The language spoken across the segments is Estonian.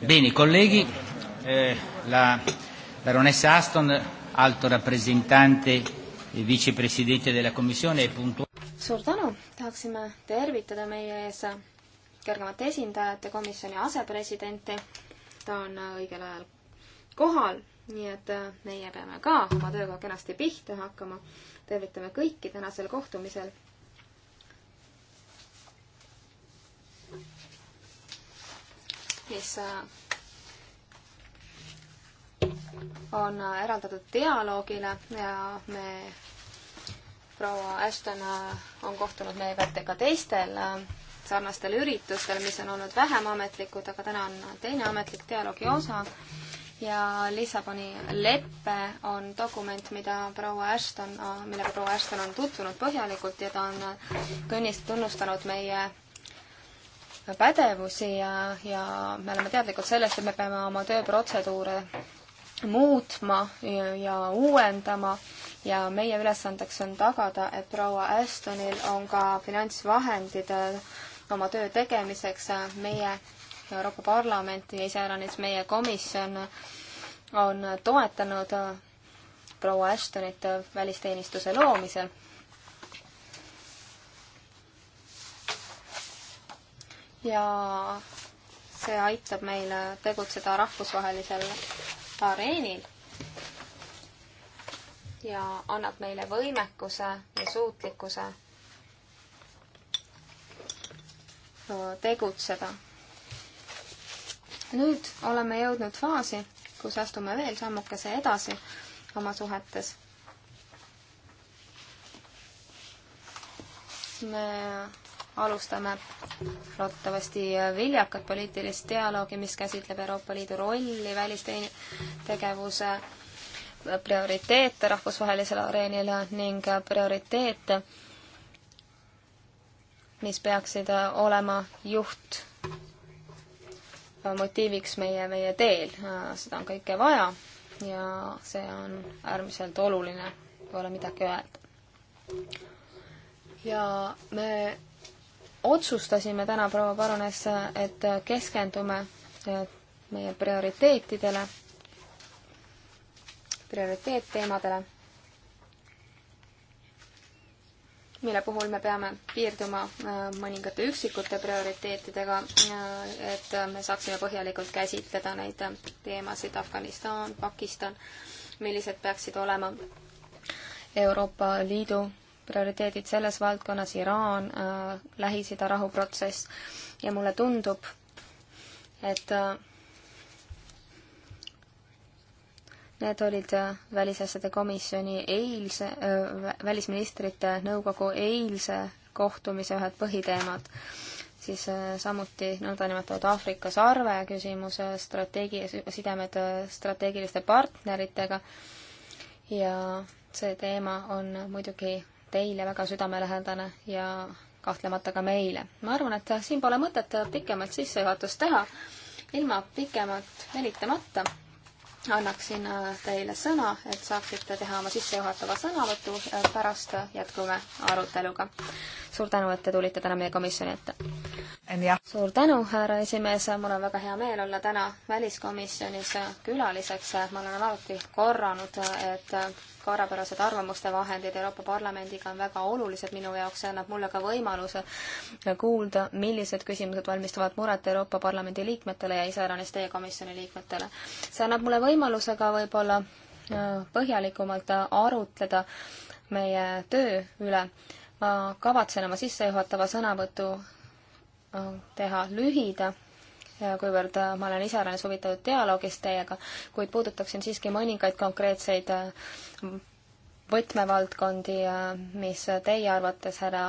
Bene, colleghi, eh, la baronessa Aston, alto rappresentante e vicepresidente della Commissione, è puntuale. suur tänu, tahaksime tervitada meie ees kõrgemat esindajat ja komisjoni asepresidenti. ta on äh, õigel ajal kohal, nii et äh, meie peame ka oma tööga kenasti pihta hakkama. tervitame kõiki tänasel kohtumisel mis äh, on eraldatud dialoogile ja me proua Ashton äh, on kohtunud meiega ka teistel äh, sarnastel üritustel, mis on olnud vähem ametlikud, aga täna on teine ametlik dialoogi osa ja Lissaboni leppe on dokument, mida proua Ashton, millega proua Ashton on tutvunud põhjalikult ja ta on kõnnist tunnustanud meie pädevusi ja, ja me oleme teadlikud sellest, et me peame oma tööprotseduure muutma ja, ja uuendama ja meie ülesandeks on tagada, et proua Ashtonil on ka finantsvahendid äh, oma töö tegemiseks. meie Euroopa Parlament ja iseäranis meie komisjon on toetanud äh, proua Ashtonit äh, välisteenistuse loomisel ja see aitab meil tegutseda rahvusvahelisel areenil ja annab meile võimekuse ja suutlikkuse tegutseda. nüüd oleme jõudnud faasi, kus astume veel sammukese edasi oma suhetes. me alustame loodetavasti viljakat poliitilist dialoogi, mis käsitleb Euroopa Liidu rolli välistegevuse prioriteete rahvusvahelisel areenil ning prioriteete, mis peaksid olema juht motiiviks meie, meie teel. seda on kõike vaja ja see on äärmiselt oluline, pole midagi öelda. ja me otsustasime täna, proua Parunes, et keskendume äh, meie prioriteetidele, prioriteetteemadele, mille puhul me peame piirduma äh, mõningate üksikute prioriteetidega, äh, et me saaksime põhjalikult käsitleda neid teemasid Afganistan, Pakistan, millised peaksid olema Euroopa Liidu prioriteedid selles valdkonnas, Iraan äh,, Lähis-Ida rahuprotsess ja mulle tundub, et äh, Need olid äh, Välisasjade komisjoni eilse, äh, välisministrite nõukogu eilse kohtumise ühed põhiteemad. siis äh, samuti nõndanimetatud Aafrika sarve küsimus, strateegi-, sidemed strateegiliste partneritega ja see teema on muidugi teile väga südamelähedane ja kahtlemata ka meile. ma arvan, et siin pole mõtet pikemalt sissejuhatust teha. ilma pikemalt venitamata annaksin äh, teile sõna, et saaksite teha oma sissejuhatava sõnavõtu, äh, pärast jätkume aruteluga. suur tänu, et te tulite täna meie komisjoni ette. suur tänu, härra esimees, mul on väga hea meel olla täna väliskomisjonis külaliseks, ma olen alati korranud, äh, et korrapärased arvamuste vahendid Euroopa Parlamendiga on väga olulised minu jaoks, see annab mulle ka võimaluse kuulda, millised küsimused valmistavad muret Euroopa Parlamendi liikmetele ja iseäranis teie komisjoni liikmetele. see annab mulle võimaluse ka võib-olla äh, põhjalikumalt arutleda meie töö üle. ma kavatsen oma sissejuhatava sõnavõtu äh, teha lühida ja kuivõrd äh, ma olen iseäranis huvitatud dialoogist teiega, kuid puudutaksin siiski mõningaid konkreetseid äh, võtmevaldkondi, äh, mis teie arvates, härra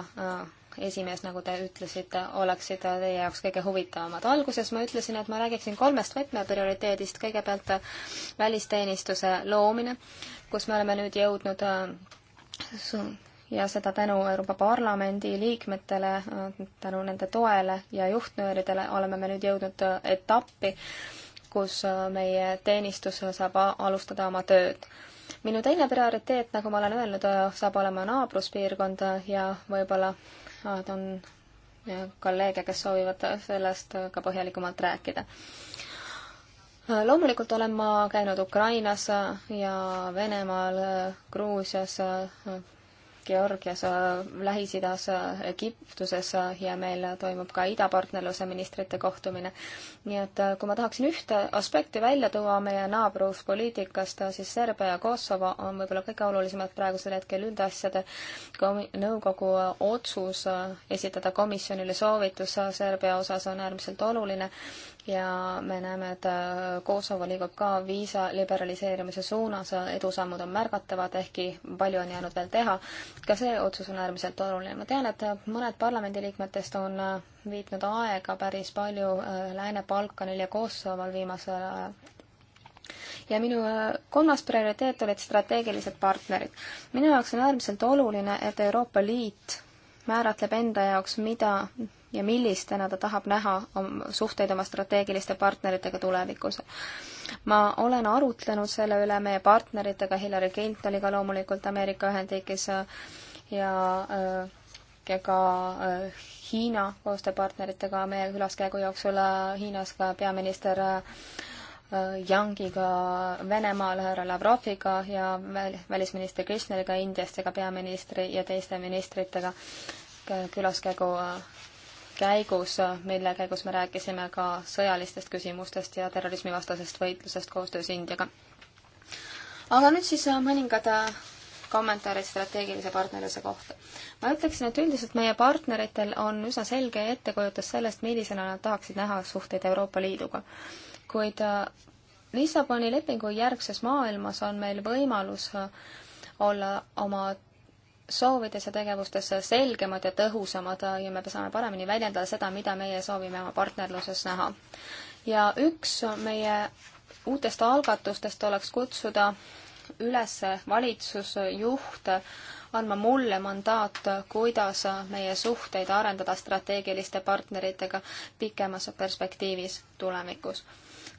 esimees, nagu te ütlesite, oleksid teie jaoks kõige huvitavamad. alguses ma ütlesin, et ma räägiksin kolmest võtmeprioriteedist, kõigepealt välisteenistuse loomine, kus me oleme nüüd jõudnud ja seda tänu Euroopa Parlamendi liikmetele, tänu nende toele ja juhtnööridele oleme me nüüd jõudnud etappi, kus meie teenistus saab alustada oma tööd minu teine prioriteet, nagu ma olen öelnud, saab olema naabruspiirkond ja võib-olla on kolleege, kes soovivad sellest ka põhjalikumalt rääkida. loomulikult olen ma käinud Ukrainas ja Venemaal, Gruusias, Georgias, Lähis-Idas, Egiptuses ja meil toimub ka idapartnerluse ministrite kohtumine. nii et äh, kui ma tahaksin ühte aspekti välja tuua meie naabruspoliitikast, siis Serbia ja Kosovo on võib-olla kõige olulisemad praegusel hetkel üldasjade komi-, nõukogu äh, otsus äh, esitada komisjonile soovitus Serbia osas on äärmiselt oluline ja me näeme, et äh, Kosovo liigub ka viisa liberaliseerimise suunas, edusammud on märgatavad, ehkki palju on jäänud veel teha. ka see otsus on äärmiselt oluline. ma tean, et mõned parlamendiliikmetest on äh, viitnud aega päris palju äh, Lääne-Balkanil ja Kosovol viimasel ajal ja minu kolmas prioriteet olid strateegilised partnerid. minu jaoks on äärmiselt oluline, et Euroopa Liit määratleb enda jaoks, mida ja millistena ta tahab näha oma suhteid oma strateegiliste partneritega tulevikus. ma olen arutlenud selle üle meie partneritega, Hillary Clintoniga loomulikult Ameerika Ühendriigis äh, ja äh, ja ka äh, Hiina koostööpartneritega meie külaskäigu jooksul Hiinas ka peaminister Yangiga Venemaal, härra Lavroviga ja välisminister Krishneriga Indiast ja ka peaministri ja teiste ministritega külaskäigu käigus, mille käigus me rääkisime ka sõjalistest küsimustest ja terrorismivastasest võitlusest koostöös Indiaga. aga nüüd siis mõningad äh, kommentaarid strateegilise partnerluse kohta. ma ütleksin, et üldiselt meie partneritel on üsna selge ettekujutus sellest, millisena nad tahaksid näha suhteid Euroopa Liiduga. kuid äh, Lissaboni lepingu järgses maailmas on meil võimalus äh, olla oma soovides ja tegevustes selgemad ja tõhusamad ja me saame paremini väljendada seda, mida meie soovime oma partnerluses näha. ja üks meie uutest algatustest oleks kutsuda üles valitsusjuhte andma mulle mandaat, kuidas meie suhteid arendada strateegiliste partneritega pikemas perspektiivis tulevikus.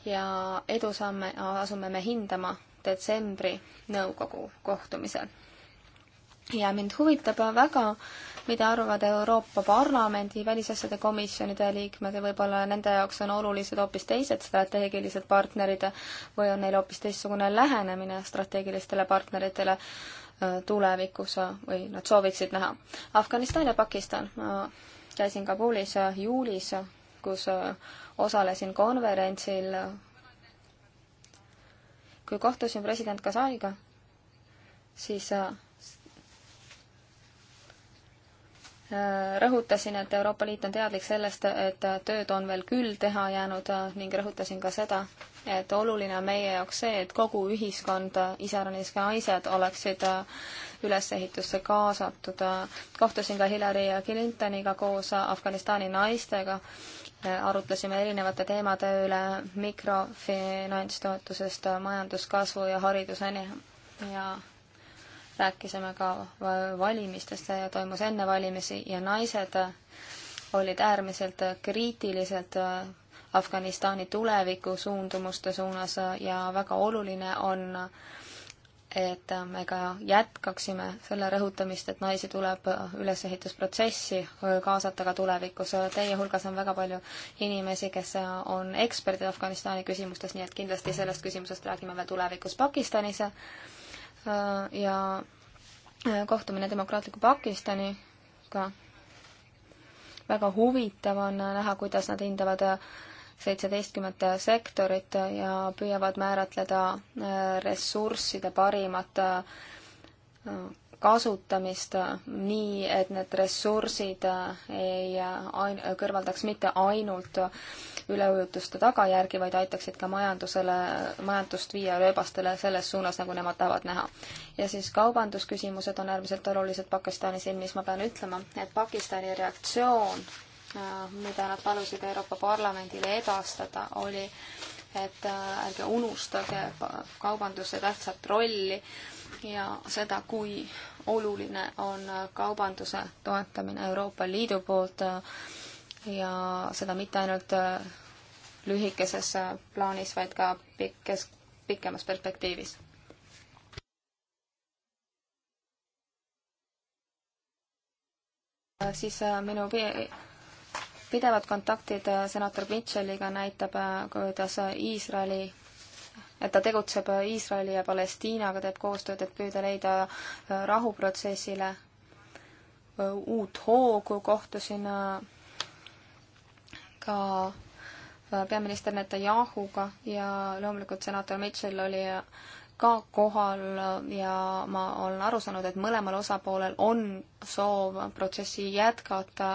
ja edusamme asume me hindama detsembri nõukogu kohtumisel ja mind huvitab väga, mida arvavad Euroopa Parlamendi välisasjade komisjonide liikmed ja võib-olla nende jaoks on olulised hoopis teised strateegilised partnerid või on neil hoopis teistsugune lähenemine strateegilistele partneritele äh, tulevikus äh, või nad sooviksid näha. Afganistan ja Pakistan. käisin Kabulis äh, juulis, kus osalesin konverentsil, kui kohtusin president Karzaiga, siis rõhutasin, et Euroopa Liit on teadlik sellest, et tööd on veel küll teha jäänud äh, ning rõhutasin ka seda, et oluline on meie jaoks see, et kogu ühiskond, äh, iseäranis ka naised, oleksid äh, ülesehitusse kaasatud. kohtusin ka Hillary Clintoniga koos Afganistani naistega, arutlesime erinevate teemade üle mikrofinantstoetusest majanduskasvu ja hariduseni ja rääkisime ka valimistest, see toimus enne valimisi ja naised olid äärmiselt kriitilised äh, Afganistani tuleviku suundumuste suunas äh, ja väga oluline on, et me ka jätkaksime selle rõhutamist, et naisi tuleb äh, ülesehitusprotsessi kaasata ka tulevikus. Teie hulgas on väga palju inimesi, kes on eksperdid Afganistani küsimustes, nii et kindlasti sellest küsimusest räägime veel tulevikus Pakistanis Äh, ja äh, kohtumine demokraatliku Pakistaniga. väga huvitav on näha, kuidas nad hindavad äh, seitseteistkümmet sektorit ja püüavad määratleda ressursside parimat kasutamist nii, et need ressursid ei ain-, kõrvaldaks mitte ainult üleujutuste tagajärgi, vaid aitaksid ka majandusele, majandust viia rööbastele selles suunas, nagu nemad tahavad näha. ja siis kaubandusküsimused on äärmiselt olulised Pakistani silmis, ma pean ütlema, et Pakistani reaktsioon, mida nad palusid Euroopa Parlamendile edastada, oli et ärge unustage kaubanduse tähtsat rolli ja seda, kui oluline on kaubanduse toetamine Euroopa Liidu poolt äh, ja seda mitte ainult äh, lühikeses äh, plaanis, vaid ka pikkes, pikemas perspektiivis. siis minu pidevad kontaktid senator Mitchelliga näitab, kuidas Iisraeli et ta tegutseb Iisraeli ja Palestiinaga, teeb koostööd, et püüda leida äh, rahuprotsessile äh, uut hoogu, kohtusin äh, ka peaminister Netanyahuga ja loomulikult senator Mitchell oli ka kohal ja ma olen aru saanud, et mõlemal osapoolel on soov protsessi jätkata,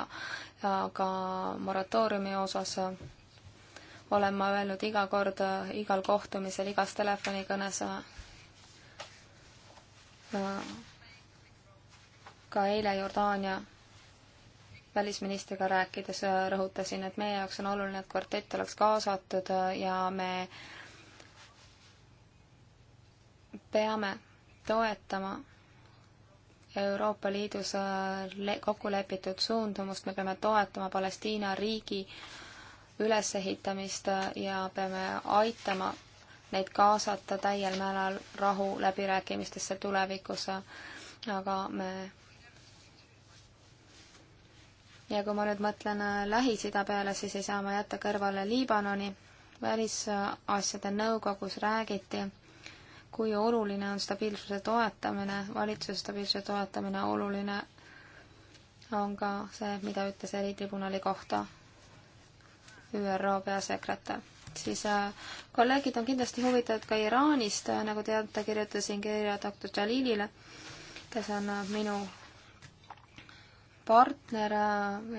aga moratooriumi osas olen ma öelnud iga kord, igal kohtumisel, igas telefonikõnes. Äh, ka eile Jordaania välisministriga rääkides äh, rõhutasin, et meie jaoks on oluline, et kvartett oleks kaasatud äh, ja me peame toetama Euroopa Liidus kokku lepitud suundumust, me peame toetama Palestiina riigi äh, ülesehitamist ja peame aitama neid kaasata täiel määral rahu läbirääkimistesse tulevikus, aga me ja kui ma nüüd mõtlen äh, Lähis-Ida peale, siis ei saa ma jätta kõrvale Liibanoni. välisasjade nõukogus räägiti, kui oluline on stabiilsuse toetamine, valitsuse stabiilsuse toetamine, oluline on ka see, mida ütles eritribunali kohta ÜRO peasekretär. siis äh, kolleegid on kindlasti huvitatud ka Iraanist, äh, nagu teate, kirjutasin kirja doktor Jalilile, kes on äh, minu partner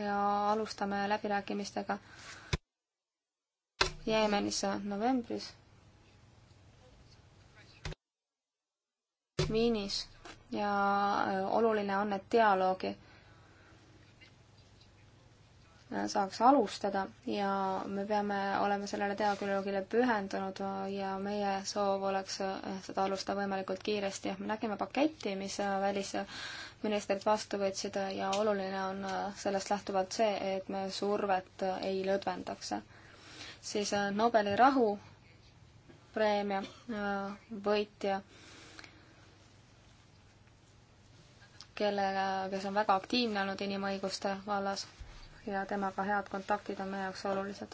ja alustame läbirääkimistega Jeemenis novembris Viinis ja oluline on, et dialoogi saaks alustada ja me peame olema sellele dialoogile pühendunud ja meie soov oleks eh, seda alustada võimalikult kiiresti. me nägime paketti, mis eh, välisministrid vastu võtsid ja oluline on eh, sellest lähtuvalt see, et me survet ei lõdvendaks. siis Nobeli rahupreemia võitja kelle, kes on väga aktiivne olnud inimõiguste vallas ja temaga head kontaktid on meie jaoks olulised.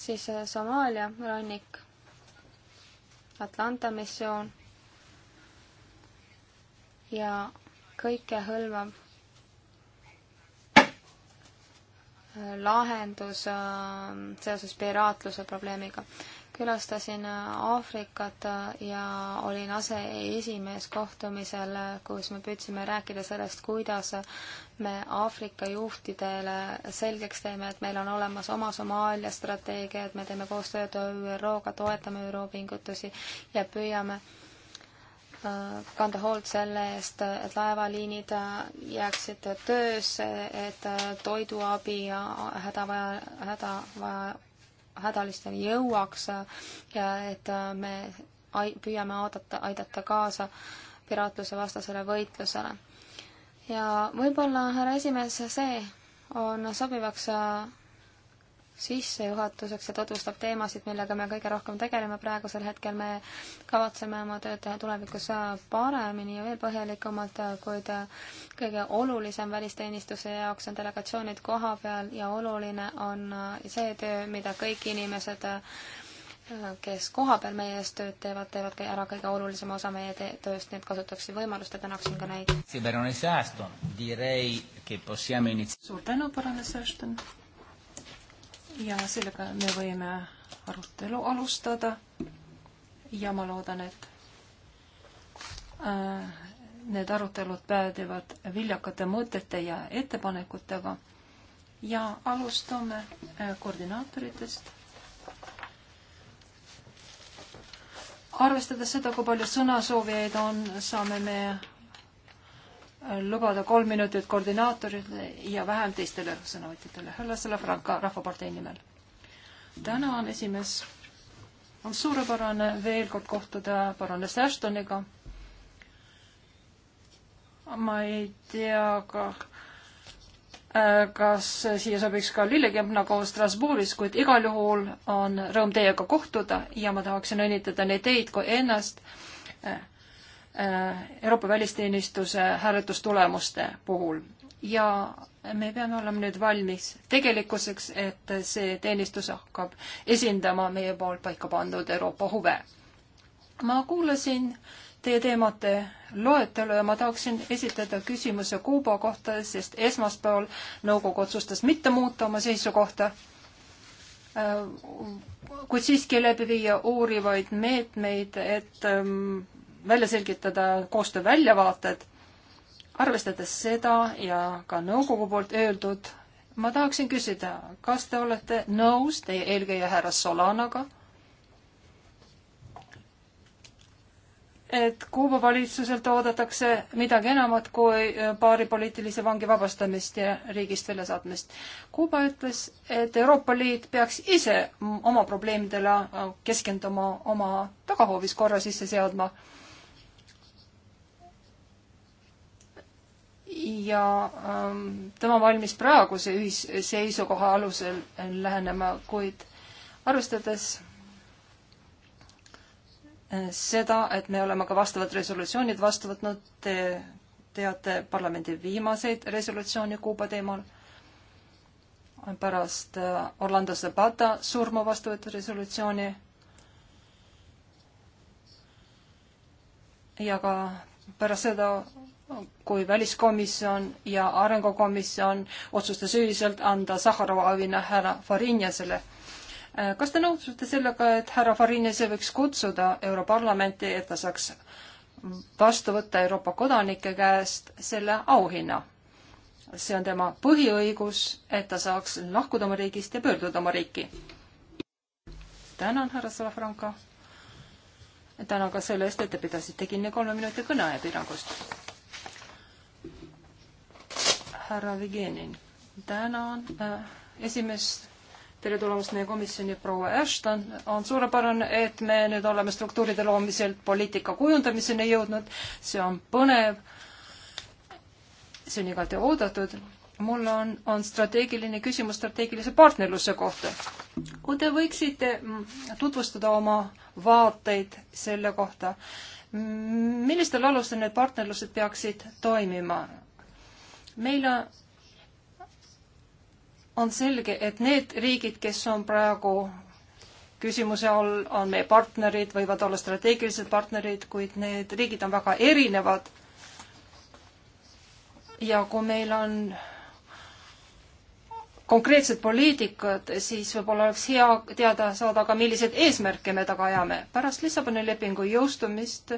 siis äh, Somaalia rannik, Atlanta missioon ja kõikehõlmav äh, lahendus äh, seoses piraatluse probleemiga külastasin Aafrikat ja olin aseesimees kohtumisel, kus me püüdsime rääkida sellest, kuidas me Aafrika juhtidele selgeks teeme, et meil on olemas oma Somaalia strateegia, et me teeme koostööd ÜRO-ga, toetame ÜRO pingutusi ja püüame äh, kanda hoolt selle eest, et laevaliinid jääksid töösse, et toiduabi ja hädavaja, hädavaja hädalisteni jõuaks ja et äh, me püüame aadata, aidata kaasa piraatluse vastasele võitlusele. ja võib-olla, härra esimees, see on sobivaks äh, sissejuhatuseks ja tutvustab teemasid, millega me kõige rohkem tegeleme praegusel hetkel. me kavatseme oma tööd teha tulevikus paremini ja veel põhjalikumalt, kuid kõige olulisem välisteenistuse jaoks on delegatsioonid koha peal ja oluline on see töö, mida kõik inimesed kes kohapeal meie eest tööd teevad, teevad ka ära kõige olulisema osa meie tööst, nii et kasutaksin võimalust ja tänaksin ka neid. suur tänu, paranes Ashton ja sellega me võime arutelu alustada ja ma loodan, et äh, need arutelud päädivad viljakate mõtete ja ettepanekutega ja alustame äh, koordinaatoritest arvestades seda, kui palju sõnasoovijaid on, saame me lubada kolm minutit koordinaatorile ja vähem teistele sõnavõtjatele. Hella Salafranca Rahvapartei nimel. täna on esimees, on suurepärane veel kord kohtuda paranes Ashtoniga. ma ei tea ka, äh, kas siia sobiks ka lillekempna koos Strasbourgis, kuid igal juhul on rõõm teiega kohtuda ja ma tahaksin õnnitleda nii teid kui ennast äh, Äh, Euroopa välisteenistuse hääletustulemuste puhul ja me peame olema nüüd valmis tegelikkuseks, et see teenistus hakkab esindama meie poolt paika pandud Euroopa huve. ma kuulasin teie teemade loetelu ja ma tahaksin esitada küsimuse Kuuba kohta, sest esmaspäeval nõukogu otsustas mitte muuta oma seisukohta, äh, kuid siiski läbi viia uurivaid meetmeid, et ähm, välja selgitada koostöö väljavaated, arvestades seda ja ka nõukogu poolt öeldud, ma tahaksin küsida, kas te olete nõus teie eelkäija härra Solanaga, et Kuuba valitsuselt oodatakse midagi enamat kui äh, paari poliitilise vangi vabastamist ja riigist väljasaatmist. Kuuba ütles, et Euroopa Liit peaks ise oma probleemidele äh, keskenduma, oma tagahoovis korra sisse seadma ja ähm, tema valmis praeguse ühisseisukoha alusel lähenema, kuid arvestades äh, seda, et me oleme ka vastavad resolutsioonid vastu võtnud, te teate parlamendi viimaseid resolutsioone Kuuba teemal, pärast äh, Orlando Zapata surma vastu võetud resolutsiooni ja ka pärast seda kui väliskomisjon ja arengukomisjon otsustas ühiselt anda Sahharova auhinna härra Farinjasele. Äh, kas te nõustute sellega, et härra Farinjase võiks kutsuda Europarlamenti, et ta saaks vastu võtta Euroopa kodanike käest selle auhinna? see on tema põhiõigus, et ta saaks lahkuda oma riigist ja pöörduda oma riiki. tänan, härra Salafranco. tänan ka selle eest, et te pidasite kinni kolme minuti kõneaja piirangust härra Vigenin. tänan äh,, esimees, tere tulemast meie komisjoni, proua Ashton. on suurepärane, et me nüüd oleme struktuuride loomiselt poliitika kujundamiseni jõudnud. see on põnev. see on igati oodatud. mul on, on strateegiline küsimus strateegilise partnerluse kohta. kui te võiksite mm, tutvustada oma vaateid selle kohta millistel alustel need partnerlused peaksid toimima? meil on, on selge, et need riigid, kes on praegu küsimuse all, on meie partnerid, võivad olla strateegilised partnerid, kuid need riigid on väga erinevad. ja kui meil on konkreetsed poliitikad, siis võib-olla oleks hea teada saada ka, milliseid eesmärke me taga ajame. pärast Lissaboni lepingu jõustumist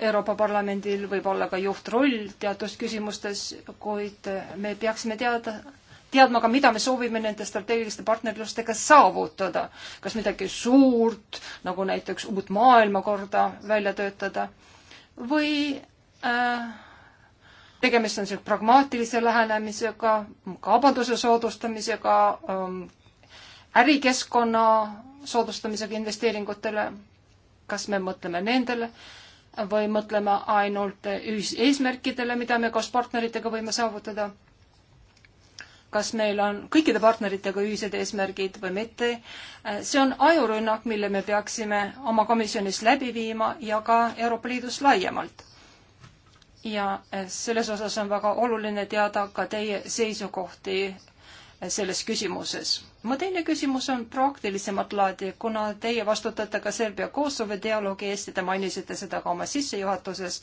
Euroopa Parlamendil võib olla ka juhtroll teatud küsimustes, kuid me peaksime teada, teadma ka, mida me soovime nende strateegiliste partnerlustega saavutada. kas midagi suurt, nagu näiteks uut maailmakorda välja töötada või äh, tegemist on sellise pragmaatilise lähenemisega, kaubanduse soodustamisega ähm,, ärikeskkonna soodustamisega investeeringutele, kas me mõtleme nendele äh,, või mõtlema ainult ühiseesmärkidele, mida me koos partneritega võime saavutada. kas meil on kõikide partneritega ühised eesmärgid või mitte. see on ajurünnak, mille me peaksime oma komisjonis läbi viima ja ka Euroopa Liidus laiemalt. ja selles osas on väga oluline teada ka teie seisukohti selles küsimuses mu teine küsimus on praktilisemat laadi, kuna teie vastutate ka Serbia-Kosovo dialoogi eest ja te mainisite seda ka oma sissejuhatuses.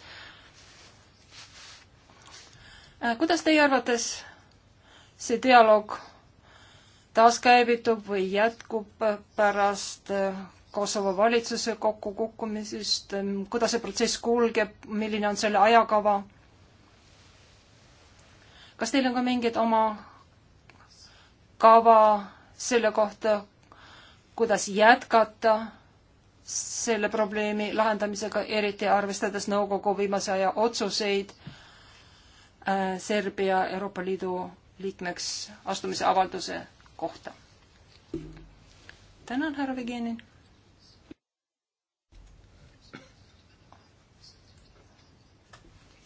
Äh, kuidas teie arvates see dialoog taaskäivitub või jätkub pärast äh, Kosovo valitsuse kokkukukkumisest, ähm, kuidas see protsess kulgeb, milline on selle ajakava? kas teil on ka mingid oma kava selle kohta, kuidas jätkata selle probleemi lahendamisega, eriti arvestades nõukogu viimase aja otsuseid äh, Serbia Euroopa Liidu liikmeks astumise avalduse kohta. tänan, härra Vigenin.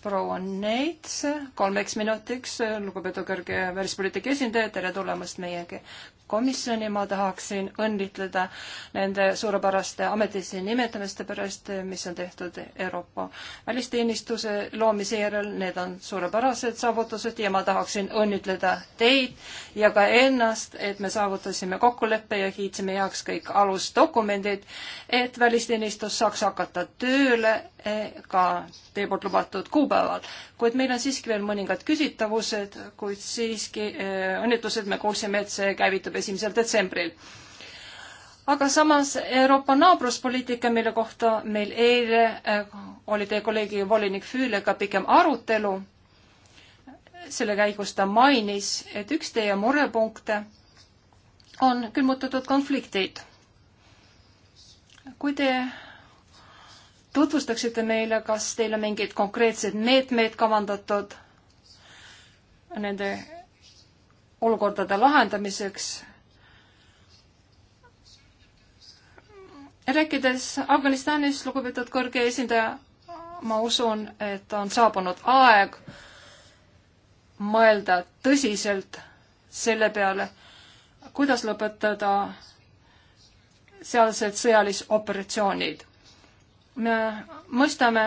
proua Neits, kolmeks minutiks, lugupeetud kõrge välispoliitika esindaja, tere tulemast meie komisjoni ma tahaksin õnnitleda nende suurepäraste ametisse nimetamiste pärast, mis on tehtud Euroopa välisteenistuse loomise järel. Need on suurepärased saavutused ja ma tahaksin õnnitleda teid ja ka ennast, et me saavutasime kokkuleppe ja kiitsime heaks kõik alusdokumendid, et välisteenistus saaks hakata tööle ka teie poolt lubatud kuupäeval. kuid meil on siiski veel mõningad küsitavused, kuid siiski eh, õnnitlused me kuulsime, et see käivitub esimesel detsembril. aga samas Euroopa naabruspoliitika, mille kohta meil eile eh, oli teie kolleegi volinik Füülega pikem arutelu, selle käigus ta mainis, et üks teie murepunkte on külmutatud konfliktid. kui te tutvustaksite meile, kas teil on mingeid konkreetseid meetmeid kavandatud nende olukordade lahendamiseks rääkides Afganistanist, lugupeetud kõrge esindaja, ma usun, et on saabunud aeg mõelda tõsiselt selle peale, kuidas lõpetada sealsed sõjalised operatsioonid me mõistame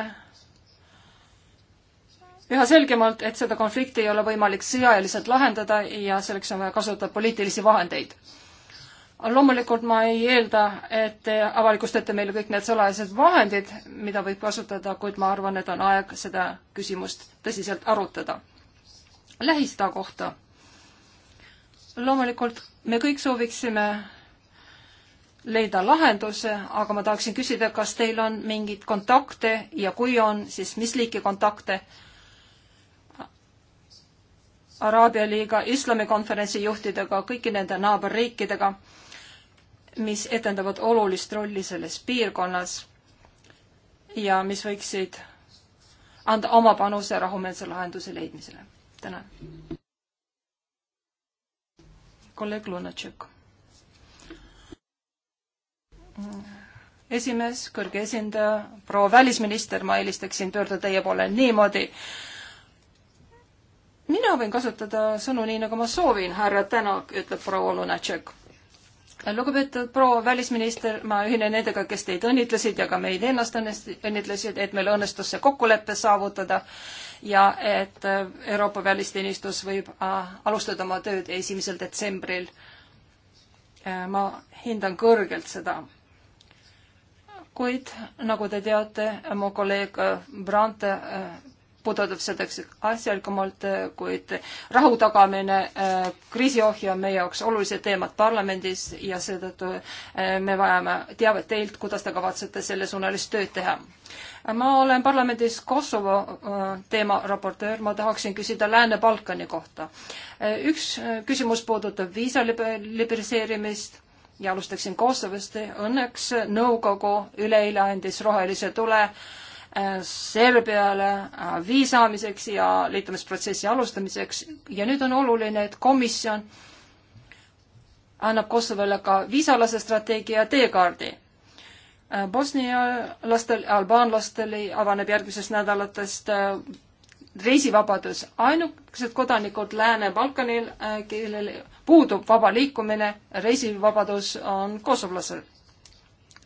üha selgemalt, et seda konflikti ei ole võimalik sõjaliselt lahendada ja selleks on vaja kasutada poliitilisi vahendeid. loomulikult ma ei eelda, et te avalikustate meile kõik need salajased vahendid, mida võib kasutada, kuid ma arvan, et on aeg seda küsimust tõsiselt arutada. Lähis-Ida kohta. loomulikult me kõik sooviksime leida lahenduse, aga ma tahaksin küsida, kas teil on mingeid kontakte ja kui on, siis mis liiki kontakte? Araabia liiga islamikonverentsi juhtidega, kõigi nende naaberriikidega, mis etendavad olulist rolli selles piirkonnas ja mis võiksid anda oma panuse rahumeelse lahenduse leidmisele. tänan. kolleeg Lunatšuk esimees, kõrge esindaja, proua välisminister, ma eelistaksin pöörduda teie poole niimoodi. mina võin kasutada sõnu nii, nagu ma soovin, härra Tänak, ütleb proua Lunatšek. lugupeetud proua välisminister, ma ühinen nendega, kes teid õnnitlesid ja ka meid ennast õnnitlesid, et meil õnnestus see kokkulepe saavutada ja et äh, Euroopa välisteenistus võib äh, alustada oma tööd esimesel detsembril. Äh, ma hindan kõrgelt seda kuid nagu te teate, mu kolleeg äh, Brandt äh, puudutab seda asjalikumalt, äh, kuid rahu tagamine, kriisiohje on meie jaoks olulised teemad parlamendis ja seetõttu me vajame teavet teilt, kuidas te kavatsete sellesuunalist tööd teha. ma olen parlamendis Kosovo teema raportöör, ma tahaksin küsida Lääne-Balkani kohta. üks küsimus puudutab viisa liberaliseerimist ja alustaksin Kosovost. Õnneks nõukogu üleeile andis rohelise tule äh, Serbiale äh, viisa andmiseks ja liitumisprotsessi alustamiseks ja nüüd on oluline, et komisjon annab Kosovole ka viisalase strateegia teekaardi äh, bosnialastel, albaanlastel avaneb järgmisest nädalatest reisivabadus. ainukesed kodanikud Lääne-Balkanil, äh, kellel puudub vaba liikumine, reisivabadus on kosovlasel.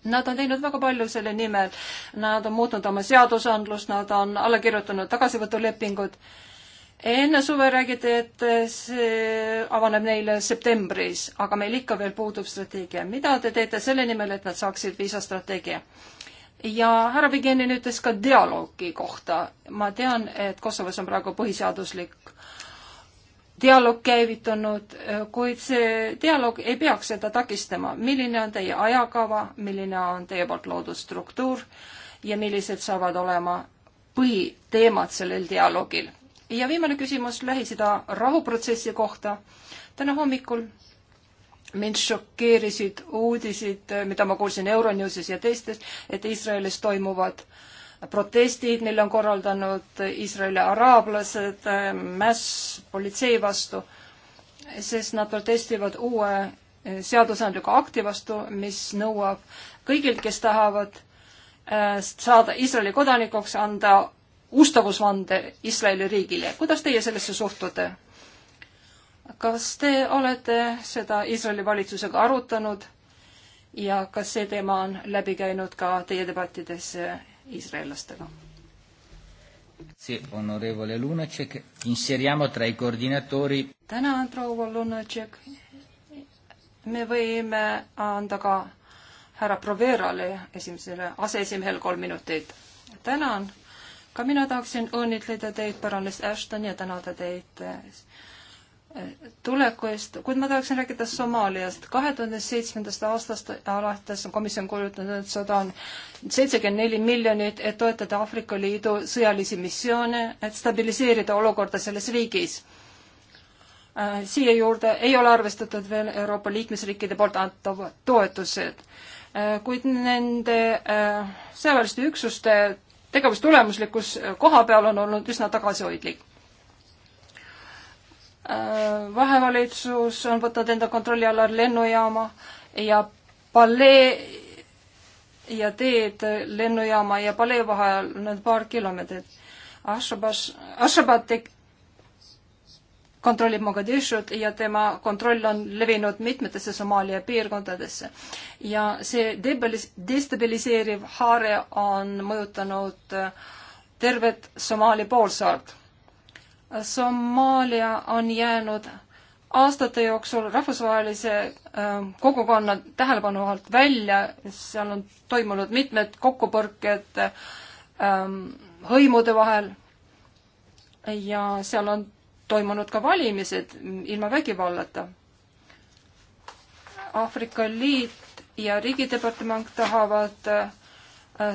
Nad on teinud väga palju selle nimel, nad on muutnud oma seadusandlust, nad on alla kirjutanud tagasivõtulepingud. enne suve räägiti, et see avaneb neile septembris, aga meil ikka veel puudub strateegia. mida te teete selle nimel, et nad saaksid viisastrateegia? ja härra Vigenin ütles ka dialoogi kohta. ma tean, et Kosovos on praegu põhiseaduslik dialoog käivitunud, kuid see dialoog ei peaks seda takistama. milline on teie ajakava, milline on teie poolt loodud struktuur ja millised saavad olema põhiteemad sellel dialoogil? ja viimane küsimus Lähis-Ida rahuprotsessi kohta. täna hommikul mind šokeerisid uudised, äh, mida ma kuulsin Euronewsis ja teistest, et Iisraelis toimuvad protestid, mille on korraldanud Iisraeli araablased äh, mäss politsei vastu, sest nad protestivad uue äh, seadusandliku akti vastu, mis nõuab kõigilt, kes tahavad saada Iisraeli kodanikuks, anda ustavusvande Iisraeli riigile. kuidas teie sellesse suhtute? kas te olete seda Iisraeli valitsusega arutanud ja kas see teema on läbi käinud ka teie debattides iisraellastega? tänan, proua Lunatšek. me võime anda ka härra Proverale, esimesele aseesimehele kolm minutit. tänan. ka mina tahaksin õnnitleda teid, paranes Ashton, ja tänada teid tuleku eest, kuid ma tahaksin rääkida Somaaliast. kahe tuhande seitsmendast aastast alates on komisjon kulutanud sada seitsekümmend neli miljonit, et toetada Aafrika Liidu sõjalisi missioone, et stabiliseerida olukorda selles riigis. Äh, siia juurde ei ole arvestatud veel Euroopa liikmesriikide poolt antavad toetused, äh, kuid nende äh, sõjaväeliste üksuste tegevustulemuslikkus koha peal on olnud üsna tagasihoidlik Äh, vahevalitsus on võtnud enda kontrolli alla lennujaama ja palee ja teed lennujaama ja palee vahel on paar kilomeetrit. Ashabas, Ashabat tek-, kontrollib Mogadishut ja tema kontroll on levinud mitmetesse Somaalia piirkondadesse. ja see debilis-, destabiliseeriv haare on mõjutanud äh, tervet Somaali poolsaart Somaalia on jäänud aastate jooksul rahvusvahelise ähm, kogukonna tähelepanu alt välja, seal on toimunud mitmed kokkupõrked ähm, hõimude vahel ja seal on toimunud ka valimised ilma vägivallata. Aafrika Liit ja Riigidepartement tahavad äh,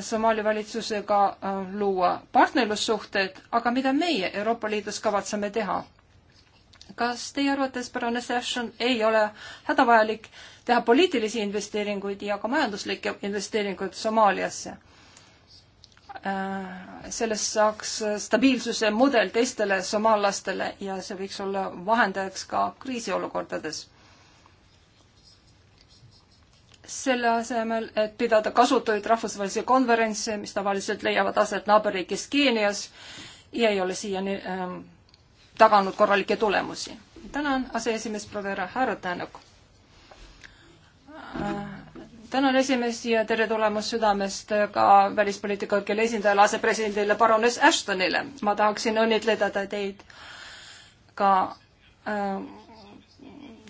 Somaalia valitsusega äh, luua partnerlussuhted, aga mida meie Euroopa Liidus kavatseme teha? kas teie arvates Baroness Ashton ei ole hädavajalik teha poliitilisi investeeringuid ja ka majanduslikke investeeringuid Somaaliasse? Äh, sellest saaks stabiilsuse mudel teistele somaallastele ja see võiks olla vahendajaks ka kriisiolukordades selle asemel, et pidada kasutuid rahvusvahelisi konverentse, mis tavaliselt leiavad aset naaberriigis Keenias ja ei ole siiani ähm, taganud korralikke tulemusi. tänan, aseesimees Provera, härra Tänak äh, tänan esimees ja tere tulemast südamest ka välispoliitika kelle esindajale, asepresidendile baroness Ashtonile. ma tahaksin õnnitleda teid ka äh,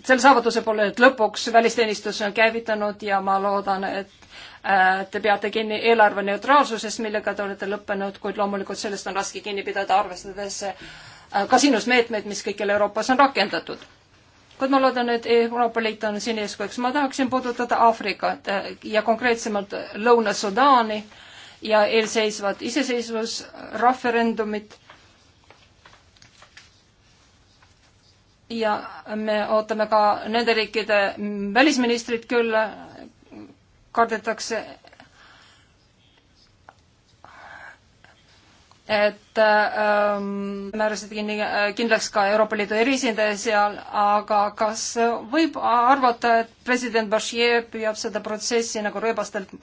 selle saavutuse poole, et lõpuks välisteenistus on käivitanud ja ma loodan, et äh, Te peate kinni eelarve neutraalsusest, millega te olete lõppenud, kuid loomulikult sellest on raske kinni pidada, arvestades äh, kasinusmeetmeid, mis kõikjal Euroopas on rakendatud. kuid ma loodan, et Euroopa Liit on siin eeskujuks. ma tahaksin puudutada Aafrikat äh, ja konkreetsemalt Lõuna-Sudaani ja eelseisvat iseseisvusreferendumit ja me ootame ka nende riikide välisministrit küll, kardetakse, et ähm, määrasid kinni, kindlaks ka Euroopa Liidu erisindaja seal, aga kas võib arvata, et president Bashir püüab seda protsessi nagu rööbastelt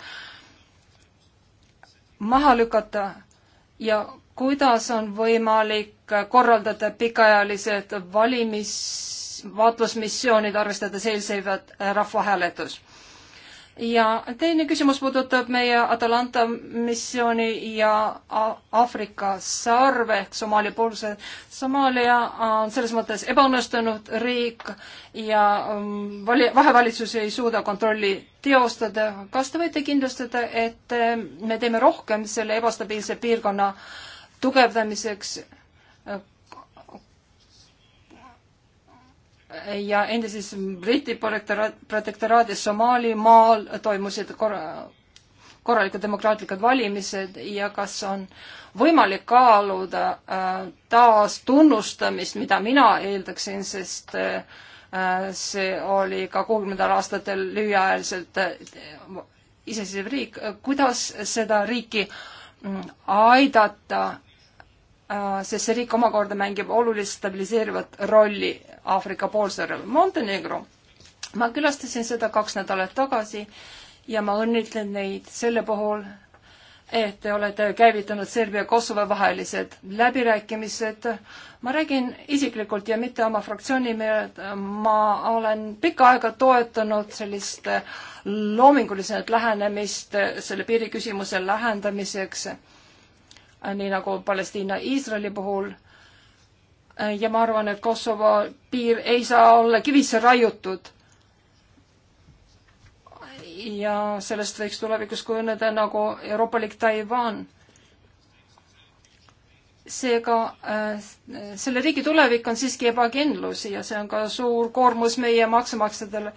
maha lükata ja kuidas on võimalik korraldada pikaajalised valimis, vaatlusmissioonid, arvestades eelseivat äh, rahvahääletus. ja teine küsimus puudutab meie Atalanta missiooni ja Aafrika sarve ehk Somaalia poolse. Somaalia on selles mõttes ebaõnnestunud riik ja um, vali-, vahevalitsus ei suuda kontrolli teostada. kas te võite kindlustada, et äh, me teeme rohkem selle ebastabiilse piirkonna tugevdamiseks ja endises Briti protektoraadis Somaalimaal toimusid korra, korralikud demokraatlikud valimised ja kas on võimalik kaaluda äh, taastunnustamist, mida mina eeldaksin, sest äh, see oli ka kuuekümnendatel aastatel lühiajaliselt äh, iseseisev riik, kuidas seda riiki mm, aidata Äh, sest see riik omakorda mängib olulist stabiliseerivat rolli Aafrika poolsaarel. Montenegro, ma külastasin seda kaks nädalat tagasi ja ma õnnitlen neid selle puhul, et te olete käivitanud Serbia ja Kosovo vahelised läbirääkimised. ma räägin isiklikult ja mitte oma fraktsiooni nimel, ma olen pikka aega toetanud sellist loominguliselt lähenemist selle piiriküsimuse lahendamiseks nii nagu Palestiina-Iisraeli puhul. ja ma arvan, et Kosovo piir ei saa olla kivisse raiutud. ja sellest võiks tulevikus kujuneda nagu Euroopa Liit Taiwan. seega äh, selle riigi tulevik on siiski ebakindlus ja see on ka suur koormus meie maksumaksjatele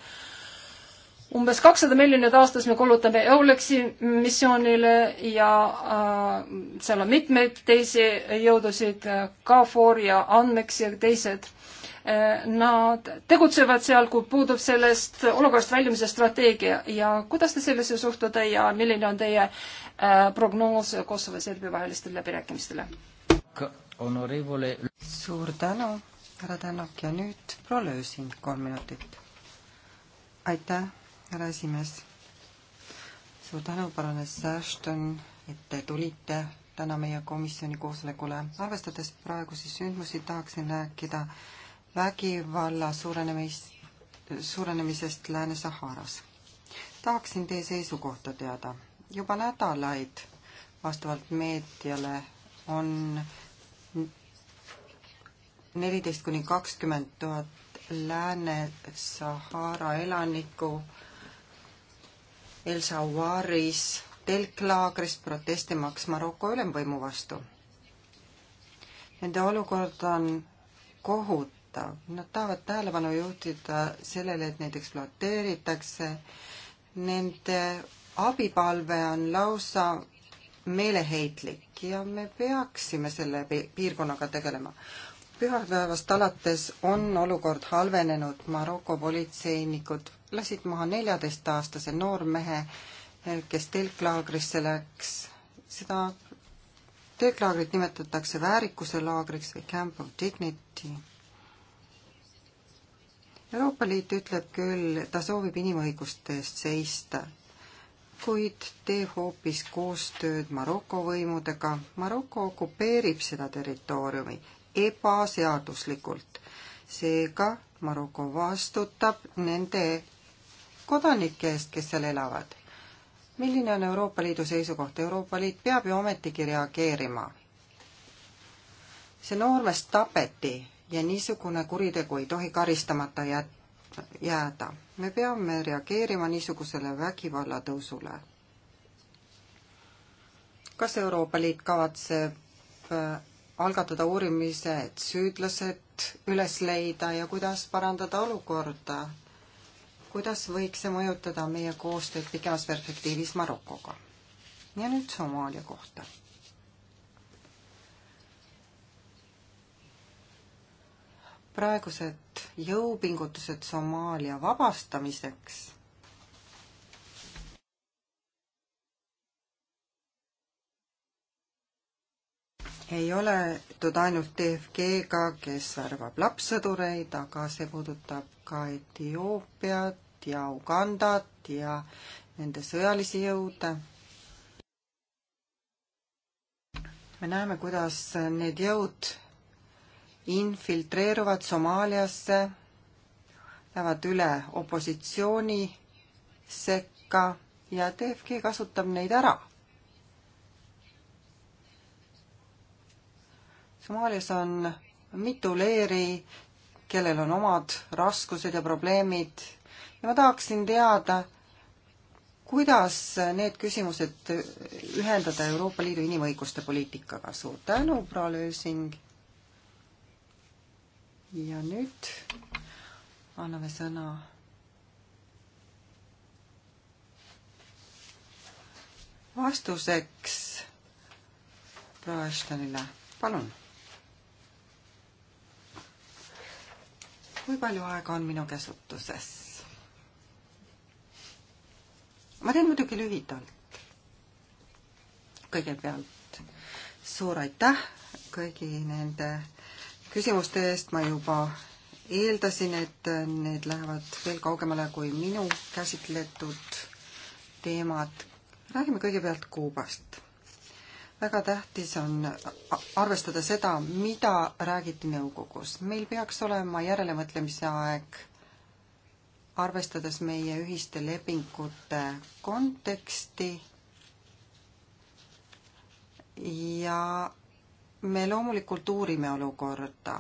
umbes kakssada miljonit aastas me kulutame EULEX-i missioonile ja äh, seal on mitmeid teisi jõudusid, äh, KFOR ja Andmex ja teised äh,. Nad tegutsevad seal, kui puudub sellest olukorrast väljumise strateegia ja kuidas te sellesse suhtute ja milline on teie äh, prognoos Kosovo ja Serbia vahelistele läbirääkimistele? suur tänu, härra Tänak ja nüüd proua Lösing, kolm minutit. aitäh härra esimees. suur tänu, paranes Ashton, et te tulite täna meie komisjoni koosolekule. arvestades praegusi sündmusi, tahaksin rääkida vägivalla suurenemist, suurenemisest Lääne-Saharas. tahaksin teie seisukohta teada. juba nädalaid vastavalt meediale on neliteist kuni kakskümmend tuhat Lääne-Sahara elanikku El Sawaris telklaagris protestimaks Maroko ülemvõimu vastu. Nende olukord on kohutav, nad tahavad tähelepanu juhtida sellele, et neid ekspluateeritakse, nende abipalve on lausa meeleheitlik ja me peaksime selle piirkonnaga tegelema pühapäevast alates on olukord halvenenud, Maroko politseinikud lasid maha neljateistaastase noormehe, kes telklaagrisse läks, seda tööklaagrit nimetatakse väärikuse laagriks või Camp of Dignity. Euroopa Liit ütleb küll, ta soovib inimõiguste eest seista, kuid teeb hoopis koostööd Maroko võimudega. Maroko okupeerib seda territooriumi ebaseaduslikult. seega Maroko vastutab nende kodanike eest, kes seal elavad. milline on Euroopa Liidu seisukoht? Euroopa Liit peab ju ometigi reageerima. see noormees tapeti ja niisugune kuritegu ei tohi karistamata jätta jääda. me peame reageerima niisugusele vägivalla tõusule. kas Euroopa Liit kavatseb äh, algatada uurimise, et süüdlased üles leida ja kuidas parandada olukorda? kuidas võiks see mõjutada meie koostööd pikemas perspektiivis Marokoga? ja nüüd Somaalia kohta. praegused jõupingutused Somaalia vabastamiseks ei ole seotud ainult TFG-ga, kes värvab lapssõdureid, aga see puudutab ka Etioopiat ja Ugandat ja nende sõjalisi jõude. me näeme, kuidas need jõud infiltreeruvad Somaaliasse, lähevad üle opositsiooni sekka ja TFG kasutab neid ära Somaalias on mitu leeri, kellel on omad raskused ja probleemid ja ma tahaksin teada, kuidas need küsimused ühendada Euroopa Liidu inimõiguste poliitikaga. suur tänu, proua Lösing. ja nüüd anname sõna vastuseks proua Ashtonile. palun kui palju aega on minu käsutuses? ma teen muidugi lühidalt. kõigepealt suur aitäh kõigi nende küsimuste eest, ma juba eeldasin, et need lähevad veel kaugemale kui minu käsitletud teemad. räägime kõigepealt Kuubast väga tähtis on arvestada seda, mida räägiti nõukogus. meil peaks olema järelemõtlemise aeg, arvestades meie ühiste lepingute konteksti ja me loomulikult uurime olukorda.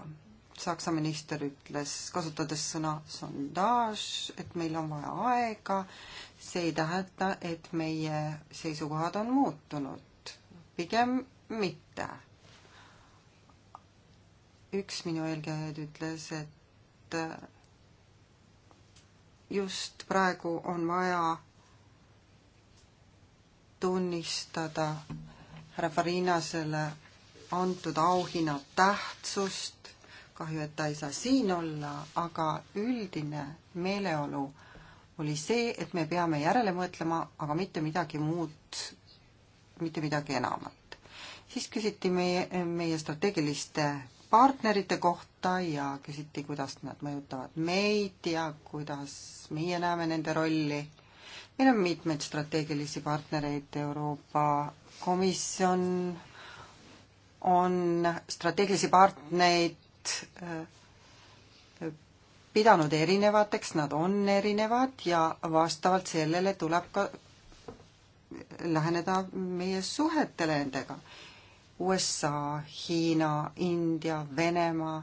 Saksa minister ütles, kasutades sõna sondaaž, et meil on vaja aega, see ei tähenda, et meie seisukohad on muutunud pigem mitte. üks minu eelkäijaid ütles, et äh, just praegu on vaja tunnistada härra Farinasele antud auhinna tähtsust. kahju, et ta ei saa siin olla, aga üldine meeleolu oli see, et me peame järele mõtlema, aga mitte midagi muud mitte midagi enamat. siis küsiti meie, meie strateegiliste partnerite kohta ja küsiti, kuidas nad mõjutavad meid ja kuidas meie näeme nende rolli. meil on mitmeid strateegilisi partnereid, Euroopa Komisjon on strateegilisi partnereid äh, pidanud erinevateks, nad on erinevad ja vastavalt sellele tuleb ka läheneda meie suhetele nendega. USA, Hiina, India, Venemaa,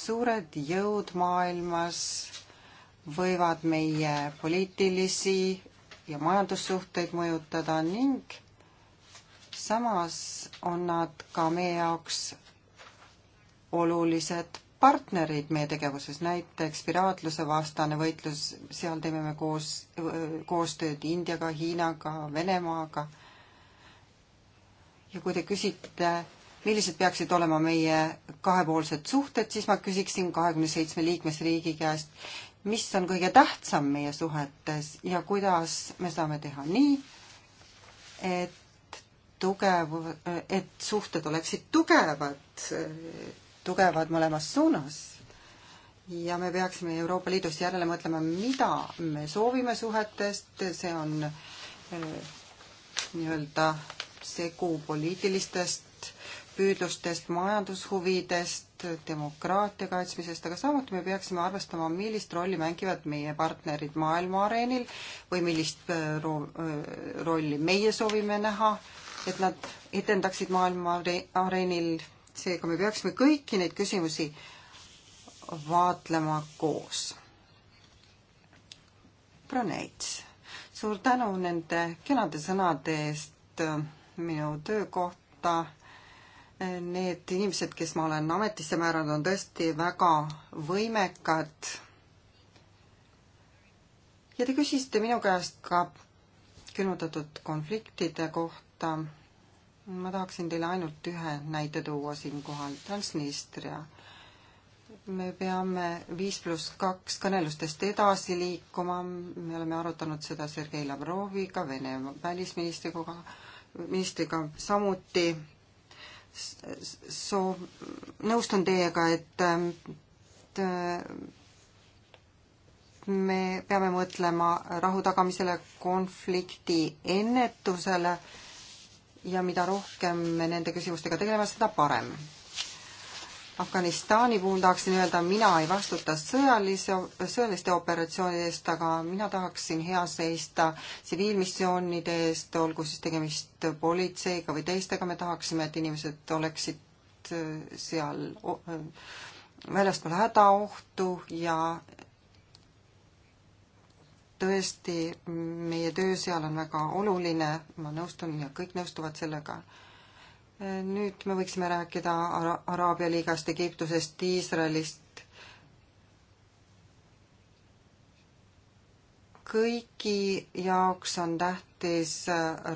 suured jõud maailmas võivad meie poliitilisi ja majandussuhteid mõjutada ning samas on nad ka meie jaoks olulised partnereid meie tegevuses, näiteks piraatluse vastane võitlus, seal teeme me koos, koostööd Indiaga, Hiinaga, Venemaaga. ja kui te küsite, millised peaksid olema meie kahepoolsed suhted, siis ma küsiksin kahekümne seitsme liikmesriigi käest, mis on kõige tähtsam meie suhetes ja kuidas me saame teha nii, et tugev, et suhted oleksid tugevad tugevad mõlemas suunas. ja me peaksime Euroopa Liidus järele mõtlema, mida me soovime suhetest, see on eh, nii-öelda segu poliitilistest püüdlustest, majandushuvidest, demokraatia kaitsmisest, aga samuti me peaksime arvestama, millist rolli mängivad meie partnerid maailma areenil või millist eh, ro eh, rolli meie soovime näha, et nad edendaksid maailma areenil seega me peaksime kõiki neid küsimusi vaatlema koos. Bruneits, suur tänu nende kenade sõnade eest äh, minu töö kohta. Need inimesed, kes ma olen ametisse määranud, on tõesti väga võimekad. ja te küsisite minu käest ka külmutatud konfliktide kohta ma tahaksin teile ainult ühe näite tuua siinkohal, Transnistria. me peame viis pluss kaks kõnelustest edasi liikuma, me oleme arutanud seda Sergei Lavroviga, Vene välisministriga, ministriga samuti. Soo-, nõustun teiega, et, et me peame mõtlema rahu tagamisele, konflikti ennetusele ja mida rohkem me nende küsimustega tegeleme, seda parem. Afganistani puhul tahaksin öelda, mina ei vastuta sõjalise, sõjaliste operatsioonide eest, aga mina tahaksin hea seista tsiviilmissioonide eest, olgu siis tegemist politseiga või teistega, me tahaksime, et inimesed oleksid äh, seal äh, väljaspool hädaohtu ja tõesti, meie töö seal on väga oluline, ma nõustun ja kõik nõustuvad sellega. nüüd me võiksime rääkida Ara-, Araabia liigast, Egiptusest, Iisraelist, kõigi jaoks on tähtis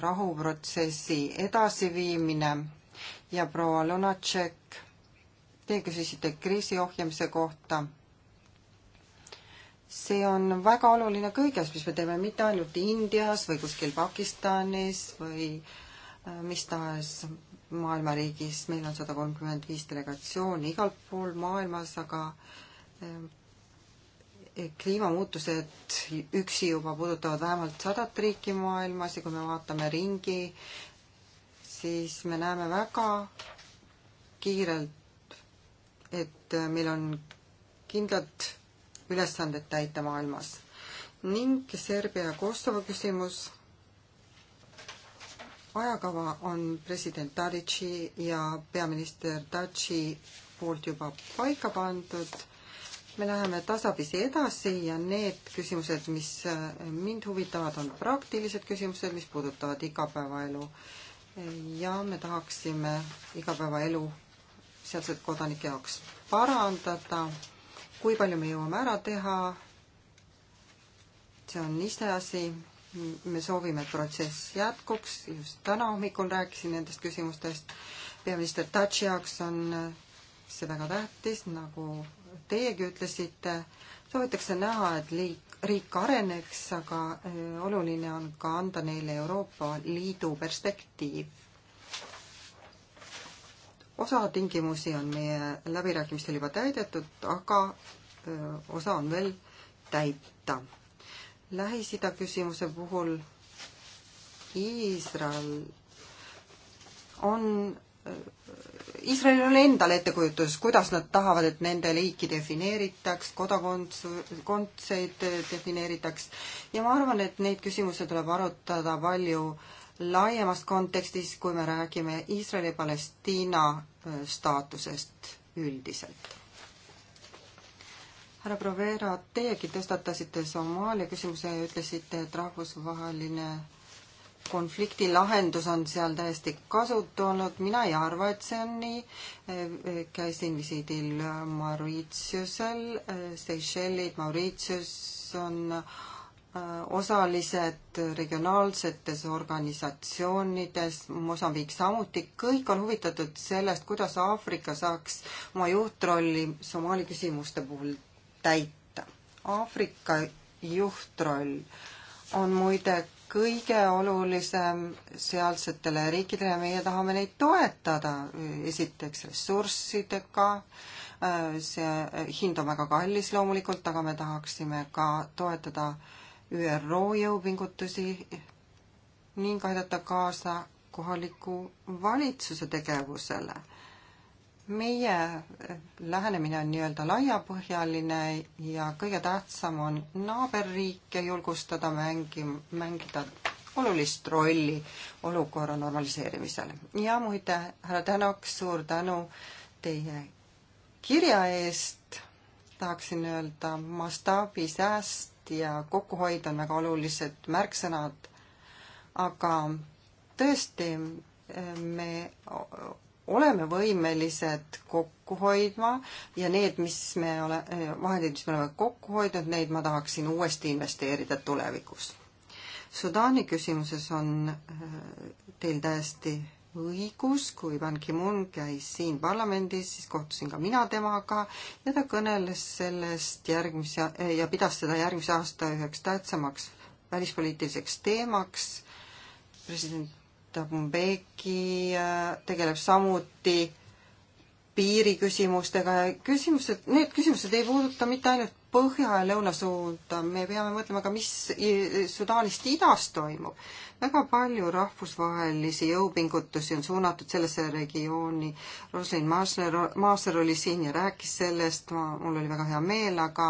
rahuprotsessi edasiviimine ja proua Lunatšek, te küsisite kriisi ohjamise kohta see on väga oluline kõiges, mis me teeme, mitte ainult Indias või kuskil Pakistanis või äh, mis tahes maailma riigis, meil on sada kolmkümmend viis delegatsiooni igal pool maailmas, aga äh, kliimamuutused üksi juba puudutavad vähemalt sadat riiki maailmas ja kui me vaatame ringi, siis me näeme väga kiirelt, et äh, meil on kindlad ülesandet täita maailmas. ning Serbia ja Kosovo küsimus. ajakava on president Tadži ja peaminister Tadži poolt juba paika pandud. me läheme tasapisi edasi ja need küsimused, mis äh, mind huvitavad, on praktilised küsimused, mis puudutavad igapäevaelu. ja me tahaksime igapäevaelu sealset kodanike jaoks parandada kui palju me jõuame ära teha, see on iseasi, me soovime, et protsess jätkuks, just täna hommikul rääkisin nendest küsimustest, peaminister Tachi jaoks on see väga tähtis, nagu teiegi ütlesite, soovitakse näha, et liik, riik areneks, aga eh, oluline on ka anda neile Euroopa Liidu perspektiiv osa tingimusi on meie läbirääkimistel juba täidetud, aga osa on veel täita. Lähis-Ida küsimuse puhul Iisrael on, Iisraelil on endal ettekujutus, kuidas nad tahavad, et nende liiki defineeritaks, kodakondseid defineeritaks ja ma arvan, et neid küsimusi tuleb arutada palju äh, laiemas kontekstis, kui me räägime Iisraeli-Palestiina äh, staatusest üldiselt. härra Provera, teiegi tõstatasite Somaalia küsimuse ja ütlesite, et rahvusvaheline konflikti lahendus on seal täiesti kasutu olnud, mina ei arva, et see on nii. Äh, äh, käisin visiidil Mauritiusel, Seychellid, Mauritius on äh, Äh, osalised regionaalsetes organisatsioonides, Mosambiik samuti, kõik on huvitatud sellest, kuidas Aafrika saaks oma juhtrolli Somaali küsimuste puhul täita. Aafrika juhtroll on muide kõige olulisem sealsetele riikidele ja meie tahame neid toetada esiteks ressurssidega, äh, see hind on väga kallis loomulikult, aga me tahaksime ka toetada äh, ÜRO jõupingutusi ning aidata kaasa kohaliku valitsuse tegevusele. meie lähenemine on nii-öelda laiapõhjaline ja kõige tähtsam on naaberriike julgustada mängi, mängida olulist rolli olukorra normaliseerimisel. ja muide, härra Tänak, suur tänu teie kirja eest, tahaksin öelda mastaabisääst ja kokkuhoid on väga olulised märksõnad, aga tõesti, me oleme võimelised kokku hoidma ja need, mis me ole, vahendid, mis me oleme kokku hoidnud, neid ma tahaksin uuesti investeerida tulevikus. Sudaani küsimuses on äh, teil täiesti õigus, kui Ban Ki-moon käis siin parlamendis, siis kohtusin ka mina temaga ja ta kõneles sellest järgmise ja pidas seda järgmise aasta üheks tähtsamaks välispoliitiliseks teemaks. president Tabumbeki äh, tegeleb samuti piiriküsimustega ja küsimused, need küsimused ei puuduta mitte ainult põhja ja lõuna suunda, me peame mõtlema ka, mis Sudaanist idas toimub. väga palju rahvusvahelisi jõupingutusi on suunatud sellesse regiooni. Roslin Maasler, Maasler oli siin ja rääkis sellest, ma, mul oli väga hea meel, aga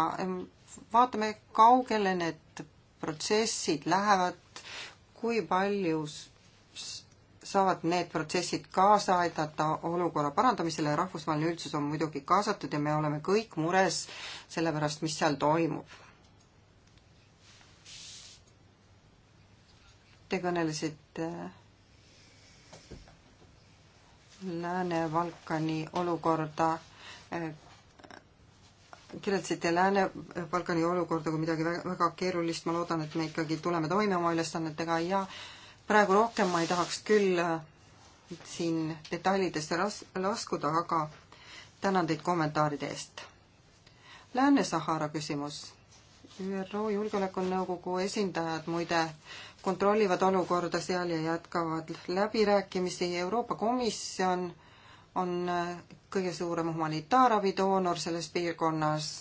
vaatame, kaugele need protsessid lähevad, kui palju saavad need protsessid kaasa aidata olukorra parandamisele ja rahvusvaheline üldsus on muidugi kaasatud ja me oleme kõik mures selle pärast, mis seal toimub. Te kõnelesite äh, Lääne-Balkani olukorda, äh, kirjeldasite Lääne-Balkani olukorda kui midagi väga, väga keerulist, ma loodan, et me ikkagi tuleme toime oma ülesannetega ja praegu rohkem ma ei tahaks küll äh, siin detailidesse las-, laskuda, aga tänan teid kommentaaride eest. Lääne-Sahara küsimus. ÜRO Julgeolekunõukogu esindajad muide kontrollivad olukorda seal ja jätkavad läbirääkimisi. Euroopa Komisjon on äh, kõige suurem humanitaarabidoonor selles piirkonnas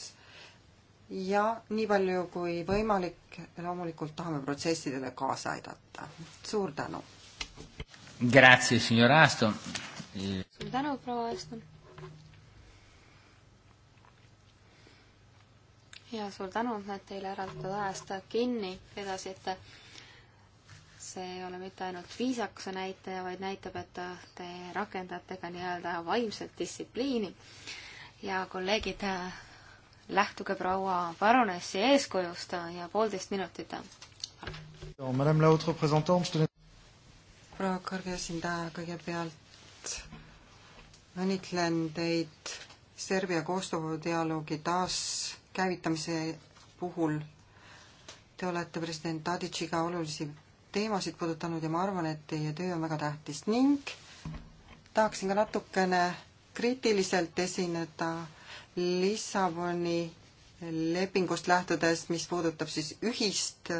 ja nii palju kui võimalik, loomulikult tahame protsessidele kaasa aidata. suur tänu! Grazie, signor Aston! E suur tänu, proua Aston! ja suur tänu, et teile eraldatud ajast kinni pidasite. see ei ole mitte ainult viisakuse näitaja, vaid näitab, et te rakendate ka nii-öelda vaimset distsipliini. ja kolleegid lähtuge proua baronessi eeskujust ja poolteist minutit. proua kõrge esindaja, kõigepealt õnnitlen teid Serbia Kosovo dialoogi taaskäivitamise puhul. Te olete president Taditšiga olulisi teemasid puudutanud ja ma arvan, et teie töö on väga tähtis ning tahaksin ka natukene kriitiliselt esineda Lissaboni lepingust lähtudes, mis puudutab siis ühist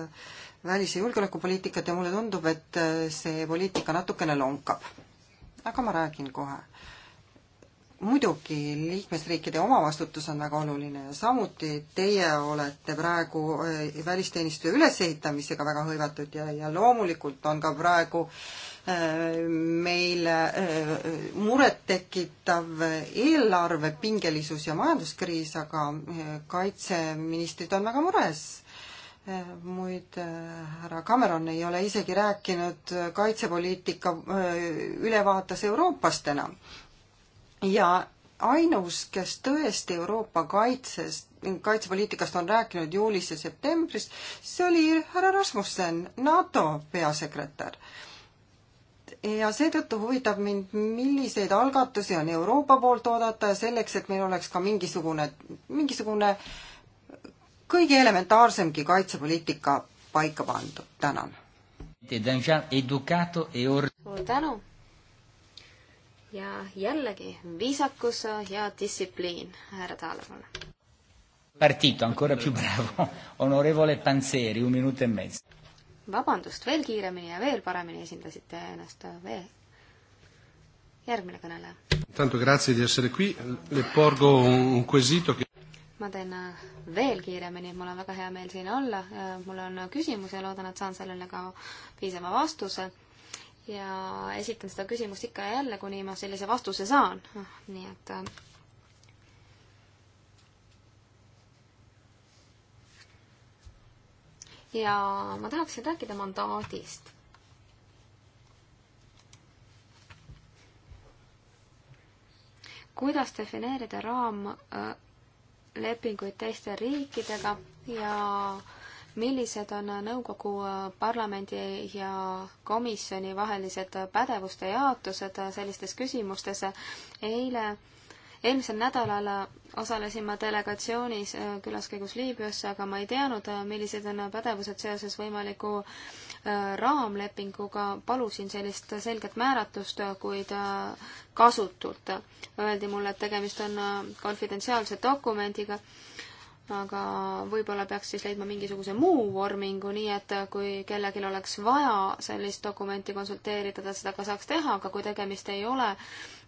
välis- ja julgeolekupoliitikat ja mulle tundub, et see poliitika natukene lonkab. aga ma räägin kohe. muidugi liikmesriikide omavastutus on väga oluline ja samuti teie olete praegu äh, välisteenistuse ülesehitamisega väga hõivatud ja, ja loomulikult on ka praegu äh, meile äh, murettekitav eelarve pingelisus ja majanduskriis, aga äh, kaitseministrid on väga mures. Äh, muide, härra Cameron ei ole isegi rääkinud kaitsepoliitika ülevaates Euroopast enam. ja ainus, kes tõesti Euroopa kaitsest, kaitsepoliitikast on rääkinud juulis ja septembris, see oli härra Rasmussen, NATO peasekretär ja seetõttu huvitab mind, milliseid algatusi on Euroopa poolt oodata ja selleks, et meil oleks ka mingisugune, mingisugune kõige elementaarsemgi kaitsepoliitika paika pandud. tänan. suur tänu. ja jällegi viisakus ja distsipliin, härra Taalepalu. Partito ancora più bravo, onorevole Panzeri, un minuto e mezzo vabandust, veel kiiremini ja veel paremini esindasite ennast äh, veel. järgmine kõneleja. ma teen äh, veel kiiremini, mul on väga hea meel siin olla, äh, mul on küsimus ja loodan, et saan sellele ka piisava vastuse ja esitan seda küsimust ikka ja jälle, kuni ma sellise vastuse saan. Ah, nii et ja ma tahaksin rääkida mandaadist. kuidas defineerida raamlepinguid äh, teiste riikidega ja millised on nõukogu äh, parlamendi ja komisjoni vahelised pädevuste jaotused äh, sellistes küsimustes. eile, eelmisel nädalal osalesin ma delegatsioonis äh, külaskäigus Liibüasse, aga ma ei teadnud, äh, millised on pädevused seoses võimaliku äh, raamlepinguga, palusin sellist selget määratust, kuid kasutult. Öeldi mulle, et tegemist on konfidentsiaalse dokumendiga, aga võib-olla peaks siis leidma mingisuguse muu vormingu, nii et kui kellelgi oleks vaja sellist dokumenti konsulteerida, ta seda ka saaks teha, aga kui tegemist ei ole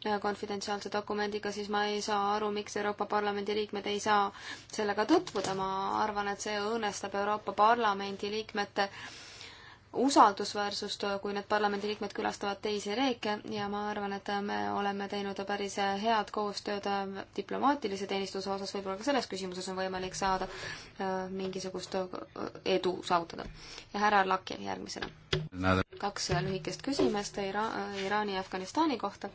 Äh, konfidentsiaalse dokumendiga, siis ma ei saa aru, miks Euroopa Parlamendi liikmed ei saa sellega tutvuda. ma arvan, et see õõnestab Euroopa Parlamendi liikmete usaldusväärsust, kui need parlamendiliikmed külastavad teisi riike ja ma arvan, et me oleme teinud päris head koostööd diplomaatilise teenistuse osas, võib-olla ka selles küsimuses on võimalik saada äh, mingisugust edu saavutada. ja härra Laki järgmisena. kaks lühikest küsimust Ira-, Iraani ja Afganistani kohta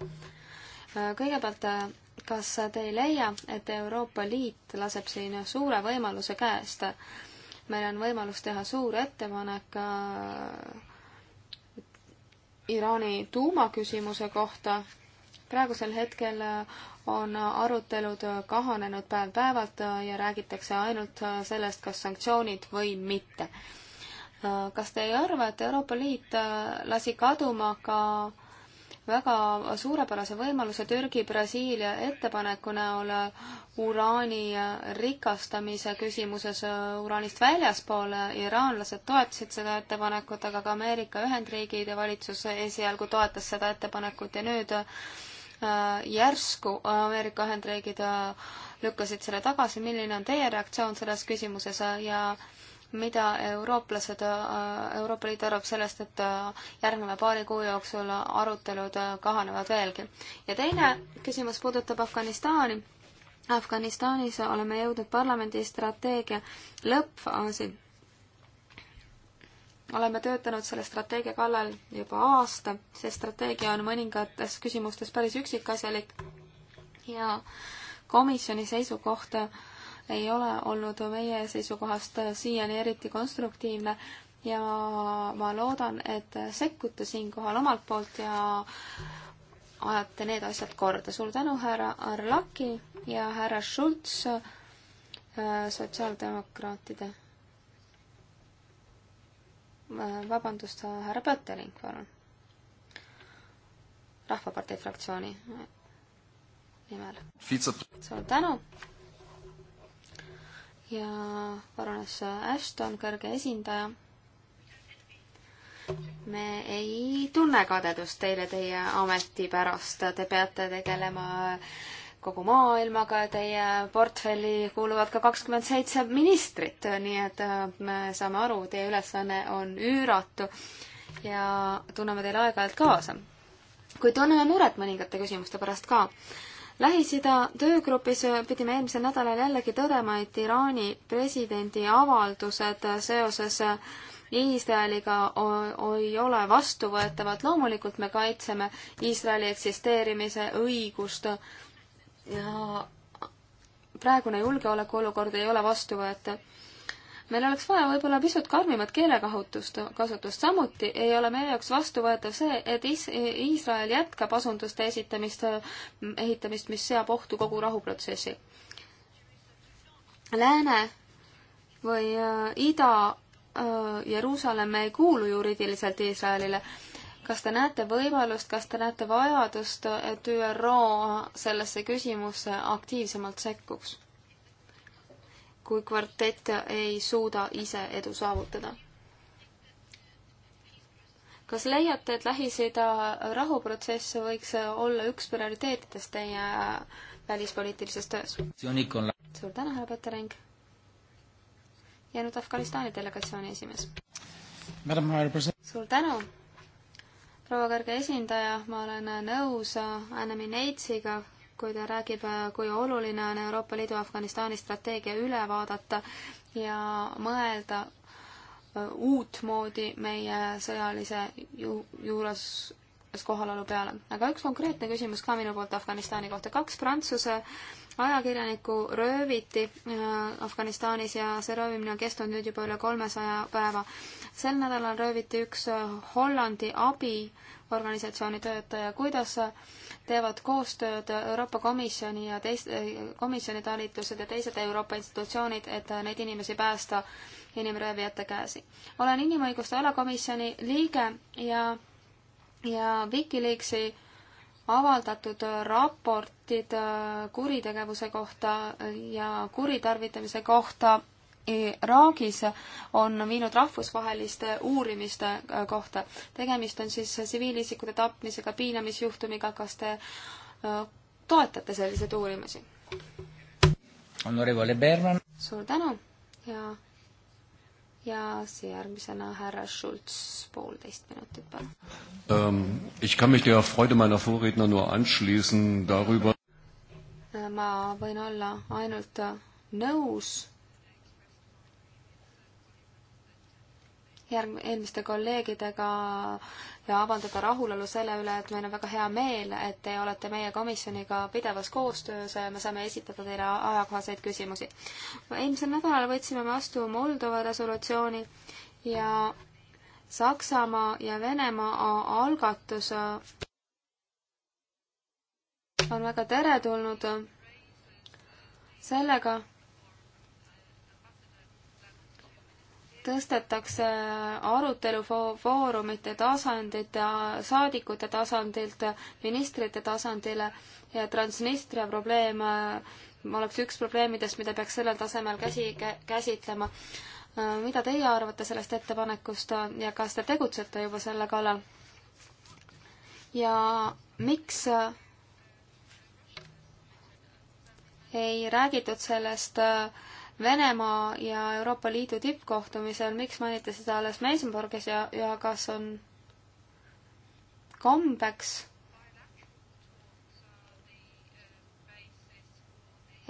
kõigepealt, kas te ei leia, et Euroopa Liit laseb siin suure võimaluse käest? meil on võimalus teha suur ettepanek äh, Iraani tuumaküsimuse kohta. praegusel hetkel äh, on arutelud kahanenud päev-päevalt äh, ja räägitakse ainult sellest, kas sanktsioonid või mitte. kas te ei arva, et Euroopa Liit lasi kaduma ka väga suurepärase võimaluse Türgi Brasiilia ettepaneku näol uraani rikastamise küsimuses äh, uraanist väljaspool. iraanlased toetasid seda ettepanekut, aga ka Ameerika Ühendriigid ja valitsus esialgu toetas seda ettepanekut ja nüüd äh, järsku Ameerika Ühendriigid äh, lükkasid selle tagasi. milline on teie reaktsioon selles küsimuses ja mida eurooplased, Euroopa Liit arvab sellest, et järgneva paari kuu jooksul arutelud kahanevad veelgi. ja teine küsimus puudutab Afganistani. Afganistanis oleme jõudnud parlamendi strateegia lõppfaasi. oleme töötanud selle strateegia kallal juba aasta, see strateegia on mõningates küsimustes päris üksikasjalik ja komisjoni seisukoht äh, ei ole olnud meie seisukohast siiani eriti konstruktiivne ja ma loodan, et sekkute siinkohal omalt poolt ja ajate need asjad korda. suur tänu, härra Arlaki ja härra Schultz äh, sotsiaaldemokraatide. Äh, vabandust, härra Pöttering, palun. rahvapartei fraktsiooni nimel. suur tänu ja paranes Ashton, kõrge esindaja. me ei tunne kadedust teile teie ameti pärast, te peate tegelema kogu maailmaga, teie portfelli kuuluvad ka kakskümmend seitse ministrit, nii et äh, me saame aru, teie ülesanne on üüratu ja tunneme teile aeg-ajalt kaasa. kuid tunneme muret mõningate küsimuste pärast ka Lähis-Ida töögrupis pidime eelmisel nädalal jällegi tõdema, et Iraani presidendi avaldused seoses Iisraeliga ei ole vastuvõetavad. loomulikult me kaitseme Iisraeli eksisteerimise õigust ja praegune julgeolekuolukord ei ole vastuvõetav meil oleks vaja võib-olla pisut karmimat keelekahutust, kasutust. samuti ei ole meie jaoks vastuvõetav see, et Is-, Iisrael jätkab asunduste esitamist, ehitamist, mis seab ohtu kogu rahuprotsessi. Lääne või äh, Ida äh, Jeruusalemme ei kuulu juriidiliselt Iisraelile kas te näete võimalust, kas te näete vajadust, et ÜRO sellesse küsimusse aktiivsemalt sekkuks? kui kvartett ei suuda ise edu saavutada. kas leiate, et Lähis-Ida rahuprotsess võiks olla üks prioriteetidest teie välispoliitilises töös? suur tänu, härra Petering! ja nüüd Afganistani delegatsiooni esimees. suur tänu! proua kõrge esindaja, ma olen nõus Anne Minetsiga kui ta räägib, kui oluline on Euroopa Liidu Afganistani strateegia üle vaadata ja mõelda äh, uutmoodi meie sõjalise ju-, juures kohalolu peale. aga üks konkreetne küsimus ka minu poolt Afganistani kohta. kaks Prantsuse ajakirjanikku rööviti äh, Afganistanis ja see röövimine on kestnud nüüd juba üle kolmesaja päeva. sel nädalal rööviti üks äh, Hollandi abiorganisatsiooni töötaja. kuidas teevad koostööd Euroopa Komisjoni ja teiste, komisjoni talitused ja teised Euroopa institutsioonid, et neid inimesi päästa inimröövijate käesi. olen inimõiguste alakomisjoni liige ja, ja Wikileaksi avaldatud raportid kuritegevuse kohta ja kuritarvitamise kohta Iraagis on viinud rahvusvaheliste uurimiste äh, kohta. tegemist on siis tsiviilisikute tapmisega, piinamisjuhtumiga, kas te äh, toetate selliseid uurimusi? suur tänu ja, ja siis järgmisena härra Schulz, poolteist minutit, palun ähm,. Ich kann mich der Freude meiner Vorredner nur anschließen darüber äh, ma võin olla ainult nõus järg-, eelmiste kolleegidega ja avaldada rahulolu selle üle, et meil on väga hea meel, et te olete meie komisjoniga pidevas koostöös ja me saame esitada teile ajakohaseid küsimusi. eelmisel nädalal võtsime vastu Moldova resolutsiooni ja Saksamaa ja Venemaa algatus on väga teretulnud sellega tõstetakse arutelufoorumite tasandilt ja saadikute tasandilt ministrite tasandile ja Transnistria probleem äh, oleks üks probleemidest, mida peaks sellel tasemel käsi, käsitlema. Äh, mida teie arvate sellest ettepanekust ja kas te tegutsete juba selle kallal? ja miks äh, ei räägitud sellest äh, Venemaa ja Euroopa Liidu tippkohtumisel, miks mainiti seda alles Mesenburgis ja, ja kas on kombeks,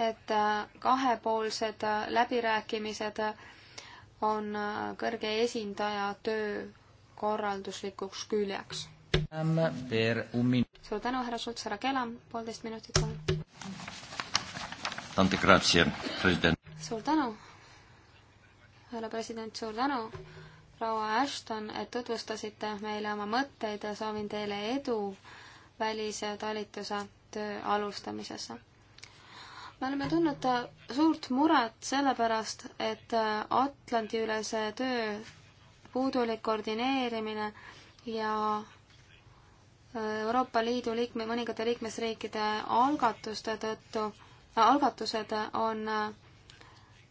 et äh, kahepoolsed äh, läbirääkimised on äh, kõrge esindaja töö korralduslikuks küljeks. Ähm, suur tänu, härra Schultz, härra Kelam, poolteist minutit palun tante grazie, president. suur tänu, härra president, suur tänu, proua Ashton, et tutvustasite meile oma mõtteid ja soovin teile edu välise talituse töö alustamisesse. me oleme tundnud suurt muret sellepärast, et Atlandi-ülese töö puudulik koordineerimine ja Euroopa Liidu liikme, mõningate liikmesriikide algatuste tõttu algatused on äh,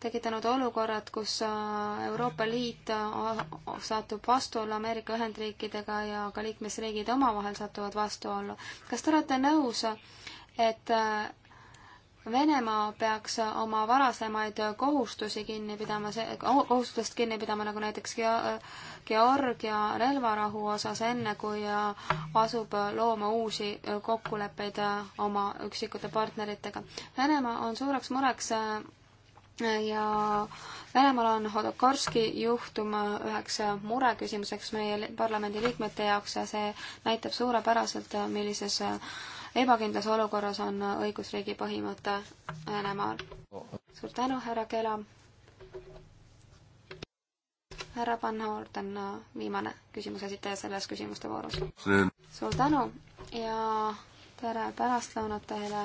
tekitanud olukorrad, kus äh, Euroopa Liit äh, satub vastuollu Ameerika Ühendriikidega ja ka liikmesriigid omavahel satuvad vastuollu. kas te olete nõus, et Venemaa peaks oma varasemaid kohustusi kinni pidama, kohustustest kinni pidama, nagu näiteks Georgia relvarahu osas, enne kui asub looma uusi kokkuleppeid oma üksikute partneritega. Venemaa on suureks mureks ja Venemaal on Hodokorski juhtum üheks mureküsimuseks meie parlamendi liikmete jaoks ja see näitab suurepäraselt, millises ebakindlas olukorras on õigusriigi põhimõte Venemaal. suur tänu, härra Kela. härra Panhord on viimane küsimuse esitaja selles küsimuste voorus. suur tänu ja tere pärastlõunat teile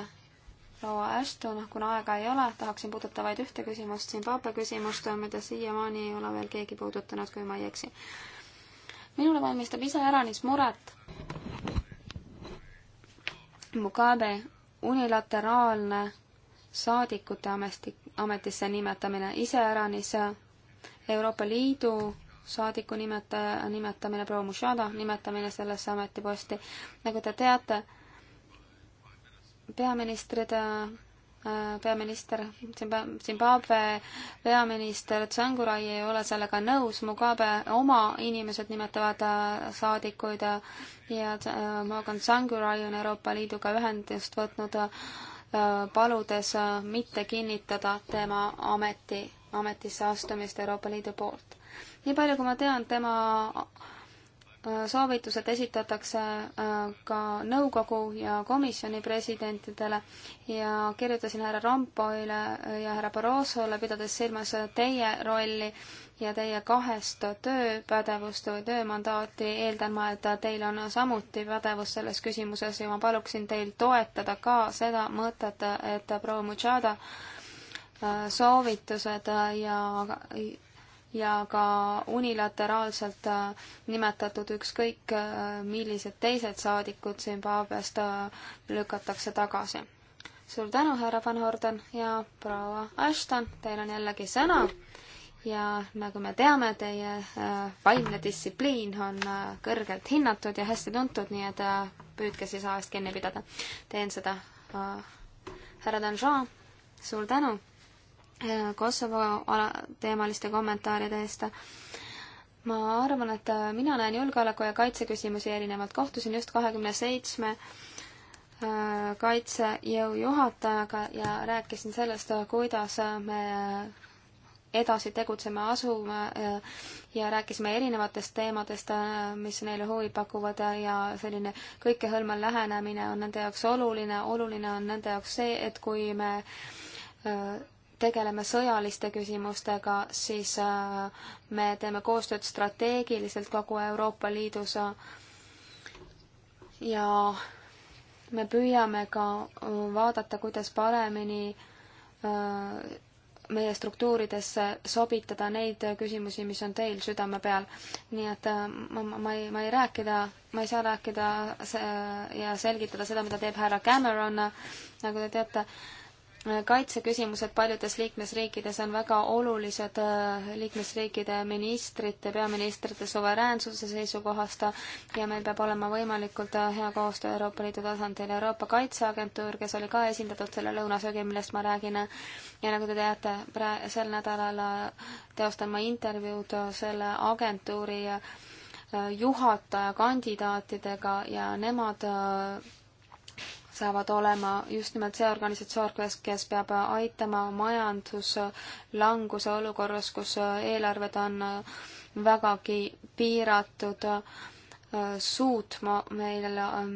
proua Ashton, kuna aega ei ole, tahaksin puudutada vaid ühte küsimust, Zimbabwe küsimust, mida siiamaani ei ole veel keegi puudutanud, kui ma ei eksi. minule valmistab iseäranis muret Mugabe unilateraalne saadikute ameti, ametisse nimetamine, iseäranis Euroopa Liidu saadiku nimetaja nimetamine, proua Mushada nimetamine sellesse ametiposti. nagu te teate, peaministrid Äh, peaminister, Zimbabwe peaminister Tsangurai ei ole sellega nõus, Mugabe oma inimesed nimetavad äh, saadikuid äh, ja Morgan Tsangurai on Euroopa Liiduga ühendust võtnud, paludes mitte kinnitada tema ameti, ametisse astumist Euroopa Liidu poolt. nii palju, kui ma tean, tema soovitused esitatakse äh, ka nõukogu ja komisjoni presidentidele ja kirjutasin härra Rampoile ja härra Barrosole, pidades silmas teie rolli ja teie kahest tööpädevust või töömandaati, eeldan ma, et teil on samuti pädevus selles küsimuses ja ma paluksin teil toetada ka seda mõtet, et proua Mujada äh, soovitused ja ja ka unilateraalselt äh, nimetatud ükskõik äh, millised teised saadikud Zimbabwest äh, lükatakse tagasi. suur tänu, härra Van Horden ja proua Ashton, teil on jällegi sõna ja nagu me teame, teie vaimne distsipliin on kõrgelt hinnatud ja hästi tuntud, nii et püüdke siis ajast kinni pidada. teen seda. härra Danjean, suur tänu Äh, Kosovo ala, teemaliste kommentaaride eest. ma arvan, et äh, mina näen julgeoleku ja kaitse küsimusi erinevalt. kohtusin just kahekümne seitsme äh, kaitsejõu juhatajaga ja rääkisin sellest, kuidas me edasi tegutsema asume ja rääkisime erinevatest teemadest, mis neile huvi pakuvad ja selline kõikehõlmav lähenemine on nende jaoks oluline. oluline on nende jaoks see, et kui me tegeleme sõjaliste küsimustega, siis äh, me teeme koostööd strateegiliselt kogu Euroopa Liidus ja me püüame ka äh, vaadata, kuidas paremini äh, meie struktuuridesse sobitada neid küsimusi, mis on teil südame peal. nii et ma, ma, ma ei, ma ei rääkida, ma ei saa rääkida ja selgitada seda, mida teeb härra Cameron, nagu te teate kaitseküsimused paljudes liikmesriikides on väga olulised äh, liikmesriikide ministrite, peaministrite suveräänsuse seisukohast ja meil peab olema võimalikult äh, hea koostöö Euroopa Liidu tasandil. Euroopa Kaitseagentuur, kes oli ka esindatud selle lõunasöögil, millest ma räägin, ja nagu te teate, pra-, sel nädalal äh, teostan ma intervjuud selle agentuuri juhataja kandidaatidega ja nemad saavad olema just nimelt see organisatsioon, kes, kes peab aitama majanduslanguse olukorras, kus eelarved on vägagi piiratud, suutma meil ähm,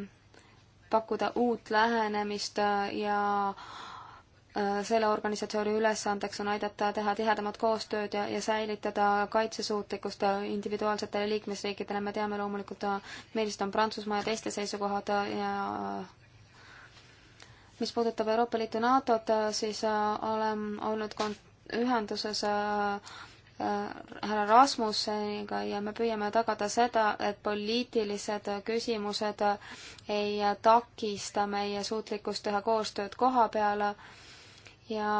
pakkuda uut lähenemist äh, ja äh, selle organisatsiooni ülesandeks on aidata teha tihedamat koostööd ja, ja säilitada kaitsesuutlikkust äh, individuaalsetele liikmesriikidele. me teame loomulikult, millised on Prantsusmaa ja teiste seisukohad ja mis puudutab Euroopa Liitu NATO-t, äh, siis äh, olen olnud ühenduses äh, härra Rasmusseniga ja me püüame tagada seda, et poliitilised küsimused ei takista meie suutlikkust teha koostööd koha peal ja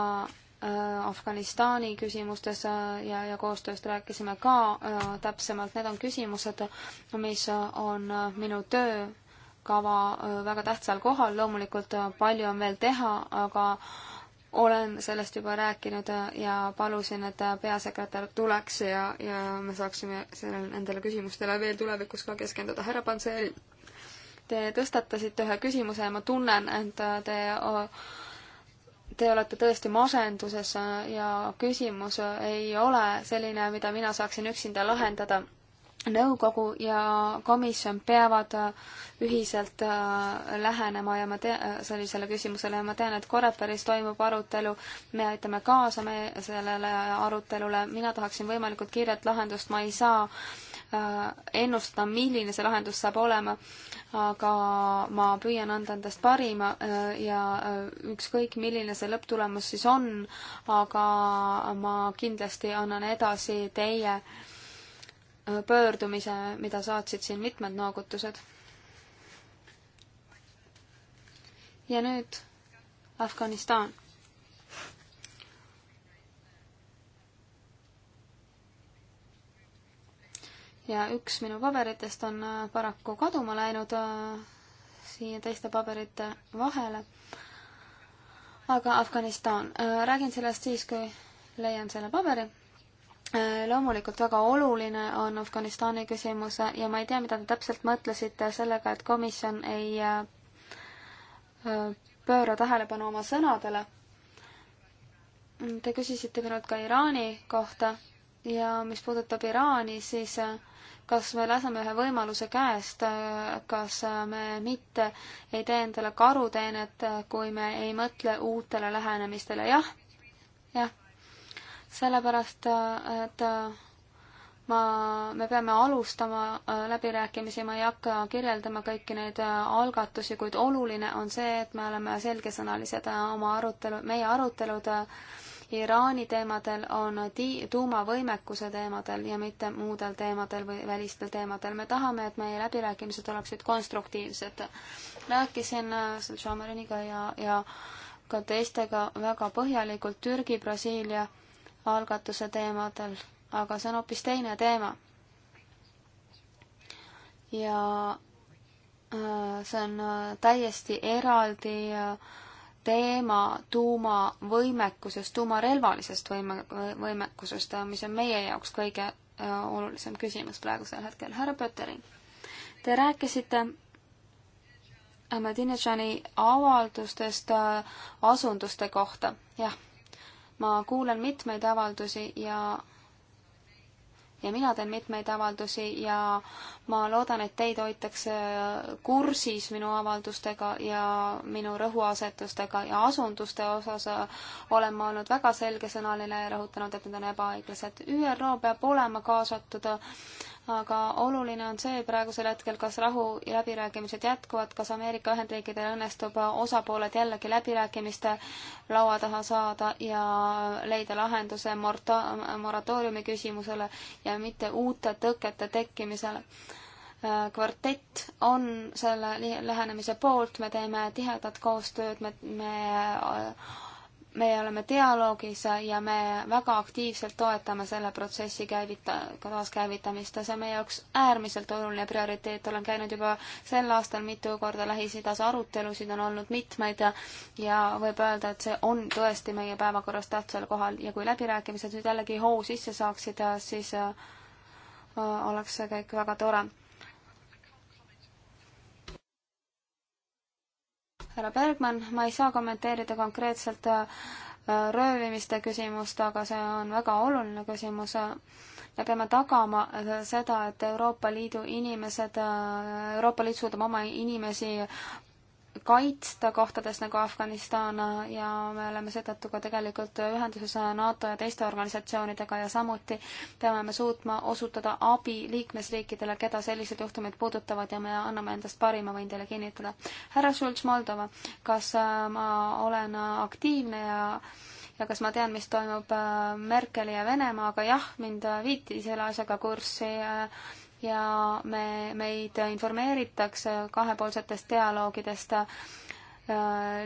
Afganistani küsimustes ja, ja koostööst rääkisime ka täpsemalt, need on küsimused, mis on minu töö kava äh, väga tähtsal kohal, loomulikult äh, palju on veel teha, aga olen sellest juba rääkinud äh, ja palusin, et peasekretär tuleks ja, ja me saaksime sellele, nendele küsimustele veel tulevikus ka keskenduda. härra Panseri, te tõstatasite ühe küsimuse ja ma tunnen, et te, te olete tõesti masenduses ja küsimus ei ole selline, mida mina saaksin üksinda lahendada nõukogu ja komisjon peavad äh, ühiselt äh, lähenema ja ma tean, äh, sellisele küsimusele ja ma tean, et Koreperis toimub arutelu, me aitame kaasa me sellele arutelule, mina tahaksin võimalikult kiiret lahendust, ma ei saa ennustada, milline see lahendus saab olema, aga ma püüan anda endast parima ja ükskõik, milline see lõpptulemus siis on, aga ma kindlasti annan edasi teie äh, pöördumise, mida saatsid siin mitmed noogutused. ja nüüd Afganistan. ja üks minu paberitest on äh, paraku kaduma läinud äh, siia teiste paberite vahele. aga Afganistan, äh, räägin sellest siis, kui leian selle paberi Äh, loomulikult väga oluline on Afganistani küsimus ja ma ei tea, mida te täpselt mõtlesite sellega, et komisjon ei äh, pööra tähelepanu oma sõnadele. Te küsisite minult ka Iraani kohta ja mis puudutab Iraani, siis äh, kas me laseme ühe võimaluse käest, kas me mitte ei tee endale karuteenet, kui me ei mõtle uutele lähenemistele, jah, jah sellepärast et ma, me peame alustama äh, läbirääkimisi, ma ei hakka kirjeldama kõiki neid äh, algatusi, kuid oluline on see, et me oleme selgesõnalised äh, oma arutelu, meie arutelud Iraani teemadel on ti-, tuumavõimekuse teemadel ja mitte muudel teemadel või välistel teemadel. me tahame, et meie läbirääkimised oleksid konstruktiivsed. rääkisin Shamariga ja, ja ka teistega väga põhjalikult Türgi, Brasiilia algatuse teemadel, aga see on hoopis teine teema. ja äh, see on äh, täiesti eraldi äh, teema tuumavõimekusest, tuumarelvalisest võime, võimekusest, mis on meie jaoks kõige olulisem küsimus praegusel hetkel. härra Pöttering, te rääkisite Ahmadinejani avaldustest asunduste kohta. jah, ma kuulen mitmeid avaldusi ja ja mina teen mitmeid avaldusi ja ma loodan, et teid hoitakse kursis minu avaldustega ja minu rõhuasetustega ja asunduste osas olen ma olnud väga selgesõnaline ja rõhutanud, et need on ebaõiglased. ÜRO peab olema kaasatud aga oluline on see praegusel hetkel, kas rahu läbirääkimised jätkuvad, kas Ameerika Ühendriikidel õnnestub osapooled jällegi läbirääkimiste laua taha saada ja leida lahenduse morta-, moratooriumi küsimusele ja mitte uute tõkete tekkimisele kvartett on selle lähenemise poolt, me teeme tihedat koostööd, me, me me oleme dialoogis ja me väga aktiivselt toetame selle protsessi käivita-, taaskäivitamist ja see on meie jaoks äärmiselt oluline prioriteet, olen käinud juba sel aastal mitu korda Lähis-Idas, arutelusid on olnud mitmeid ja ja võib öelda, et see on tõesti meie päevakorras tähtsal kohal ja kui läbirääkimised nüüd jällegi hoo sisse saaksid, siis äh, oleks see kõik väga tore härra Bergmann, ma ei saa kommenteerida konkreetselt äh, äh, röövimiste küsimust, aga see on väga oluline küsimus. me peame tagama äh, seda, et Euroopa Liidu inimesed, Euroopa Liit suudab oma inimesi kaitsta kohtades nagu Afganistan ja me oleme seetõttu ka tegelikult ühenduses NATO ja teiste organisatsioonidega ja samuti peame me suutma osutada abi liikmesriikidele, keda sellised juhtumid puudutavad ja me anname endast parima, võin teile kinnitada. härra Schulz Moldova, kas äh, ma olen aktiivne ja ja kas ma tean, mis toimub äh, Merkeli ja Venemaaga, jah, mind viiti selle asjaga kurssi äh, ja me, meid informeeritakse kahepoolsetest dialoogidest äh,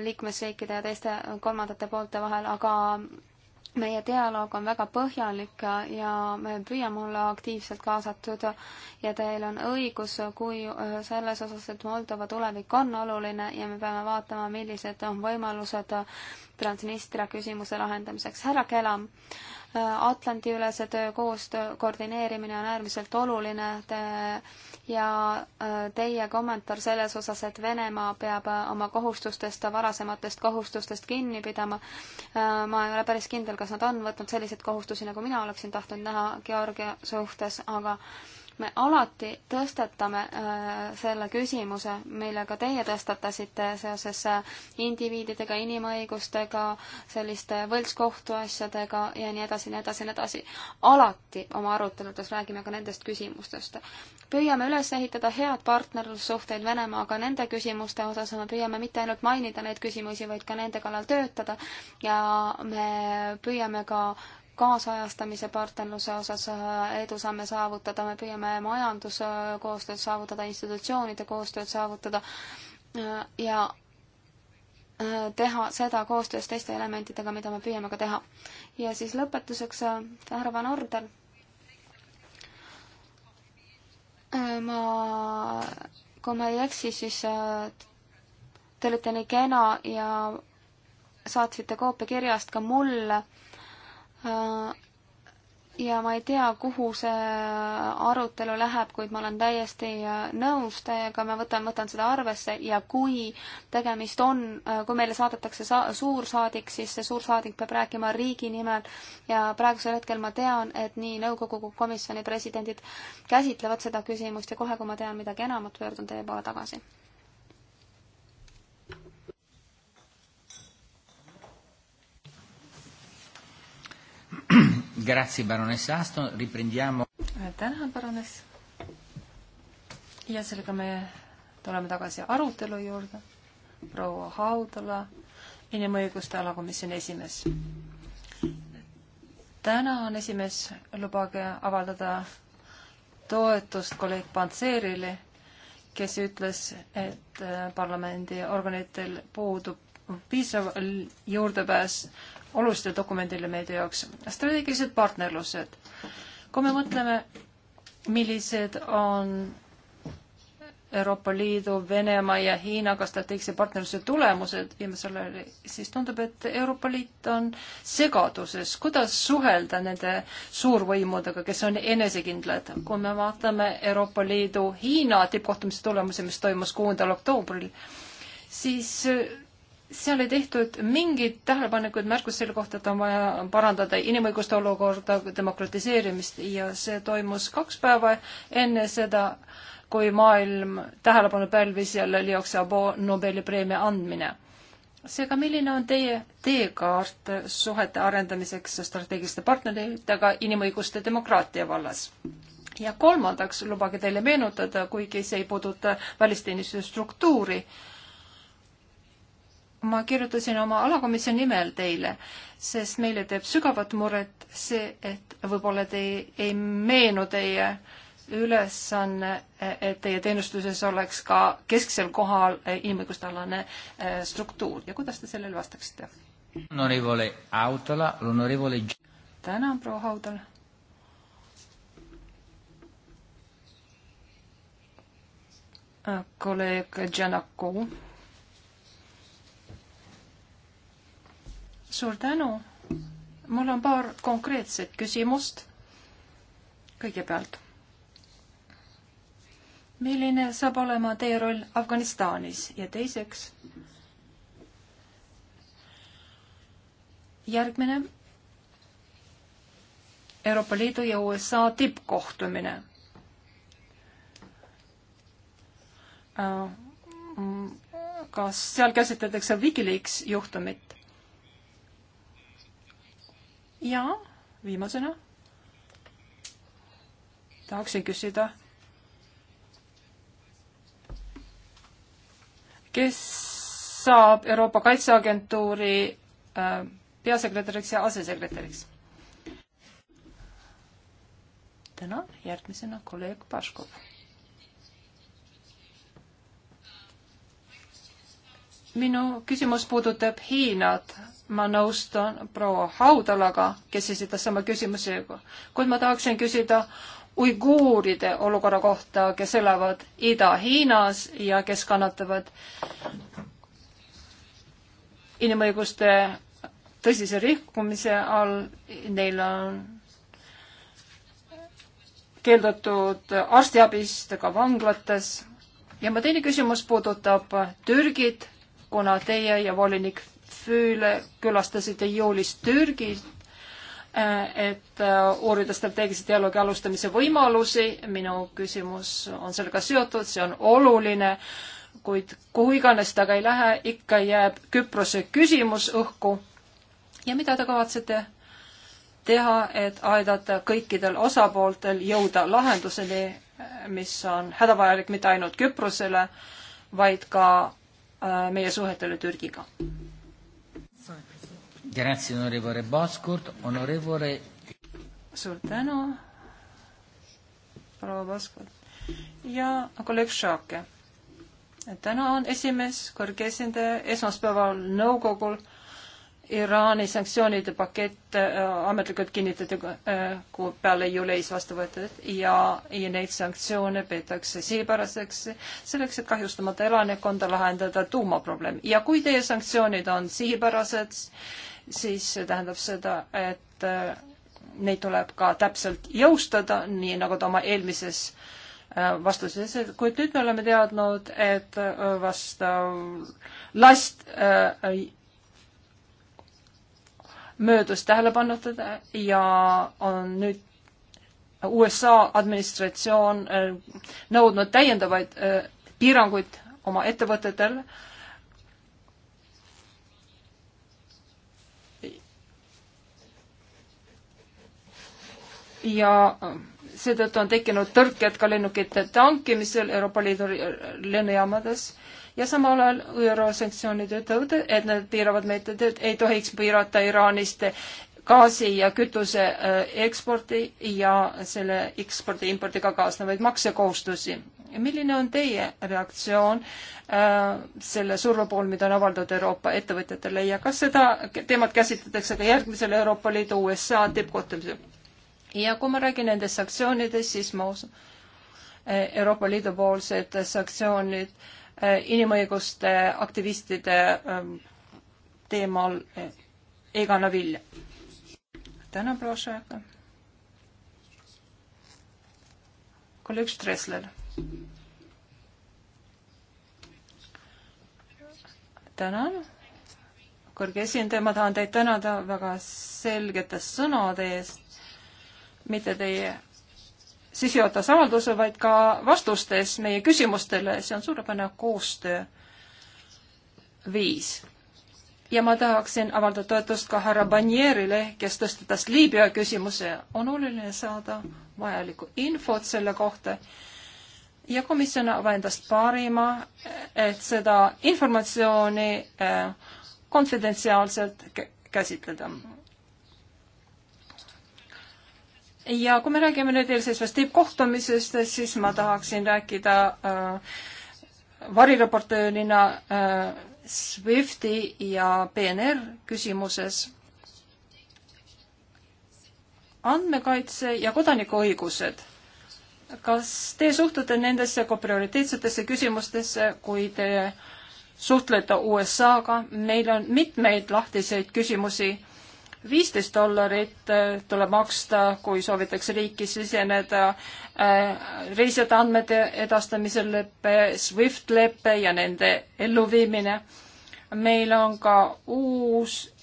liikmesriikide ja teiste kolmandate poolte vahel, aga meie dialoog on väga põhjalik ja me püüame olla aktiivselt kaasatud ja teil on õigus, kui äh, selles osas, et Moldova tulevik on oluline ja me peame vaatama, millised on võimalused Transnistria küsimuse lahendamiseks. härra Kelam, äh, Atlandi-ülese töö koostöö koordineerimine on äärmiselt oluline te, ja äh, teie kommentaar selles osas, et Venemaa peab äh, oma kohustustest, varasematest kohustustest kinni pidama. ma ei ole päris kindel, kas nad on võtnud selliseid kohustusi, nagu mina oleksin tahtnud näha Georgia suhtes, aga me alati tõstatame äh, selle küsimuse, mille ka teie tõstatasite seoses äh, indiviididega, inimõigustega, selliste võltskohtuasjadega ja nii edasi, nii edasi, nii edasi. alati oma aruteludes räägime ka nendest küsimustest. püüame üles ehitada head partnerlussuhteid Venemaaga nende küsimuste osas ja me püüame mitte ainult mainida neid küsimusi, vaid ka nende kallal töötada ja me püüame ka kaasajastamise partnerluse osas äh, edu saame saavutada, me püüame majanduskoostööd saavutada, institutsioonide koostööd saavutada äh, ja äh, teha seda koostöös teiste elementidega, mida me püüame ka teha. ja siis lõpetuseks härra Van Orden. ma, kui ma ei eksi, siis te olite nii kena ja saatsite koopia kirjast ka mulle Äh, ja ma ei tea, kuhu see arutelu läheb, kuid ma olen täiesti äh, nõus teiega, ma võtan, võtan seda arvesse ja kui tegemist on, äh, kui meile saadetakse sa-, suursaadik, siis see suursaadik peab rääkima riigi nimel ja praegusel hetkel ma tean, et nii nõukogu kui komisjoni presidendid käsitlevad seda küsimust ja kohe, kui ma tean midagi enamat, pöördun teie poole tagasi Grazie, baroness Aston, riprendiamo. tänan, baroness. ja sellega me tuleme tagasi arutelu juurde. proua Haudala, inimõiguste alakomisjoni esimees. täna on esimees, lubage avaldada toetust kolleeg Pantseerile, kes ütles, et äh, parlamendi organitel puudub piisav juurdepääs olulistele dokumentile meedia jaoks. strateegilised partnerlused. kui me mõtleme, millised on Euroopa Liidu, Venemaa ja Hiinaga strateegilise partnerluse tulemused viimasel ajal, siis tundub, et Euroopa Liit on segaduses, kuidas suhelda nende suurvõimudega, kes on enesekindlad. kui me vaatame Euroopa Liidu Hiina tippkohtumise tulemusi, mis toimus kuuendal oktoobril, siis seal ei tehtud mingit tähelepanekuid märkust selle kohta, et on vaja parandada inimõiguste olukorda, demokratiseerimist ja see toimus kaks päeva enne seda, kui maailm tähelepanu pälvis jälle Liok Sabo Nobeli preemia andmine. seega, milline on teie teekaart suhete arendamiseks strateegiliste partneritega inimõiguste demokraatia vallas? ja kolmandaks, lubage teile meenutada, kuigi see ei puuduta välisteenistuse struktuuri, ma kirjutasin oma alakomisjoni nimel teile, sest meile teeb sügavat muret see, et võib-olla te ei, ei meenu teie ülesanne, et teie teenistuses oleks ka kesksel kohal inimõiguste alane eh, struktuur ja kuidas te sellele vastaksite? tänan, proua Haudal. Eh, kolleeg Giannakou. suur tänu. mul on paar konkreetset küsimust. kõigepealt, milline saab olema teie roll Afganistanis ja teiseks, järgmine Euroopa Liidu ja USA tippkohtumine äh, kas seal käsitletakse Wikileaks juhtumit? ja viimasena tahaksin küsida, kes saab Euroopa Kaitseagentuuri äh, peasekretäriks ja asesekretäriks? tänan, järgmisena kolleeg Paškov minu küsimus puudutab Hiinat. ma nõustun proua Haudalaga, kes esitas sama küsimuse, kuid ma tahaksin küsida uiguuride olukorra kohta, kes elavad Ida-Hiinas ja kes kannatavad inimõiguste tõsise rikkumise all, neil on keeldutud arstiabist ka vanglates. ja mu teine küsimus puudutab Türgit, kuna teie ja volinik Füüle külastasite juulis Türgit, äh, et äh, uurida strateegilise dialoogi alustamise võimalusi. minu küsimus on sellega seotud, see on oluline, kuid kuhu iganes ta ka ei lähe, ikka jääb Küprose küsimus õhku. ja mida te kavatsete teha, et aidata kõikidel osapooltel jõuda lahenduseni, mis on hädavajalik mitte ainult Küprosele, vaid ka Äh, meie suhetele Türgiga. suur tänu, proua Baskurt ja kolleeg Šaake. täna on esimees, kõrge esindaja esmaspäeval nõukogul äh, Iraani sanktsioonide pakett äh, ametlikult kinnitati äh, kuu peale juulis vastu võetud ja, ja neid sanktsioone peetakse seepäraseks, selleks, et kahjustamata elanikkonda lahendada tuumaprobleem. ja kui teie sanktsioonid on sihipärased, siis see tähendab seda, et äh, neid tuleb ka täpselt jõustada, nii nagu ta oma eelmises vastuses, et kuid nüüd me oleme teadnud, et vastav last äh, möödus tähelepanutada ja on nüüd USA administratsioon äh, nõudnud täiendavaid äh, piiranguid oma ettevõtetel. ja seetõttu on tekkinud tõrked ka lennukite tankimisel Euroopa Liidu lennujaamades ja samal ajal ÜRO sanktsioonid ütlevad, et need piiravad meid, et ei tohiks piirata Iraanist gaasi ja kütuse äh, eksporti ja selle ekspordi-impordiga kaasnevaid maksekohustusi. milline on teie reaktsioon äh, selle surve pool, mida on avaldatud Euroopa ettevõtjatele ja kas seda teemat käsitletakse ka järgmisel Euroopa Liidu USA tippkohtumisel? ja kui ma räägin nendest sanktsioonidest, siis ma usun, äh, Euroopa Liidu poolsed sanktsioonid äh, Äh, inimõiguste aktivistide ähm, teemal äh, Egana Vilja. tänan, proua Šaeka. kolleeg Stressler. tänan. kõrge esindaja, ma tahan teid tänada väga selgete sõnade eest, mitte teie sissejuhatavas avalduses, vaid ka vastustes meie küsimustele, see on suurepärane koostöö viis. ja ma tahaksin avaldada toetust ka härra Banierile, kes tõstatas Liibüa küsimuse, on oluline saada vajalikku infot selle kohta ja komisjon avab endast parima, et seda informatsiooni eh, konfidentsiaalselt käsitleda ja kui me räägime nüüd eelseisvast tippkohtumisest, siis ma tahaksin rääkida äh, variraportöörina äh, SWIFTi ja PNR küsimuses. andmekaitse ja kodanikuõigused. kas te suhtute nendesse kui prioriteetsetesse küsimustesse, kui te suhtlete USA-ga, meil on mitmeid lahtiseid küsimusi viisteist dollarit äh, tuleb maksta, kui soovitakse riiki siseneda äh, reisijate andmete edastamise lepe, SWIFT lepe ja nende elluviimine. meil on ka uus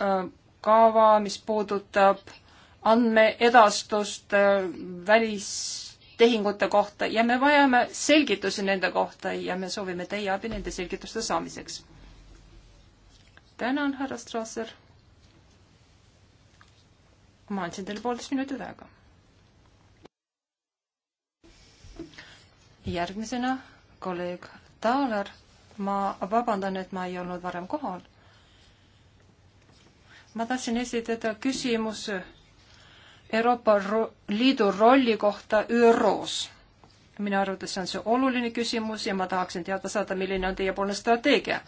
äh, kava, mis puudutab andmeedastust välistehingute kohta ja me vajame selgitusi nende kohta ja me soovime teie abi nende selgituste saamiseks. tänan, härra Strasser ma andsin teile poolteist minutit aega. järgmisena kolleeg Taaler. ma vabandan, et ma ei olnud varem kohal. ma tahtsin esitada küsimuse Euroopa ro Liidu rolli kohta ÜRO-s. minu arvates see on see oluline küsimus ja ma tahaksin teada saada, milline on teiepoolne strateegia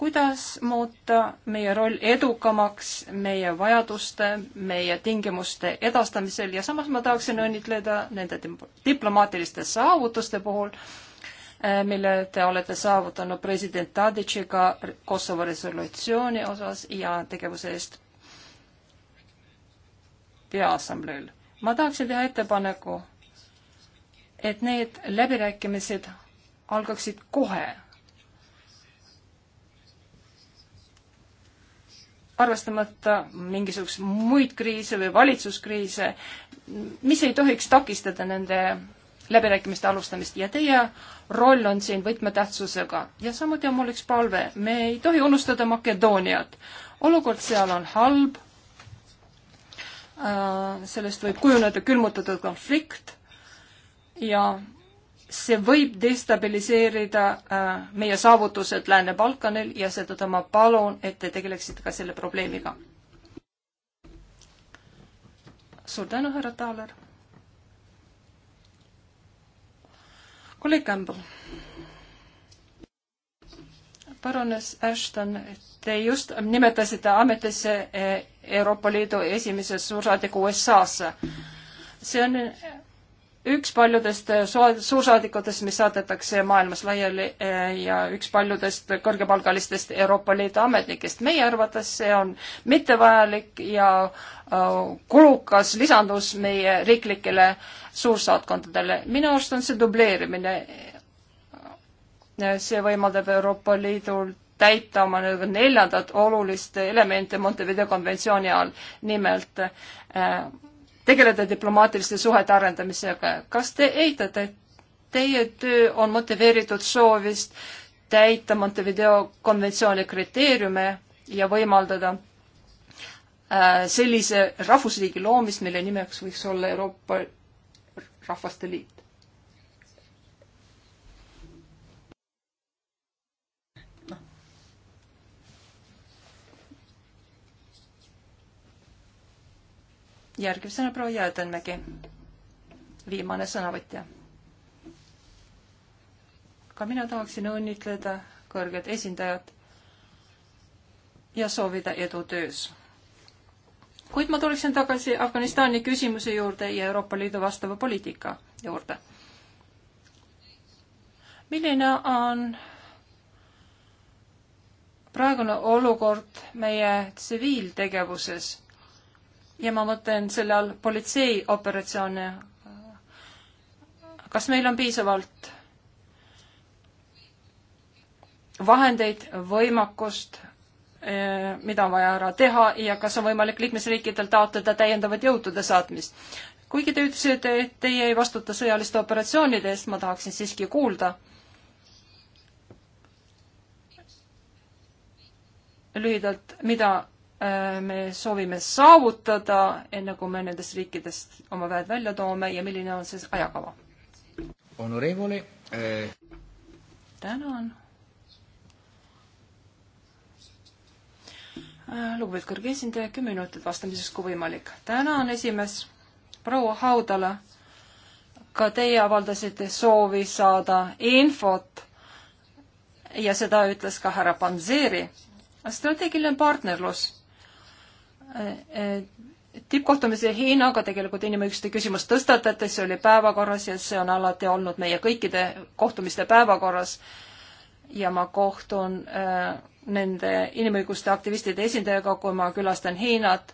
kuidas muuta meie roll edukamaks meie vajaduste, meie tingimuste edastamisel ja samas ma tahaksin õnnitleda nende diplomaatiliste saavutuste puhul, äh, mille te olete saavutanud president Taditšiga Kosovo resolutsiooni osas ja tegevuse eest Peaassambleel. ma tahaksin teha ettepaneku, et need läbirääkimised algaksid kohe arvestamata mingisuguseid muid kriise või valitsuskriise, mis ei tohiks takistada nende läbirääkimiste alustamist ja teie roll on siin võtmetähtsusega. ja samuti on mul üks palve, me ei tohi unustada Makedooniat. olukord seal on halb, äh, sellest võib kujuneda külmutatud konflikt ja see võib destabiliseerida äh, meie saavutused Lääne-Balkanil ja seetõttu ma palun, et te tegeleksite ka selle probleemiga. suur tänu, härra Taaler. kolleeg Campbell. Baroness Ashton, te just nimetasite ametisse äh, Euroopa Liidu esimese suursaadiku USA-sse. see on üks paljudest suursaadikutest, mis saadetakse maailmas laiali eh, ja üks paljudest kõrgepalgalistest Euroopa Liidu ametnikest. meie arvates see on mittevajalik ja eh, kulukas lisandus meie riiklikele suursaatkondadele. minu arust on see dubleerimine. Eh, see võimaldab Euroopa Liidul täita oma neljandat olulist elementi Montevideo konventsiooni all, nimelt äh, tegeleda diplomaatiliste suhete arendamisega. kas te eitate, et teie töö on motiveeritud soovist täita Montevideo konventsiooni kriteeriume ja võimaldada äh, sellise rahvusriigi loomist, mille nimeks võiks olla Euroopa Rahvaste Liit? järgmisena proua Jäädenmägi, viimane sõnavõtja. ka mina tahaksin õnnitleda kõrget esindajat ja soovida edu töös. kuid ma tuleksin tagasi Afganistani küsimuse juurde ja Euroopa Liidu vastava poliitika juurde. milline on praegune olukord meie tsiviiltegevuses ja ma mõtlen selle all politseioperatsioone. kas meil on piisavalt vahendeid, võimakust, eh, mida on vaja ära teha ja kas on võimalik liikmesriikidel taotleda täiendavat jõudude saatmist? kuigi te ütlesite, et teie ei vastuta sõjaliste operatsioonide eest, ma tahaksin siiski kuulda lühidalt, mida Äh, me soovime saavutada, enne kui me nendest riikidest oma väed välja toome ja milline on siis ajakava? Honorevole eh.... tänan. Äh, lugupeetud kõrge esindaja, kümme minutit vastamiseks, kui võimalik. tänan, esimees. proua Haudala, ka teie avaldasite soovi saada infot ja seda ütles ka härra Panseri. strateegiline partnerlus tippkohtumise Hiinaga tegelikult inimõiguste küsimus tõstatati, see oli päevakorras ja see on alati olnud meie kõikide kohtumiste päevakorras. ja ma kohtun äh, nende inimõiguste aktivistide esindajaga, kui ma külastan Hiinat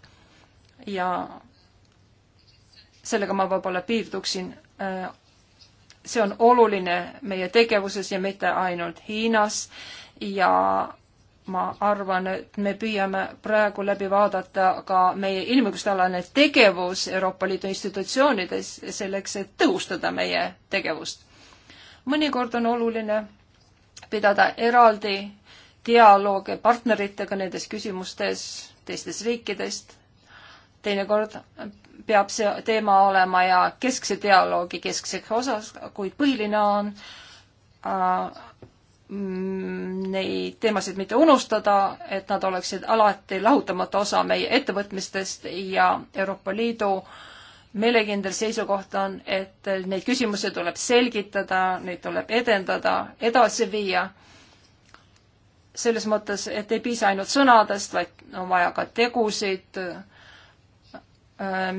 ja sellega ma võib-olla piirduksin äh,. see on oluline meie tegevuses ja mitte ainult Hiinas ja ma arvan, et me püüame praegu läbi vaadata ka meie inimõiguste alane tegevus Euroopa Liidu institutsioonides selleks, et tõhustada meie tegevust. mõnikord on oluline pidada eraldi dialoog partneritega nendes küsimustes teistest riikidest. teinekord peab see teema olema ja keskse dialoogi keskseks osas, kuid põhiline on äh, Mm, neid teemasid mitte unustada, et nad oleksid alati lahutamatu osa meie ettevõtmistest ja Euroopa Liidu meelekindel seisukoht on, et neid küsimusi tuleb selgitada, neid tuleb edendada, edasi viia. selles mõttes, et ei piisa ainult sõnadest, vaid on vaja ka tegusid.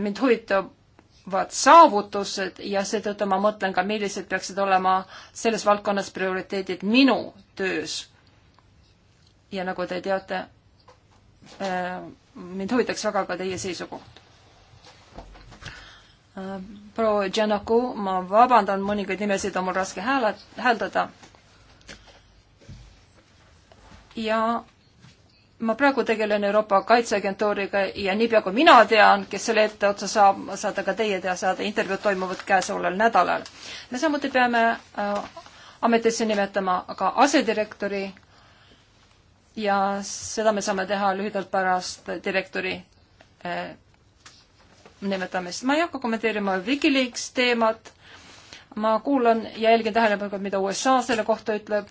mind huvitab vaat saavutused ja seetõttu ma mõtlen ka, millised peaksid olema selles valdkonnas prioriteedid minu töös. ja nagu te teate, äh, mind huvitaks väga ka teie seisukoht. Äh, proua Janaku, ma vabandan, mõningaid nimesid on mul raske hääla, hääldada. ja ma praegu tegelen Euroopa Kaitseagentuuriga ja niipea kui mina tean, kes selle etteotsa saab, saate ka teie teha, saada intervjuud toimuvad käesoleval nädalal. me samuti peame äh, ametisse nimetama ka asedirektori ja seda me saame teha lühidalt pärast direktori äh, nimetamist. ma ei hakka kommenteerima Wikileaks teemat, ma kuulan ja jälgin tähelepanelikult, mida USA selle kohta ütleb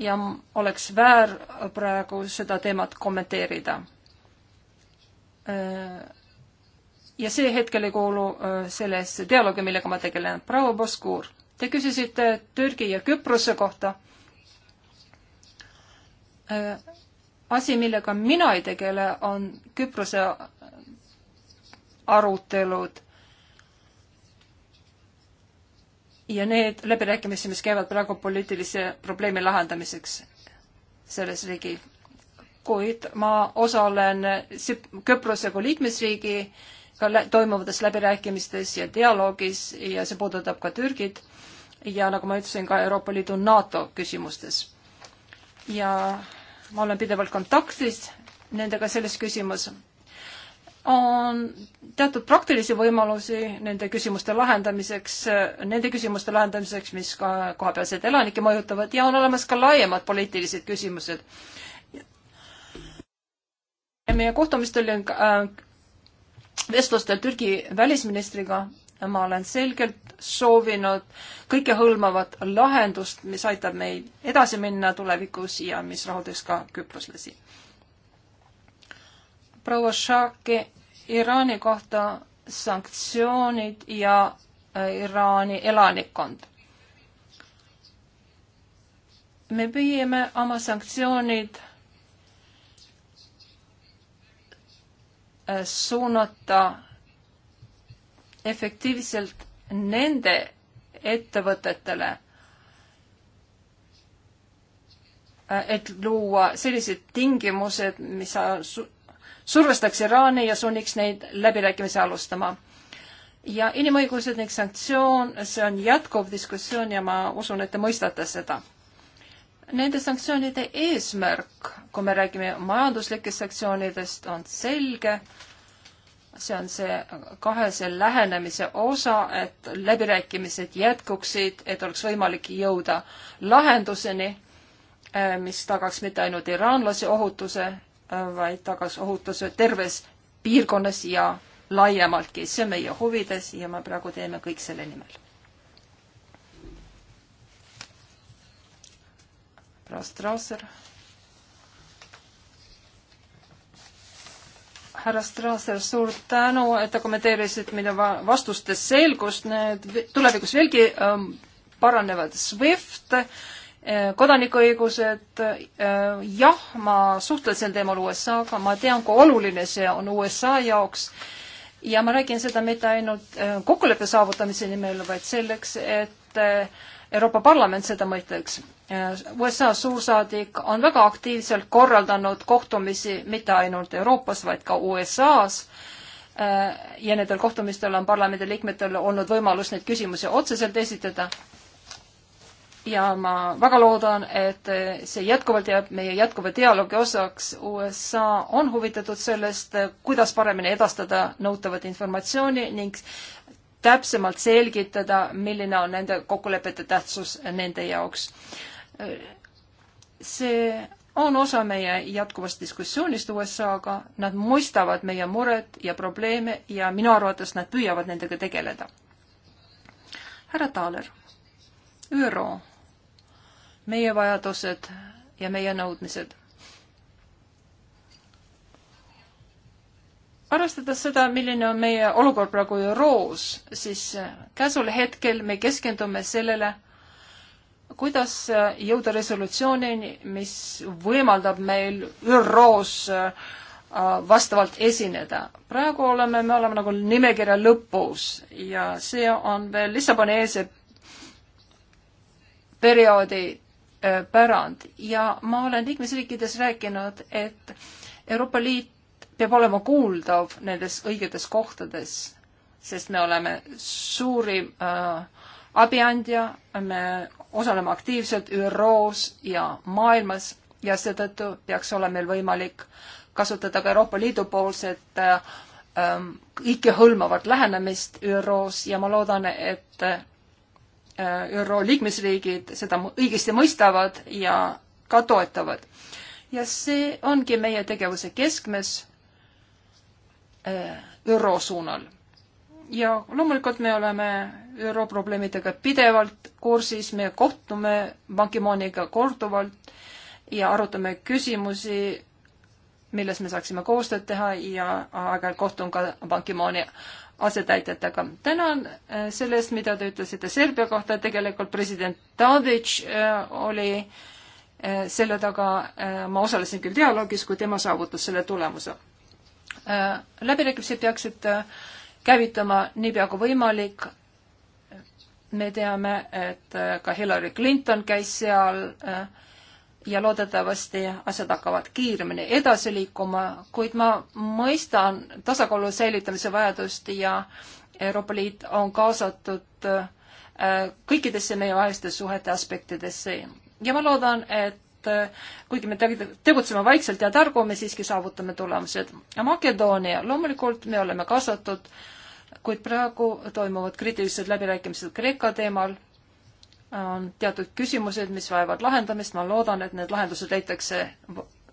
ja oleks väär praegu seda teemat kommenteerida. Äh, ja see hetkel ei kuulu äh, sellesse dialoogi, millega ma tegelen. proua Boskuur, te küsisite Türgi ja Küprose kohta. Äh, asi, millega mina ei tegele, on Küprose arutelud ja need läbirääkimisi, mis käivad praegu poliitilise probleemi lahendamiseks selles riigi. kuid ma osalen Küprose kui liikmesriigi toimuvates läbirääkimistes ja dialoogis ja see puudutab ka Türgit ja nagu ma ütlesin, ka Euroopa Liidu NATO küsimustes. ja ma olen pidevalt kontaktis nendega selles küsimus on teatud praktilisi võimalusi nende küsimuste lahendamiseks, nende küsimuste lahendamiseks, mis ka kohapealseid elanikke mõjutavad ja on olemas ka laiemad poliitilised küsimused. meie kohtumistel ja äh, vestlustel Türgi välisministriga ma olen selgelt soovinud kõikehõlmavat lahendust, mis aitab meil edasi minna tulevikus ja mis rahuldaks ka küproslasi proua Shaki Iraani kohta sanktsioonid ja äh, Iraani elanikkond. me püüame oma sanktsioonid äh, suunata efektiivselt nende ettevõtetele, äh, et luua sellised tingimused, mis survestaks Iraani ja sunniks neid läbirääkimisi alustama. ja inimõigused ning sanktsioon, see on jätkuv diskussioon ja ma usun, et te mõistate seda. Nende sanktsioonide eesmärk, kui me räägime majanduslikest sanktsioonidest, on selge. see on see kahese lähenemise osa, et läbirääkimised jätkuksid, et oleks võimalik jõuda lahenduseni mis tagaks mitte ainult iraanlase ohutuse, vaid tagas ohutuse terves piirkonnas ja laiemaltki. see on meie huvides ja me praegu teeme kõik selle nimel. Strasser. härra Strasser, suur tänu, et te kommenteerisite minu vastustes selgust, need tulevikus veelgi ähm, paranevad SWIFT äh, Äh, kodanikuõigused, äh, jah, ma suhtlesin teemal USA-ga, ma tean, kui oluline see on USA jaoks ja ma räägin seda mitte ainult äh, kokkuleppe saavutamise nimel, vaid selleks, et Euroopa Parlament seda mõtleks. USA suursaadik on väga aktiivselt korraldanud kohtumisi mitte ainult Euroopas, vaid ka USA-s ja nendel kohtumistel on parlamendi liikmetel olnud võimalus neid küsimusi otseselt esitada ja ma väga loodan, et see jätkuvalt jääb meie jätkuva dialoogi osaks. USA on huvitatud sellest, kuidas paremini edastada nõutavat informatsiooni ning täpsemalt selgitada, milline on nende kokkulepete tähtsus nende jaoks. see on osa meie jätkuvast diskussioonist USA-ga, nad mõistavad meie mured ja probleeme ja minu arvates nad püüavad nendega tegeleda. härra Taaler, ÜRO meie vajadused ja meie nõudmised. arvestades seda, milline on meie olukord praegu ÜRO-s, siis käsul hetkel me keskendume sellele, kuidas jõuda resolutsioonini, mis võimaldab meil ÜRO-s äh, vastavalt esineda. praegu oleme, me oleme nagu nimekirja lõpus ja see on veel Lissaboni eelse perioodi Äh, pärand ja ma olen liikmesriikides rääkinud, et Euroopa Liit peab olema kuuldav nendes õigetes kohtades, sest me oleme suurim äh, abiandja, me osaleme aktiivselt ÜRO-s ja maailmas ja seetõttu peaks olema meil võimalik kasutada ka Euroopa Liidu poolset äh, ähm, kõikehõlmavat lähenemist ÜRO-s ja ma loodan, et Äh, ÜRO liikmesriigid seda õigesti mõistavad ja ka toetavad. ja see ongi meie tegevuse keskmes äh, ÜRO suunal. ja loomulikult me oleme ÜRO probleemidega pidevalt kursis, me kohtume Ban Ki-mooniga korduvalt ja arutame küsimusi, milles me saaksime koostööd teha ja aeg-ajalt kohtun ka Ban Ki-mooni asetäitjatega. tänan äh, sellest, mida te ütlesite Serbia kohta, tegelikult president Tadic äh, oli äh, selle taga, ma osalesin küll dialoogis, kui tema saavutas selle tulemuse. läbirääkimised peaksid käivitama niipea kui võimalik. me teame, et ka Hillary Clinton käis seal äh, ja loodetavasti asjad hakkavad kiiremini edasi liikuma, kuid ma mõistan tasakaalu säilitamise vajadust ja Euroopa Liit on kaasatud äh, kõikidesse meie vaheliste suhete aspektidesse ja ma loodan, et äh, kuigi me tegutseme vaikselt ja targu, me siiski saavutame tulemused. Makedoonia, loomulikult me oleme kaasatud, kuid praegu toimuvad kriitilised läbirääkimised Kreeka teemal on teatud küsimused, mis vajavad lahendamist, ma loodan, et need lahendused leitakse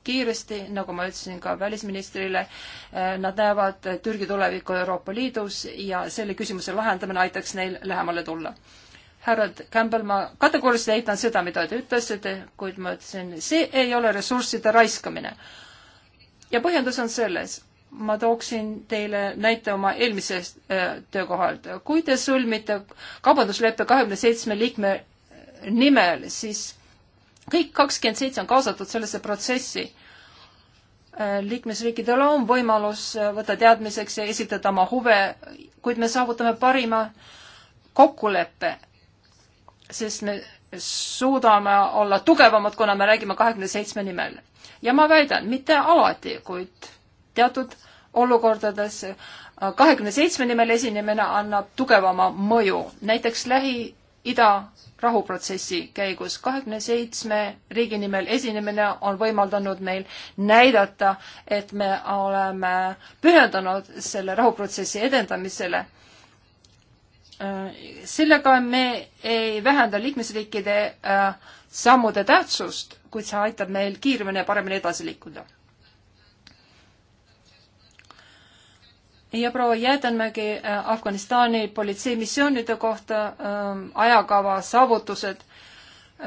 kiiresti, nagu ma ütlesin ka välisministrile, eh, nad näevad Türgi tulevikku Euroopa Liidus ja selle küsimuse lahendamine aitaks neil lähemale tulla. härra Campbell, ma kategooriliselt eitan seda, mida te ütlesite, kuid ma ütlesin, see ei ole ressursside raiskamine. ja põhjendus on selles ma tooksin teile näite oma eelmisest äh, töökohalt. kui te sõlmite kaubandusleppe kahekümne seitsme liikme nimel, siis kõik kakskümmend seitse on kaasatud sellesse protsessi. Äh, liikmesriikidel on võimalus äh, võtta teadmiseks ja esitada oma huve, kuid me saavutame parima kokkuleppe, sest me suudame olla tugevamad, kuna me räägime kahekümne seitsme nimel. ja ma väidan, mitte alati, kuid teatud olukordades kahekümne seitsme nimel esinemine annab tugevama mõju. näiteks Lähi-Ida rahuprotsessi käigus kahekümne seitsme riigi nimel esinemine on võimaldanud meil näidata, et me oleme pühendunud selle rahuprotsessi edendamisele. sellega me ei vähenda liikmesriikide äh, sammude tähtsust, kuid see aitab meil kiiremini ja paremini edasi liikuda ja proua Jäädenmägi äh, Afganistani politseimissioonide kohta äh, ajakava saavutused.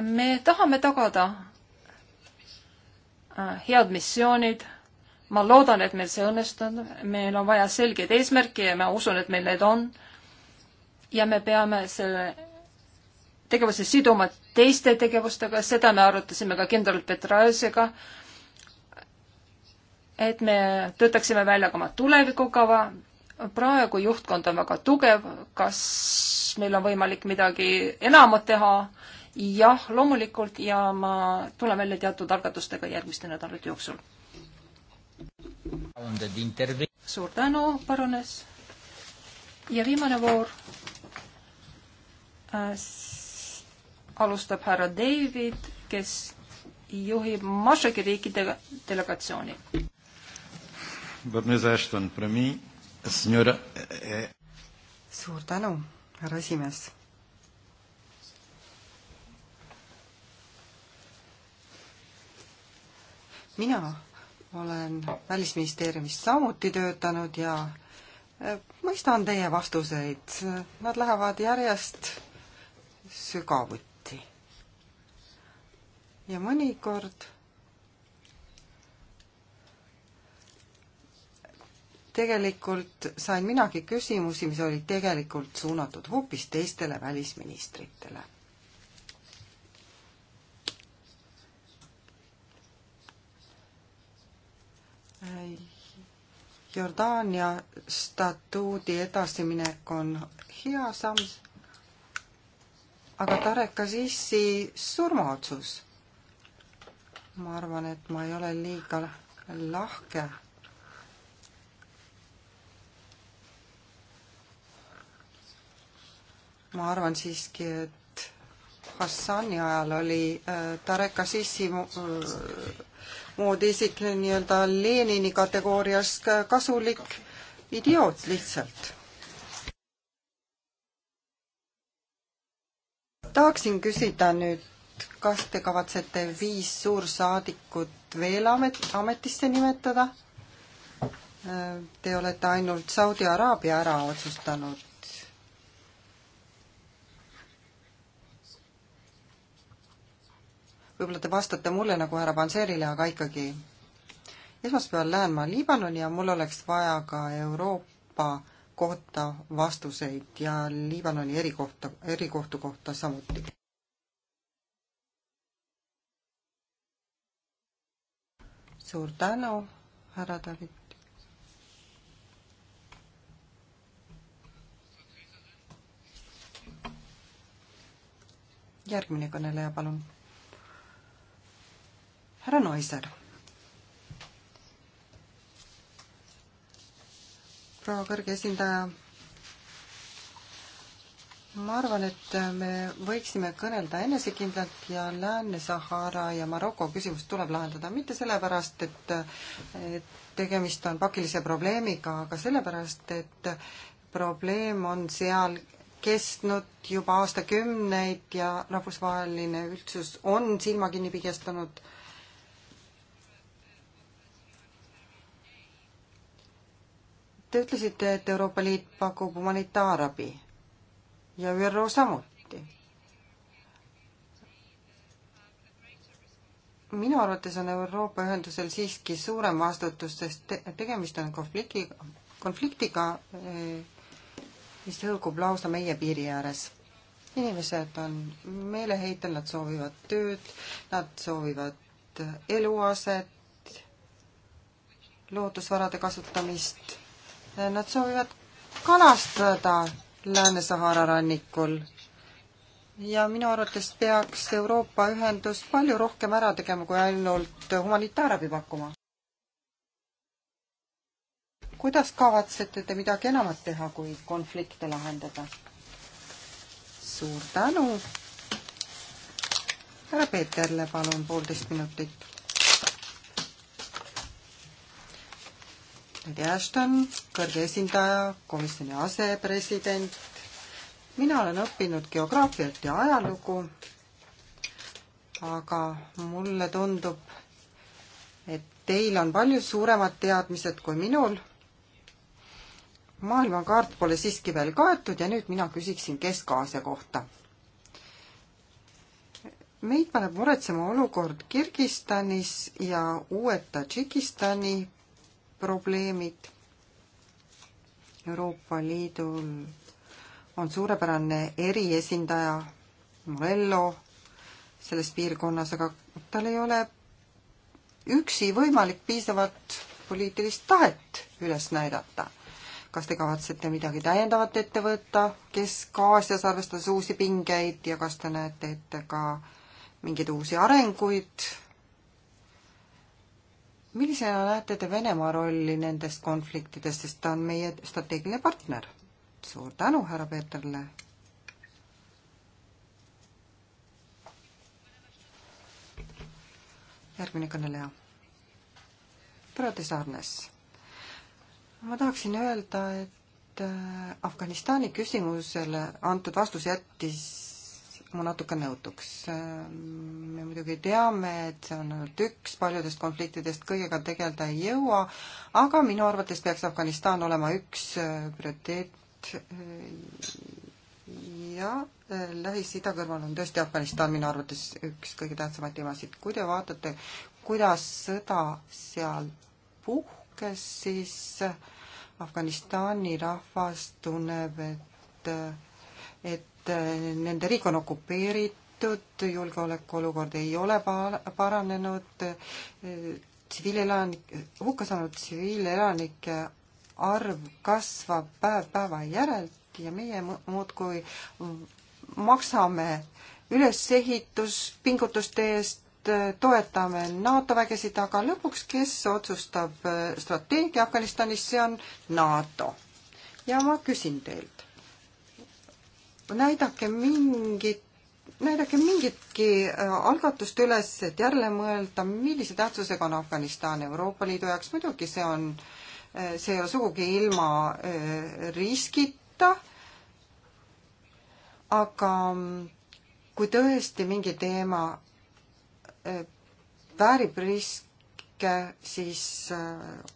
me tahame tagada äh, head missioonid. ma loodan, et meil see õnnestub, meil on vaja selgeid eesmärke ja ma usun, et meil need on. ja me peame selle tegevuse siduma teiste tegevustega, seda me arutasime ka kindral Petraeusega äh,, et me töötaksime välja ka oma tulevikukava. praegu juhtkond on väga tugev, kas meil on võimalik midagi enamat teha? jah, loomulikult ja ma tulen välja teatud algatustega järgmiste nädalate jooksul. suur tänu, parunes. ja viimane voor äh,. alustab härra David, kes juhib Mašeki riikide delegatsiooni. Barnes Ashton, para mim, a senhora é... Eh, eh. suur tänu, härra esimees. mina olen Välisministeeriumis samuti töötanud ja eh, mõistan teie vastuseid, nad lähevad järjest sügavuti. ja mõnikord tegelikult sain minagi küsimusi, mis olid tegelikult suunatud hoopis teistele välisministritele. Jordaania statuudi edasiminek on hea samm, aga Tarek Azizi surmaotsus, ma arvan, et ma ei ole liiga lahke ma arvan siiski, et Hassani ajal oli äh, Tarek Assisi äh, moodi isik nii-öelda Lenini kategoorias äh, kasulik idioot lihtsalt. tahaksin küsida nüüd, kas te kavatsete viis suursaadikut veel amet, ametisse nimetada? Te olete ainult Saudi Araabia ära otsustanud võib-olla te vastate mulle nagu härra Panserile, aga ikkagi. esmaspäeval lähen ma Liibanoni ja mul oleks vaja ka Euroopa kohta vastuseid ja Liibanoni erikohta, erikohtu kohta samuti. suur tänu, härra David. järgmine kõneleja, palun härra Noiser. proua kõrge esindaja, ma arvan, et me võiksime kõnelda enesekindlalt ja Lääne-Sahara ja Maroko küsimust tuleb lahendada mitte sellepärast, et, et tegemist on pakilise probleemiga, aga sellepärast, et probleem on seal kestnud juba aastakümneid ja rahvusvaheline üldsus on silma kinni pigestanud äh, Te ütlesite, et Euroopa Liit pakub humanitaarabi ja ÜRO samuti. minu arvates on Euroopa ühendusel siiski suurem vastutus, sest te tegemist on konflikti, konfliktiga, eh, mis hõlgub lausa meie piiri ääres. inimesed on meeleheitel, nad soovivad tööd, nad soovivad eluaset, loodusvarade kasutamist nad soovivad kanastada Lääne-Sahara rannikul. ja minu arvates peaks Euroopa Ühendus palju rohkem ära tegema, kui ainult humanitaarabi pakkuma. kuidas kavatsete te midagi enamat teha, kui konflikte lahendada? suur tänu! härra Peeterle palun poolteist minutit Lady Ashton, kõrge esindaja, komisjoni asepresident. mina olen õppinud geograafiat ja ajalugu, aga mulle tundub, et teil on palju suuremad teadmised kui minul. maailmakaart pole siiski veel kaetud ja nüüd mina küsiksin Kesk-Aasia kohta. meid paneb muretsema olukord Kirgistanis ja uue Tadžikistani probleemid. Euroopa Liidul on suurepärane eriesindaja Morello selles piirkonnas, aga tal ei ole üksi võimalik piisavat poliitilist tahet üles näidata. kas te kavatsete midagi täiendavat ette võtta Kesk-Aasias, arvestades uusi pingeid ja kas te näete ette ka mingeid uusi arenguid millisena näete te Venemaa rolli nendes konfliktides, sest ta on meie strateegiline partner? suur tänu härra Peeterle. järgmine kõneleja. Prades Arnes. ma tahaksin öelda, et äh, Afganistani küsimusele antud vastus jättis muutma natuke nõutuks. me muidugi teame, et see on ainult üks paljudest konfliktidest, kõigega tegeleda ei jõua, aga minu arvates peaks Afganistan olema üks äh, prioriteet äh, ja äh, Lähis-Ida kõrval on tõesti Afganistan minu arvates üks kõige tähtsamaid teemasid. kui te vaatate, kuidas sõda seal puhkes, siis Afganistani rahvas tunneb, et et Eh, nende riik on okupeeritud, julgeolekuolukord ei ole paranenud, eh, tsiviilelanik, hukka saanud tsiviilelanike arv kasvab päev päeva järelt ja meie muudkui maksame ülesehituspingutuste eest, eh, toetame NATO vägesid, aga lõpuks, kes otsustab strateegia Afganistanis, see on NATO. ja ma küsin teilt, näidake mingit näidake mingitki äh, algatust üles, et jälle mõelda, millise tähtsusega on Afganistan Euroopa Liidu jaoks, muidugi see on, äh, see ei ole sugugi ilma äh, riskita, aga mm, kui tõesti mingi teema väärib riske, siis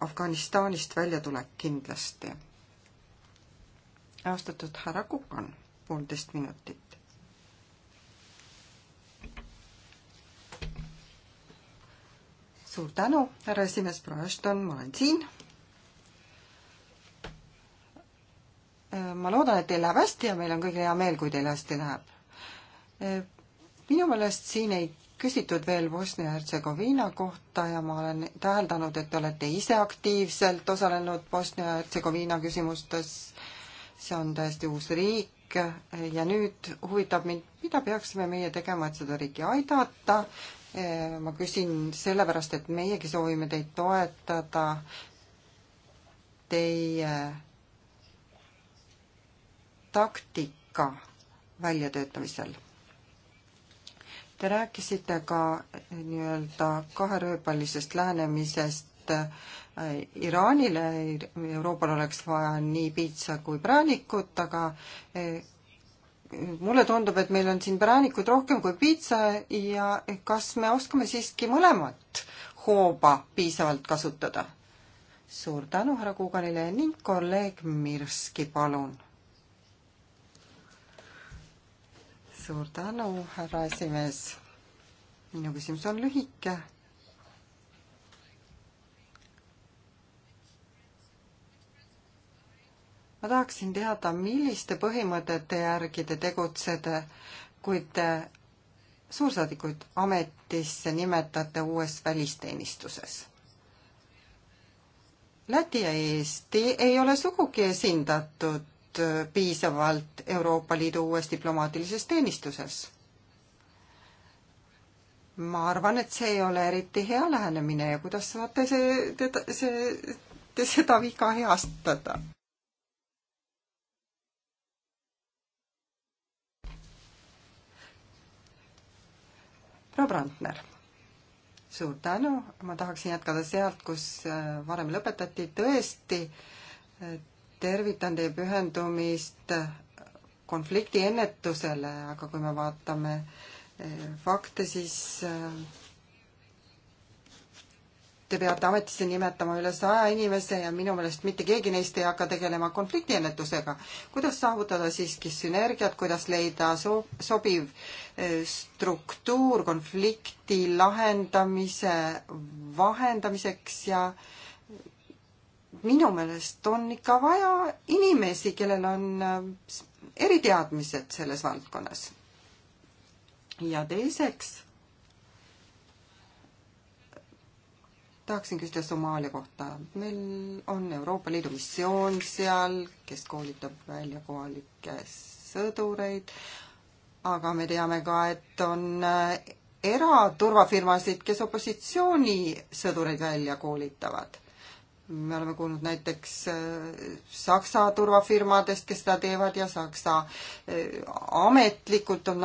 Afganistanist väljatulek kindlasti. austatud härra Kukan poolteist minutit. suur tänu, härra esimees, proua Ashton, ma olen siin. ma loodan, et teil läheb hästi ja meil on kõigil hea meel, kui teil hästi läheb. minu meelest siin ei küsitud veel Bosnia-Hertsegoviina kohta ja ma olen täheldanud, et te olete ise aktiivselt osalenud Bosnia-Hertsegoviina küsimustes. see on täiesti uus riik, ja nüüd huvitab mind, mida peaksime meie tegema, et seda riiki aidata. ma küsin sellepärast, et meiegi soovime teid toetada teie taktika väljatöötamisel. Te rääkisite ka nii-öelda kaherööpallisest lähenemisest et äh, Iraanile, Euroopal oleks vaja nii piitsa kui präänikut, aga äh, mulle tundub, et meil on siin präänikuid rohkem kui piitsa ja kas me oskame siiski mõlemat hooba piisavalt kasutada? suur tänu härra Kuuganile ning kolleeg Mirski, palun. suur tänu, härra esimees. minu küsimus on lühike ma tahaksin teada, milliste põhimõtete järgi te tegutsete, kui te suursaadikuid ametisse nimetate uues välisteenistuses? Läti ja Eesti ei ole sugugi esindatud äh, piisavalt Euroopa Liidu uues diplomaatilises teenistuses. ma arvan, et see ei ole eriti hea lähenemine ja kuidas saate see, see, see, seda viga heastada? proua Brandner. suur tänu, ma tahaksin jätkada sealt, kus äh, varem lõpetati, tõesti äh, tervitan teie pühendumist äh, konflikti ennetusele, aga kui me vaatame fakte, siis te peate ametisse nimetama üle saja inimese ja minu meelest mitte keegi neist ei hakka tegelema konfliktiennetusega. kuidas saavutada siiski sünergiat, kuidas leida so-, sobiv eh, struktuur konflikti lahendamise, vahendamiseks ja minu meelest on ikka vaja inimesi, kellel on eh, eriteadmised selles valdkonnas. ja teiseks tahaksin küsida Somaalia kohta. meil on Euroopa Liidu missioon seal, kes koolitab välja kohalikke sõdureid, aga me teame ka, et on äh, eraturvafirmasid, kes opositsioonisõdureid välja koolitavad. me oleme kuulnud näiteks äh, Saksa turvafirmadest, kes seda teevad ja Saksa äh, ametlikult on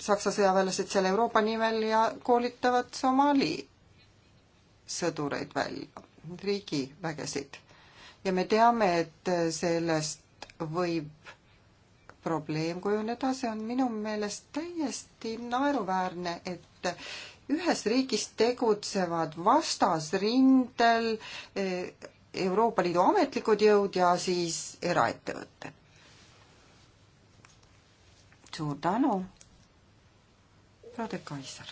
Saksa sõjaväelased seal Euroopa nimel ja koolitavad Somaali sõdureid välja, riigivägesid. ja me teame, et sellest võib probleem kujuneda, see on minu meelest täiesti naeruväärne, et ühes riigis tegutsevad vastasrindel eh, Euroopa Liidu ametlikud jõud ja siis eraettevõtted. suur tänu, Rade Kaisar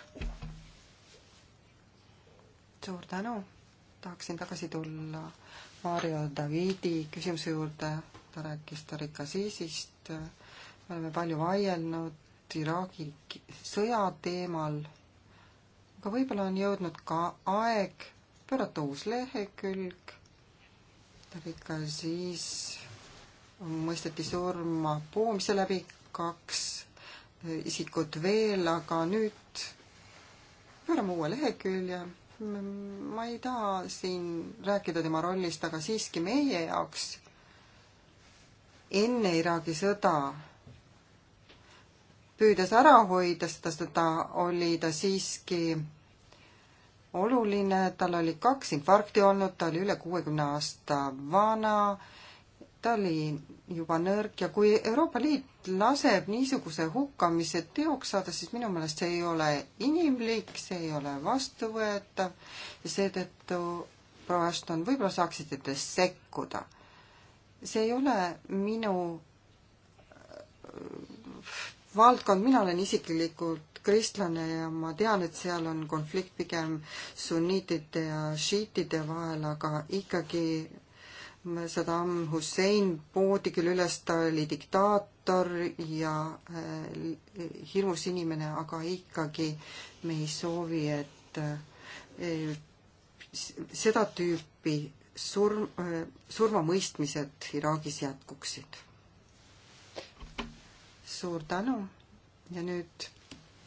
suur tänu, tahaksin tagasi tulla Mario Davidi küsimuse juurde, ta rääkis Tarika Siisist, me oleme palju vaielnud Iraagi sõja teemal, aga võib-olla on jõudnud ka aeg pöörata uus lehekülg, Tarika Siis mõisteti surma poomise läbi kaks isikut veel, aga nüüd pöörame uue lehekülje ma ei taha siin rääkida tema rollist, aga siiski meie jaoks enne Iraagi sõda, püüdes ära hoida seda sõda, oli ta siiski oluline, tal oli kaks infarkti olnud, ta oli üle kuuekümne aasta vana, kapitali juba nõrk ja kui Euroopa Liit laseb niisuguse hukkamise teoks saada, siis minu meelest see ei ole inimlik, see ei ole vastuvõetav ja seetõttu proua Ashton, võib-olla saaksite te sekkuda. see ei ole minu äh, valdkond, mina olen isiklikult kristlane ja ma tean, et seal on konflikt pigem sunniitide ja šiitide vahel, aga ikkagi Saddam Hussein poodi küll üles, ta oli diktaator ja äh, hirmus inimene, aga ikkagi me ei soovi, et äh, seda tüüpi surm, äh, surmamõistmised Iraagis jätkuksid. suur tänu ja nüüd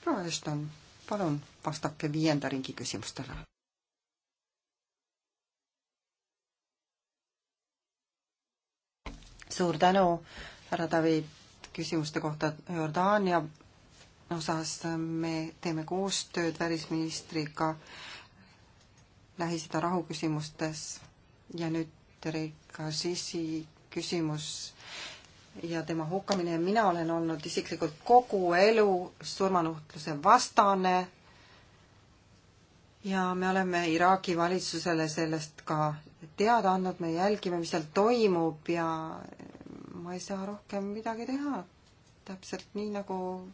proua Eston, palun vastake viienda ringi küsimustele suur tänu, härra David, küsimuste kohta Jordaania osas me teeme koostööd välisministriga Lähis-Ida rahuküsimustes ja nüüd Erik Assisi küsimus ja tema hukkamine. mina olen olnud isiklikult kogu elu surmanuhtluse vastane ja me oleme Iraagi valitsusele sellest ka teada andnud, me jälgime, mis seal toimub ja ma ei saa rohkem midagi teha. täpselt nii, nagu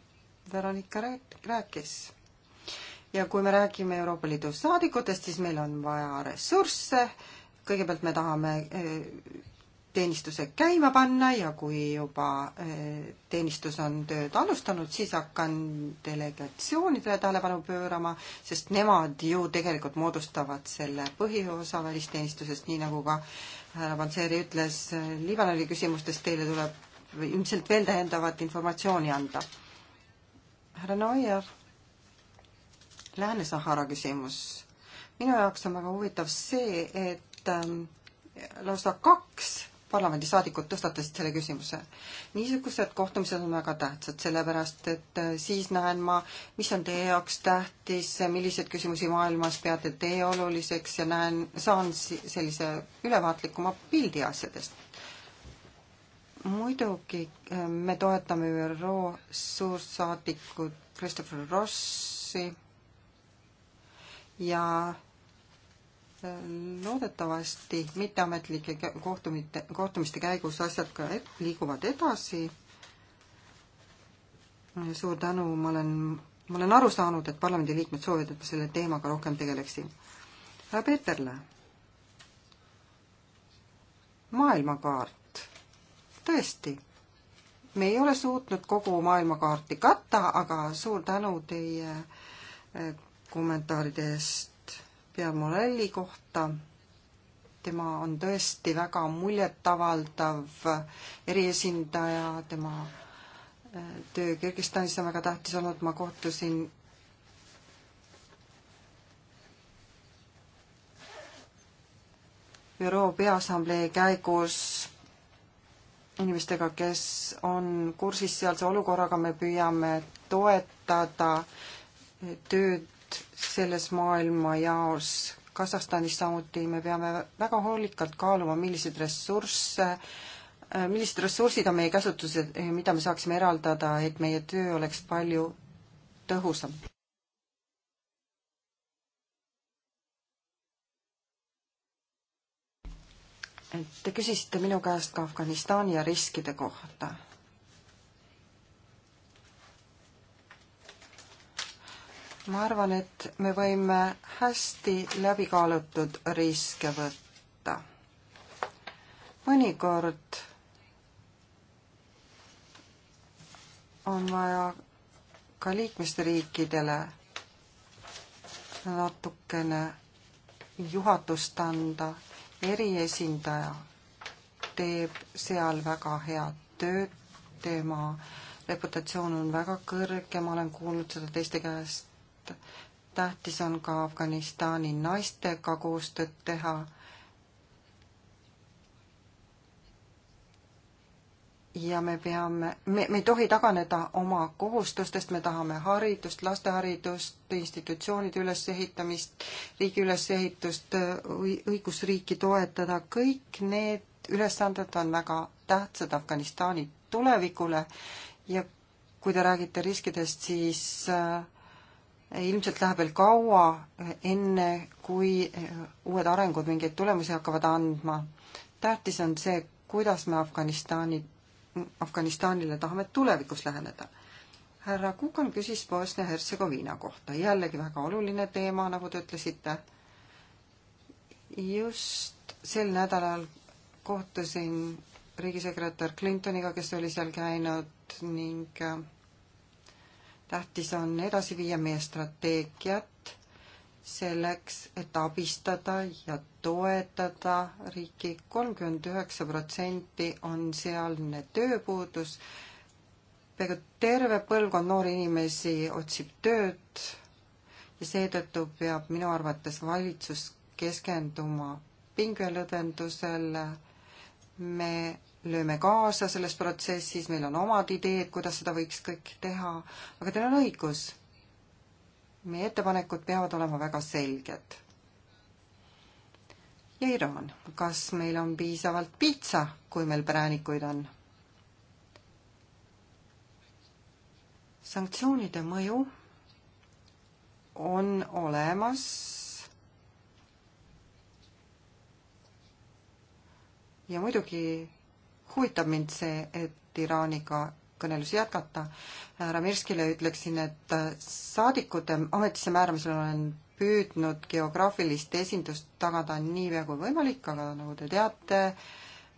Veronika rääkis. ja kui me räägime Euroopa Liidu saadikutest, siis meil on vaja ressursse, kõigepealt me tahame eh, teenistuse käima panna ja kui juba eh, teenistus on tööd alustanud, siis hakkan delegatsioonidele tähelepanu pöörama, sest nemad ju tegelikult moodustavad selle põhiosa välisteenistusest, nii nagu ka härra Panseri ütles, eh, Liibanoni küsimustes teile tuleb ilmselt veel täiendavat informatsiooni anda. härra Noier, Lääne-Sahara küsimus. minu jaoks on väga huvitav see, et ehm, lausa kaks parlamendisaadikud tõstatasid selle küsimuse. niisugused kohtumised on väga tähtsad, sellepärast et äh, siis näen ma, mis on teie jaoks tähtis, milliseid küsimusi maailmas peate teie oluliseks ja näen, saan sellise ülevaatlikuma pildi asjadest. muidugi äh, me toetame ÜRO suursaadikut Christopher Rossi ja loodetavasti mitteametlike kohtumite, kohtumiste käigus asjad ka et, liiguvad edasi. suur tänu, ma olen, ma olen aru saanud, et parlamendiliikmed soovivad, et ma selle teemaga rohkem tegeleksin. härra Peeterle, maailmakaart, tõesti, me ei ole suutnud kogu maailmakaarti katta, aga suur tänu teie eh, kommentaaride eest Pia Morelli kohta. tema on tõesti väga muljetavaldav eriesindaja, tema äh, töö Kirgistanis on väga tähtis olnud, ma kohtusin ÜRO Peaassamblee käigus inimestega, kes on kursis sealse olukorraga, me püüame toetada tööd oht selles maailmajaos. Kasahstanis samuti me peame väga hoolikalt kaaluma, milliseid ressursse, millised ressursid on meie käsutused, mida me saaksime eraldada, et meie töö oleks palju tõhusam. et te küsisite minu käest ka Afganistani ja riskide kohta ma arvan, et me võime hästi läbikaalutud riske võtta. mõnikord on vaja ka liikmesriikidele natukene juhatust anda, eriesindaja teeb seal väga head tööd, tema reputatsioon on väga kõrge, ma olen kuulnud seda teiste käest, tähtis on ka Afganistani naistega koostööd teha. ja me peame, me, me ei tohi taganeda oma kohustustest, me tahame haridust, lasteharidust, institutsioonide ülesehitamist, riigi ülesehitust, õigusriiki toetada, kõik need ülesanded on väga tähtsad Afganistani tulevikule ja kui te räägite riskidest, siis äh, ilmselt läheb veel kaua, eh, enne kui eh, uued arengud mingeid tulemusi hakkavad andma. tähtis on see, kuidas me Afganistani, Afganistanile tahame tulevikus läheneda. härra Kukan küsis Bosnia-Hertsegoviina kohta, jällegi väga oluline teema, nagu te ütlesite. just sel nädalal kohtusin riigisekretär Clintoniga, kes oli seal käinud ning eh, tähtis on edasi viia meie strateegiat selleks, et abistada ja toetada riiki. kolmkümmend üheksa protsenti on sealne tööpuudus. peaaegu terve põlvkond noori inimesi otsib tööd ja seetõttu peab minu arvates valitsus keskenduma pingelõdvendusele. me lööme kaasa selles protsessis, meil on omad ideed, kuidas seda võiks kõik teha, aga teil on õigus. meie ettepanekud peavad olema väga selged. ja Iraan, kas meil on piisavalt piitsa, kui meil präänikuid on? sanktsioonide mõju on olemas ja muidugi huvitab mind see, et Iraaniga kõnelusi jätkata. härra Mirskile ütleksin, et äh, saadikute ametisse määramisel olen püüdnud geograafilist esindust tagada niipea kui võimalik, aga nagu te teate,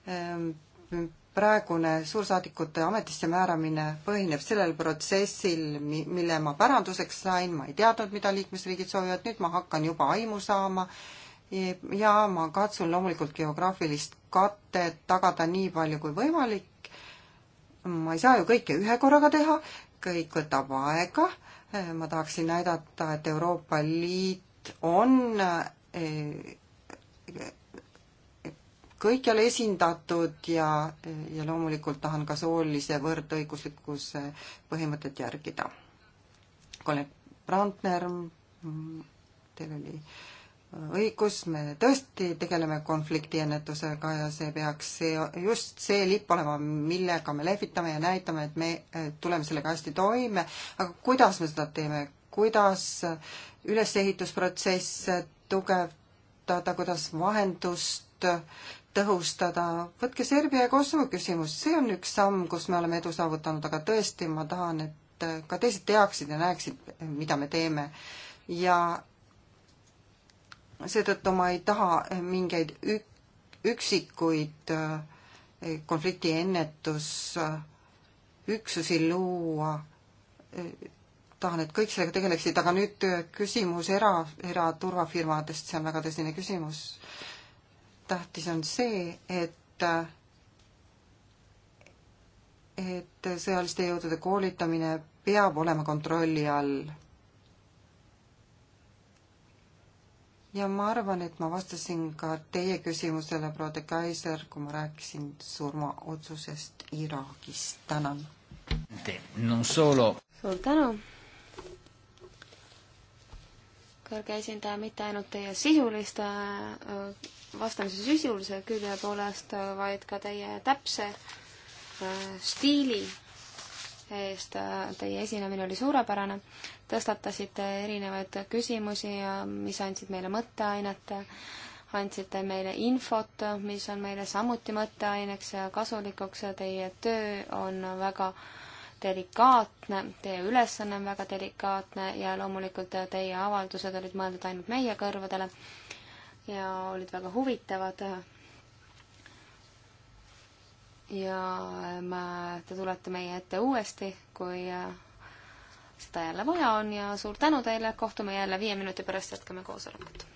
ähm, praegune suursaadikute ametisse määramine põhineb sellel protsessil, mille ma päranduseks sain, ma ei teadnud, mida liikmesriigid soovivad, nüüd ma hakkan juba aimu saama äh, ja ma katsun loomulikult geograafilist katet tagada nii palju kui võimalik. ma ei saa ju kõike ühe korraga teha, kõik võtab aega. ma tahaksin näidata, et Euroopa Liit on eh, kõikjal esindatud ja, ja loomulikult tahan ka soolise võrdõiguslikkuse põhimõtet järgida. kolleeg Brandner, mm, teil oli äh, õigus, me tõesti tegeleme konfliktiennetusega ja see peaks see, just see lipp olema, millega me lehvitame ja näitame, et me tuleme sellega hästi toime, aga kuidas me seda teeme, kuidas ülesehitusprotsesse tugevdada, kuidas vahendust tõhustada, võtke Serbia ja Kosovo küsimus, see on üks samm, kus me oleme edu saavutanud, aga tõesti, ma tahan, et ka teised teaksid ja näeksid, mida me teeme. ja seetõttu ma ei taha mingeid ük-, üksikuid äh, konflikti ennetusüksusi luua. Äh, tahan, et kõik sellega tegeleksid, aga nüüd äh, küsimus era, eraturvafirmadest, see on väga tõsine küsimus. tähtis on see, et et sõjaliste jõudude koolitamine peab olema kontrolli all ja ma arvan, et ma vastasin ka teie küsimusele, proua de Kaiser, kui ma rääkisin surmaotsusest Iraagis. tänan. suur tänu. kõrge esindaja, mitte ainult teie sisuliste, äh, vastamise sisulise külje poolest, äh, vaid ka teie täpse äh, stiili eest. Teie esinemine oli suurepärane tõstatasite erinevaid küsimusi ja mis andsid meile mõtteainet, andsite meile infot, mis on meile samuti mõtteaineks ja kasulikuks ja teie töö on väga delikaatne, teie ülesanne on väga delikaatne ja loomulikult teie avaldused olid mõeldud ainult meie kõrvadele ja olid väga huvitavad. ja ma, te tulete meie ette uuesti, kui seda jälle vaja on ja suur tänu teile, kohtume jälle viie minuti pärast, jätkame koosolekut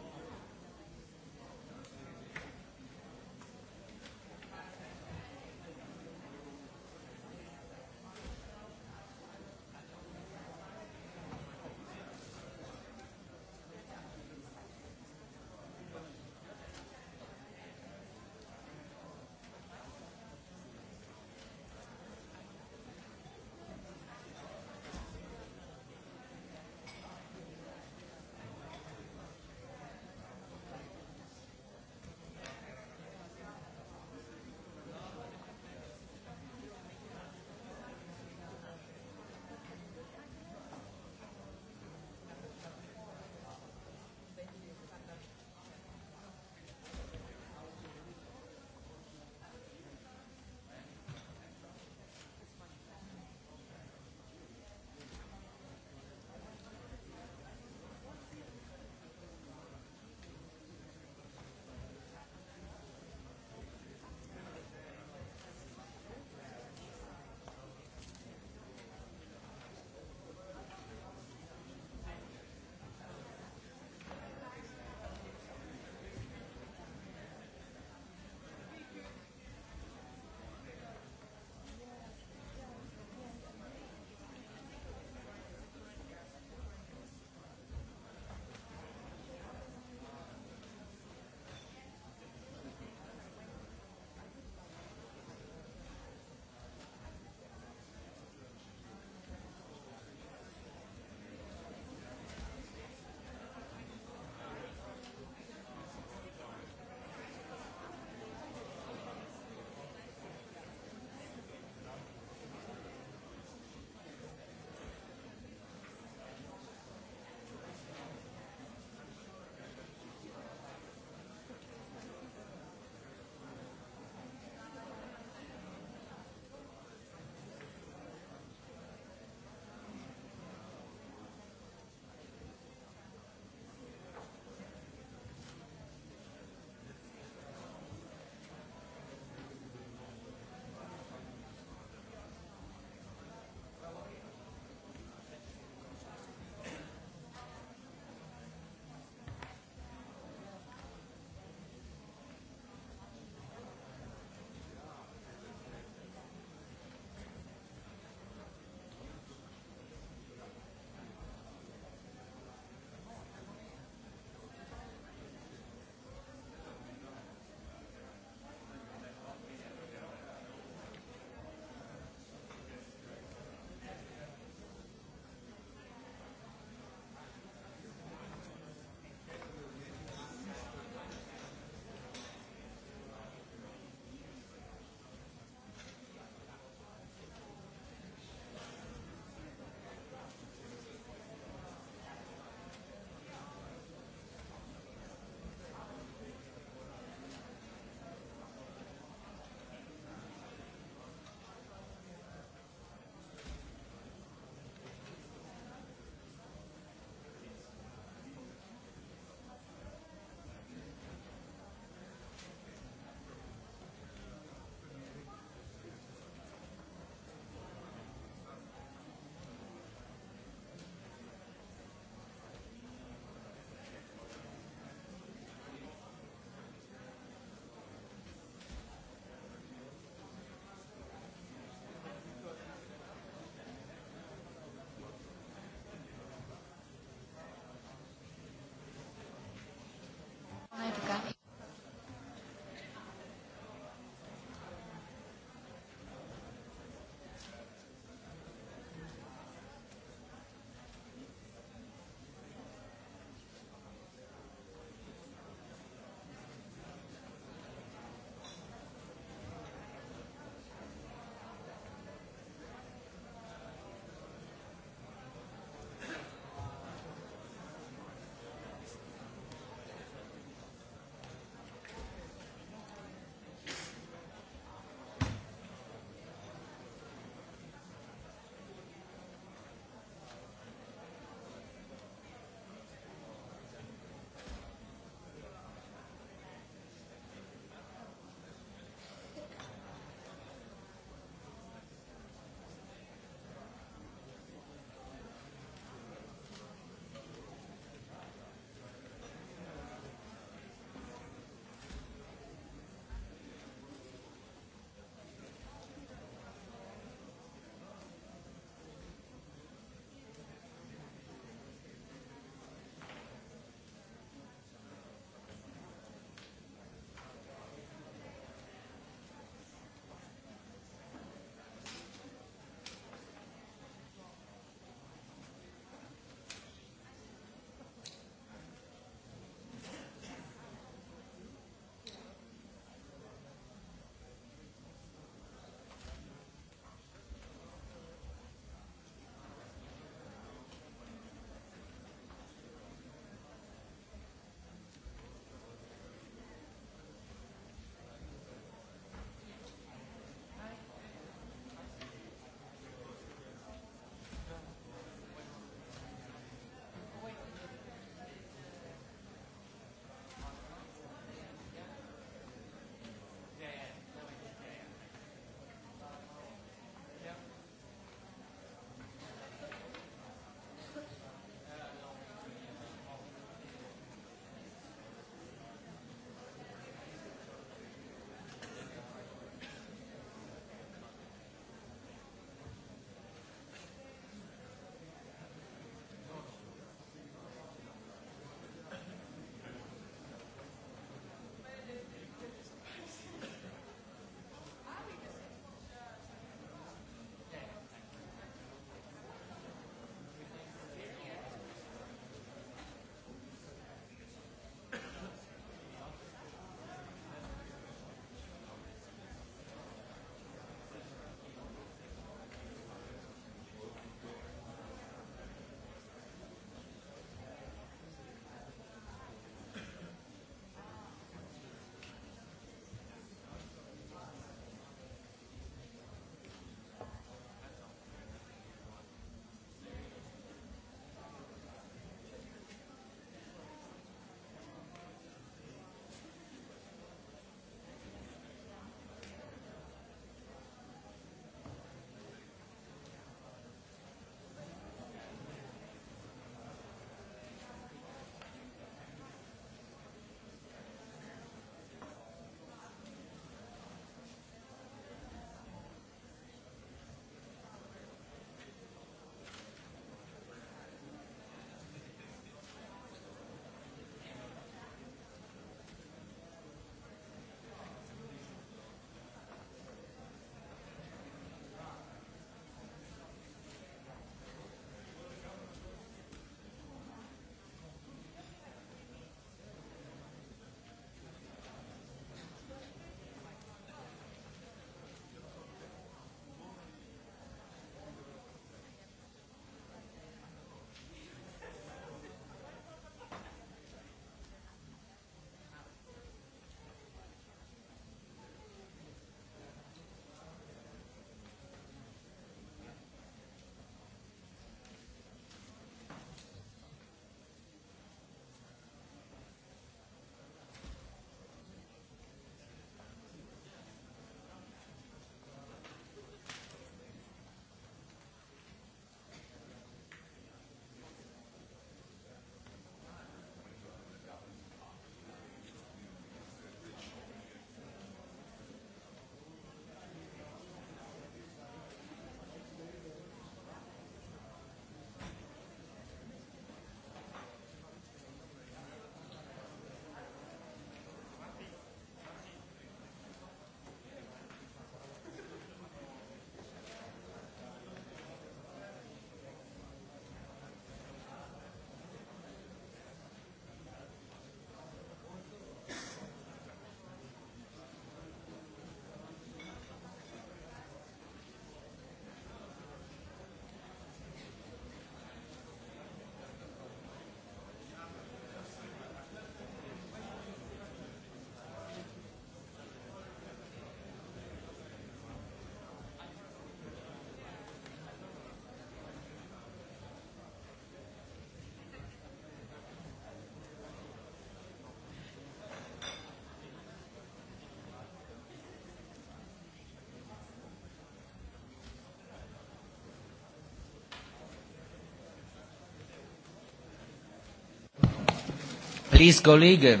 Please, colleague,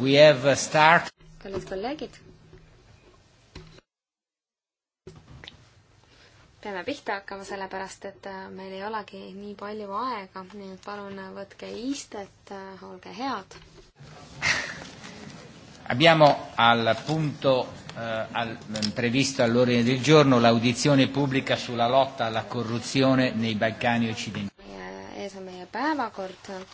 we have a uh, start. kallid kolleegid. peame pihta hakkama, sellepärast et äh, meil ei olegi nii palju aega, nii et palun äh, võtke istet, äh, olge head. Abbiamo al punto eh, al, previsto all'ordine del giorno l'audizione pubblica sulla lotta alla corruzione nei Balcani occidentali. ees on meie päevakord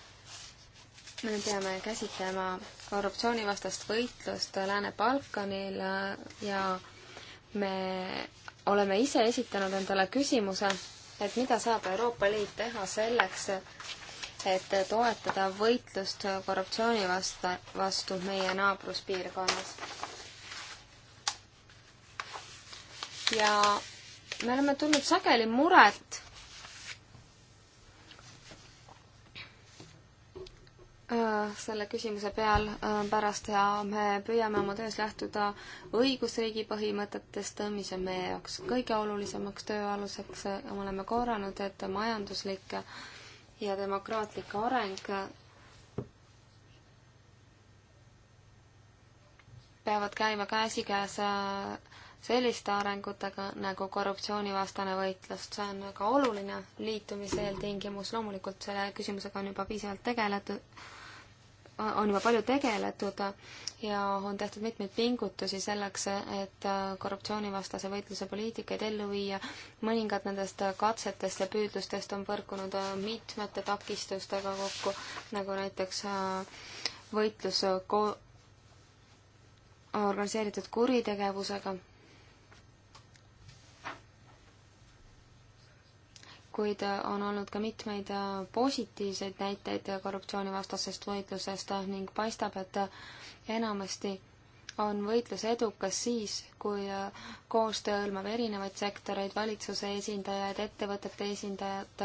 me peame käsitlema korruptsioonivastast võitlust Lääne-Balkanil ja me oleme ise esitanud endale küsimuse, et mida saab Euroopa Liit teha selleks, et toetada võitlust korruptsiooni vasta, vastu meie naabruspiirkonnas. ja me oleme tundnud sageli muret Äh, selle küsimuse peal äh, pärast ja me püüame oma töös lähtuda õigusriigi põhimõtetest, mis on meie jaoks kõige olulisemaks tööaluseks. me oleme korranud, et majanduslik ja demokraatlik areng peavad käima käsikäes äh, selliste arengutega nagu korruptsioonivastane võitlus, see on väga oluline liitumise eeltingimus, loomulikult selle küsimusega on juba piisavalt tegeletud on juba palju tegeletud ja on tehtud mitmeid pingutusi selleks, et korruptsioonivastase võitluse poliitikaid ellu viia. mõningad nendest katsetest ja püüdlustest on põrkunud mitmete takistustega kokku, nagu näiteks äh, võitlus ko organiseeritud kuritegevusega kuid äh, on olnud ka mitmeid äh, positiivseid näiteid korruptsioonivastasest võitlusest äh, ning paistab, et enamasti on võitlus edukas siis, kui koostöö hõlmab erinevaid sektoreid, valitsuse esindajaid, ettevõtete esindajad,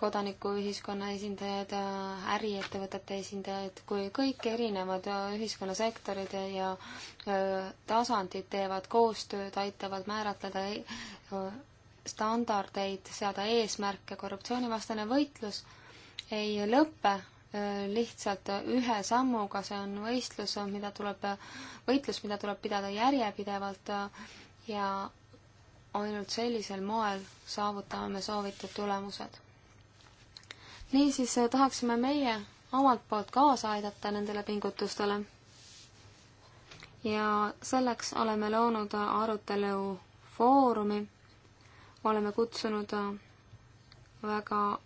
kodanikuühiskonna esindajad, äriettevõtete esindajaid, kui kõik erinevad ühiskonnasektorid ja tasandid teevad koostööd, aitavad määratleda standardeid, seada eesmärke, korruptsioonivastane võitlus ei lõpe äh, lihtsalt ühe sammuga, see on võistlus, mida tuleb, võitlus, mida tuleb pidada järjepidevalt äh, ja ainult sellisel moel saavutame me soovitud tulemused. niisiis äh, tahaksime meie omalt poolt kaasa aidata nendele pingutustele. ja selleks oleme loonud arutelu foorumi oleme kutsunud äh, väga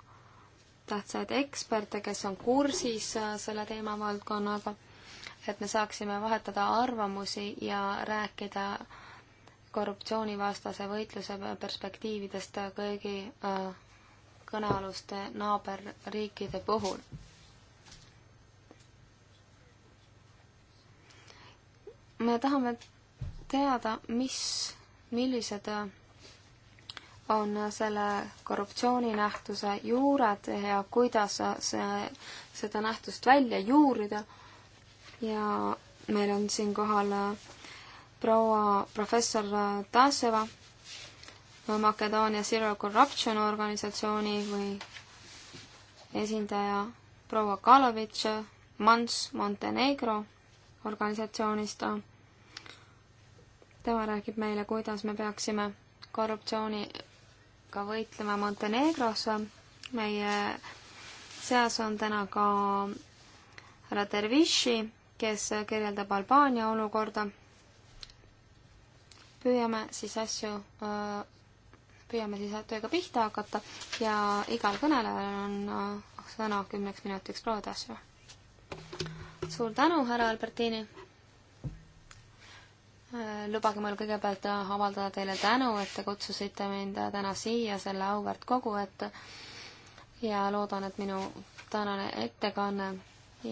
tähtsaid eksperte, kes on kursis äh, selle teemavaldkonnaga, et me saaksime vahetada arvamusi ja rääkida korruptsioonivastase võitluse perspektiividest kõigi äh, kõnealuste naaberriikide puhul. me tahame teada, mis, millised on selle korruptsiooninähtuse juured ja kuidas see, seda nähtust välja juurida. ja meil on siinkohal äh, proua professor äh, Taseva äh, Makedoonia Zero Corruption organisatsiooni või esindaja proua Kalovitš Mans Montenegro organisatsioonist. tema räägib meile, kuidas me peaksime korruptsiooni ka võitlema Montenegros. meie seas on täna ka härra Dervishi, kes kirjeldab Albaania olukorda. püüame siis asju, äh, püüame siis tööga pihta hakata ja igal kõnelejal on äh, sõna kümneks minutiks, proua Tassu. suur tänu, härra Albertini lubage mul kõigepealt avaldada teile tänu, et te kutsusite mind täna siia selle auväärt kogu ette ja loodan, et minu tänane ettekanne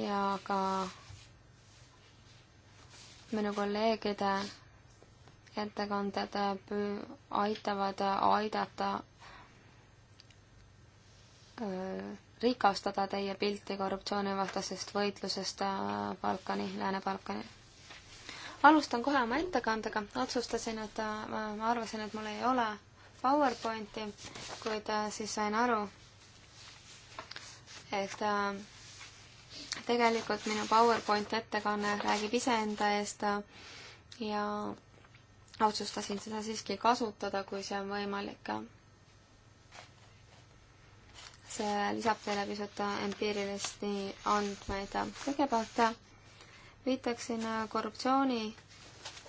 ja ka minu kolleegide ettekanded aitavad aidata rikastada teie pilti korruptsioonivastasest võitlusest äh, Balkani, Lääne-Balkanil alustan kohe oma ettekandega, otsustasin, et ma, äh, ma arvasin, et mul ei ole PowerPointi, kuid äh, siis sain aru, et äh, tegelikult minu PowerPoint ettekanne räägib iseenda eest ja otsustasin seda siiski kasutada, kui see on võimalik. see lisab teile pisut empiirilisi andmeid. kõigepealt viitaksin äh, korruptsiooni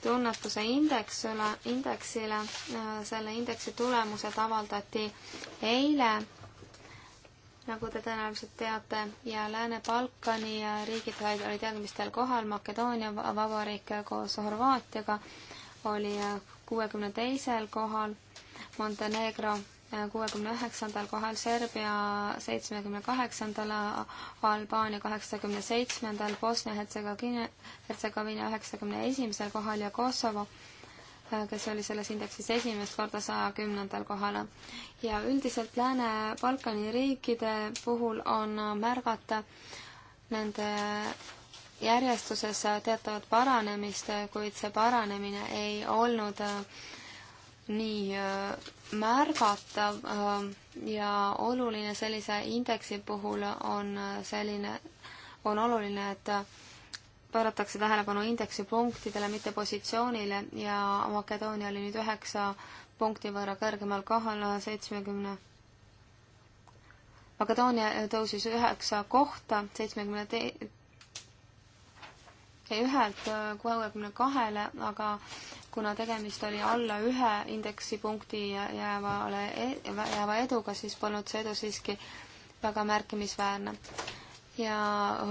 tunnetuse indeksile, indeksile, äh, selle indeksi tulemused avaldati eile, nagu te tõenäoliselt teate, ja Lääne-Balkani äh, riigid olid järgmistel kohal, Makedoonia Vabariik koos Horvaatiaga oli kuuekümne teisel kohal, Montenegro kuuekümne üheksandal kohal Serbia, seitsmekümne kaheksandal Albaania kaheksakümne seitsmendal, Bosnia-Hertsegoviina, Hertsegoviina üheksakümne esimesel kohal ja Kosovo, kes oli selles indeksis esimest korda saja kümnendal kohal. ja üldiselt Lääne-Balkani riikide puhul on märgata nende järjestuses teatavat paranemist, kuid see paranemine ei olnud äh, nii äh, märgatav äh, ja oluline sellise indeksi puhul on äh, selline, on oluline, et pööratakse tähelepanu indeksi punktidele, mitte positsioonile ja Makedoonia oli nüüd üheksa punkti võrra kõrgemal kohal seitsmekümne. Makedoonia tõusis üheksa kohta seitsmekümne ühelt kuuekümne kahele, aga kuna tegemist oli alla ühe indeksipunkti jäävale, e-, jääva eduga, siis polnud see edu siiski väga märkimisväärne. ja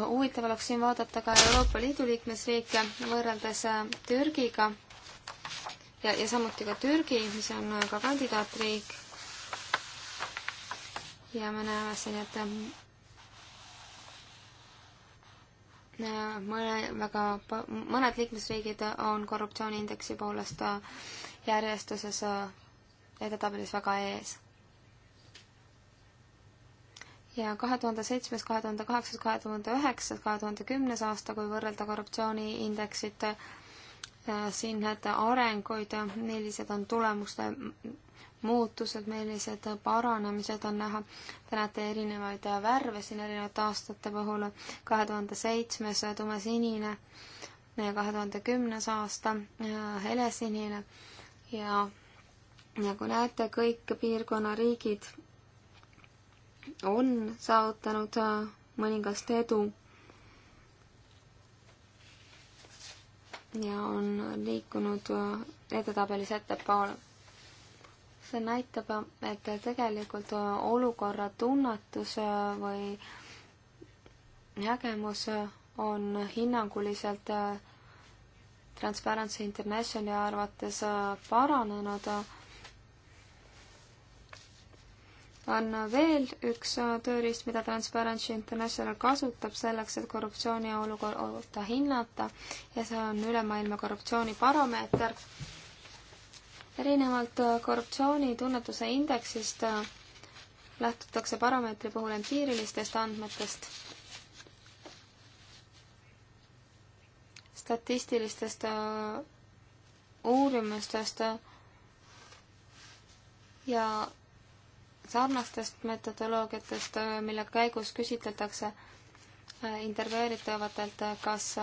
huvitav oleks siin vaadata ka Euroopa Liidu liikmesriike võrreldes äh, Türgiga ja, ja samuti ka Türgi, mis on äh, ka kandidaatriik. ja me näeme siin, et mõne, väga, mõned liikmesriigid on korruptsiooniindeksi poolest äh, järjestuses äh, edetabelis väga ees. ja kahe tuhande seitsmes, kahe tuhande kaheksas, kahe tuhande üheksas, kahe tuhande kümnes aasta, kui võrrelda korruptsiooniindeksit, äh, siin näete arenguid, millised on tulemuste muutused, millised paranemised on näha. Te näete erinevaid värve siin erinevate aastate puhul, kahe tuhande seitsmes tumesinine ja kahe tuhande kümnes aasta helesinine ja nagu näete, kõik piirkonna riigid on saavutanud mõningast edu ja on liikunud edetabelis ettepoole see näitab, et tegelikult olukorra tunnetus äh, või nägemus äh, on hinnanguliselt äh, Transparency Internationali arvates paranenud. on veel üks tööriist, mida Transparency International kasutab selleks, et korruptsiooni olukorda hinnata ja see on ülemaailma korruptsioonibaromeeter erinevalt äh, korruptsioonitunnetuse indeksist äh, lähtutakse parameetri puhul empiirilistest andmetest, statistilistest äh, uurimustest ja sarnastest metodoloogiatest, mille käigus küsitletakse intervjueeritavatelt, kas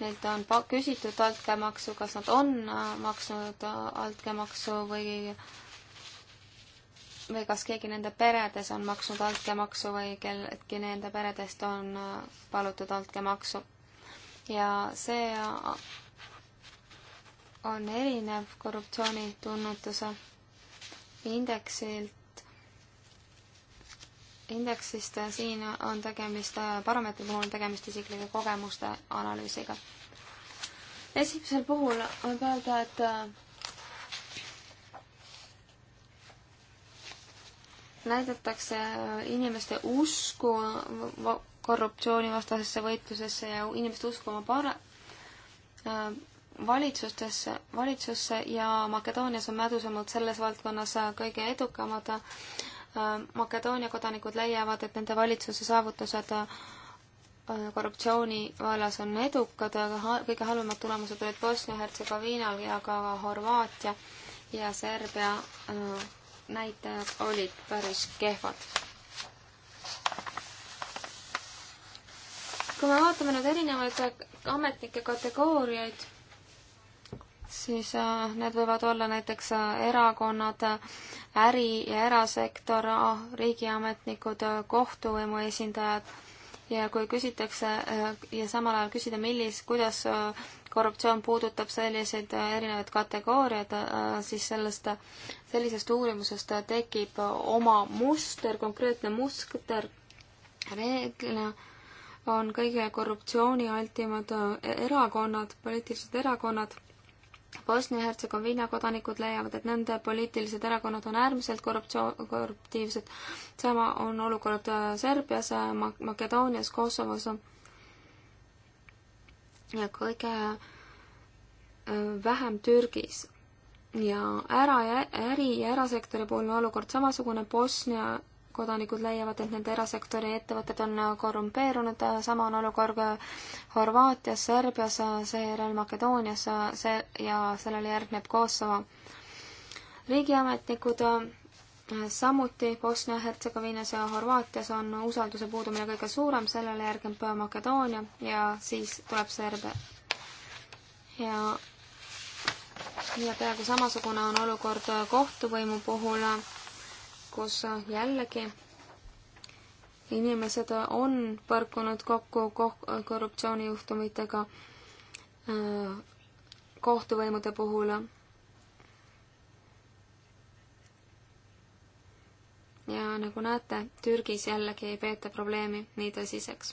neilt on küsitud altkäemaksu, kas nad on äh, maksnud äh, altkäemaksu või või kas keegi nende peredes on maksnud altkäemaksu või kelleltki nende peredest on äh, palutud altkäemaksu. ja see on erinev korruptsioonitunnetuse indeksilt indeksist, äh, siin on tegemist, parameetri äh, puhul on tegemist isiklike kogemuste analüüsiga. esimesel puhul võib öelda, et äh, näidatakse inimeste usku korruptsioonivastasesse võitlusesse ja inimeste usku oma para-, valitsustesse, valitsusse ja Makedoonias on mädusemad selles valdkonnas kõige edukamad Äh, Makedoonia kodanikud leiavad, et nende valitsuse saavutused äh, korruptsiooni vallas on edukad, aga kõige halvemad tulemused olid Bosnia-Hertsegoviinal ja ka Horvaatia ja Serbia äh, näitajad olid päris kehvad. kui me vaatame nüüd erinevaid ametnike kategooriaid siis äh, need võivad olla näiteks äh, erakonnad, äh, äri- ja erasektor, ah, riigiametnikud, kohtuvõimu esindajad ja kui küsitakse ja samal ajal küsida, millis, kuidas korruptsioon puudutab selliseid erinevaid kategooriaid, siis sellest, sellisest uurimusest tekib oma muster, konkreetne muster, reeglina on kõige korruptsioonialtimad erakonnad, poliitilised erakonnad Bosnia-Hertsegoviina kodanikud leiavad, et nende poliitilised erakonnad on äärmiselt korruptsioon, korruptiivsed. sama on olukord äh, Serbias, äh, Makedoonias, Kosovos. ja kõige äh, vähem Türgis. ja ära, äri ja erasektori puhul on olukord samasugune Bosnia kodanikud leiavad, et nende erasektori ettevõtted on korrumpeerunud, sama on olukord Horvaatias, Serbias, seejärel Makedoonias see, ja sellele järgneb Kosovo. riigiametnikud samuti Bosnia-Hertsegoviinas ja Horvaatias on usalduse puudumine kõige suurem, sellele järgneb Makedoonia ja siis tuleb Serbia. ja ja peaaegu samasugune on olukord kohtuvõimu puhul kus jällegi inimesed on põrkunud kokku korruptsioonijuhtumitega äh, kohtuvõimude puhul. ja nagu näete, Türgis jällegi ei peeta probleemi nii tõsiseks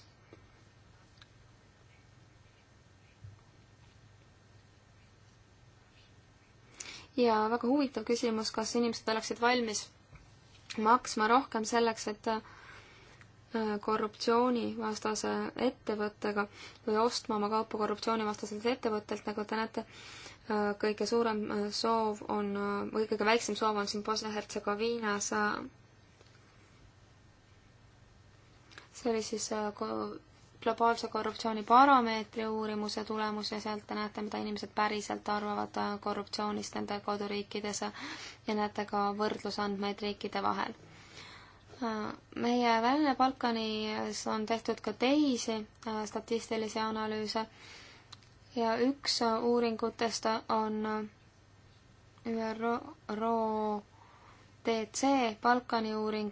ja väga huvitav küsimus, kas inimesed oleksid valmis maksma rohkem selleks, et äh, korruptsioonivastase ettevõttega või ostma oma kaupa korruptsioonivastaselt ettevõttelt, nagu te näete, äh, kõige suurem äh, soov on, või kõige väiksem soov on siin Bosnia-Hertsegoviinas. see oli siis globaalse korruptsiooni parameetri uurimuse tulemus ja sealt te näete, mida inimesed päriselt arvavad äh, korruptsioonist nende koduriikides ja näete ka võrdlusandmeid riikide vahel. Äh, meie Lääne-Balkanis on tehtud ka teisi äh, statistilisi analüüse ja üks uuringutest on ÜRO TC Balkani uuring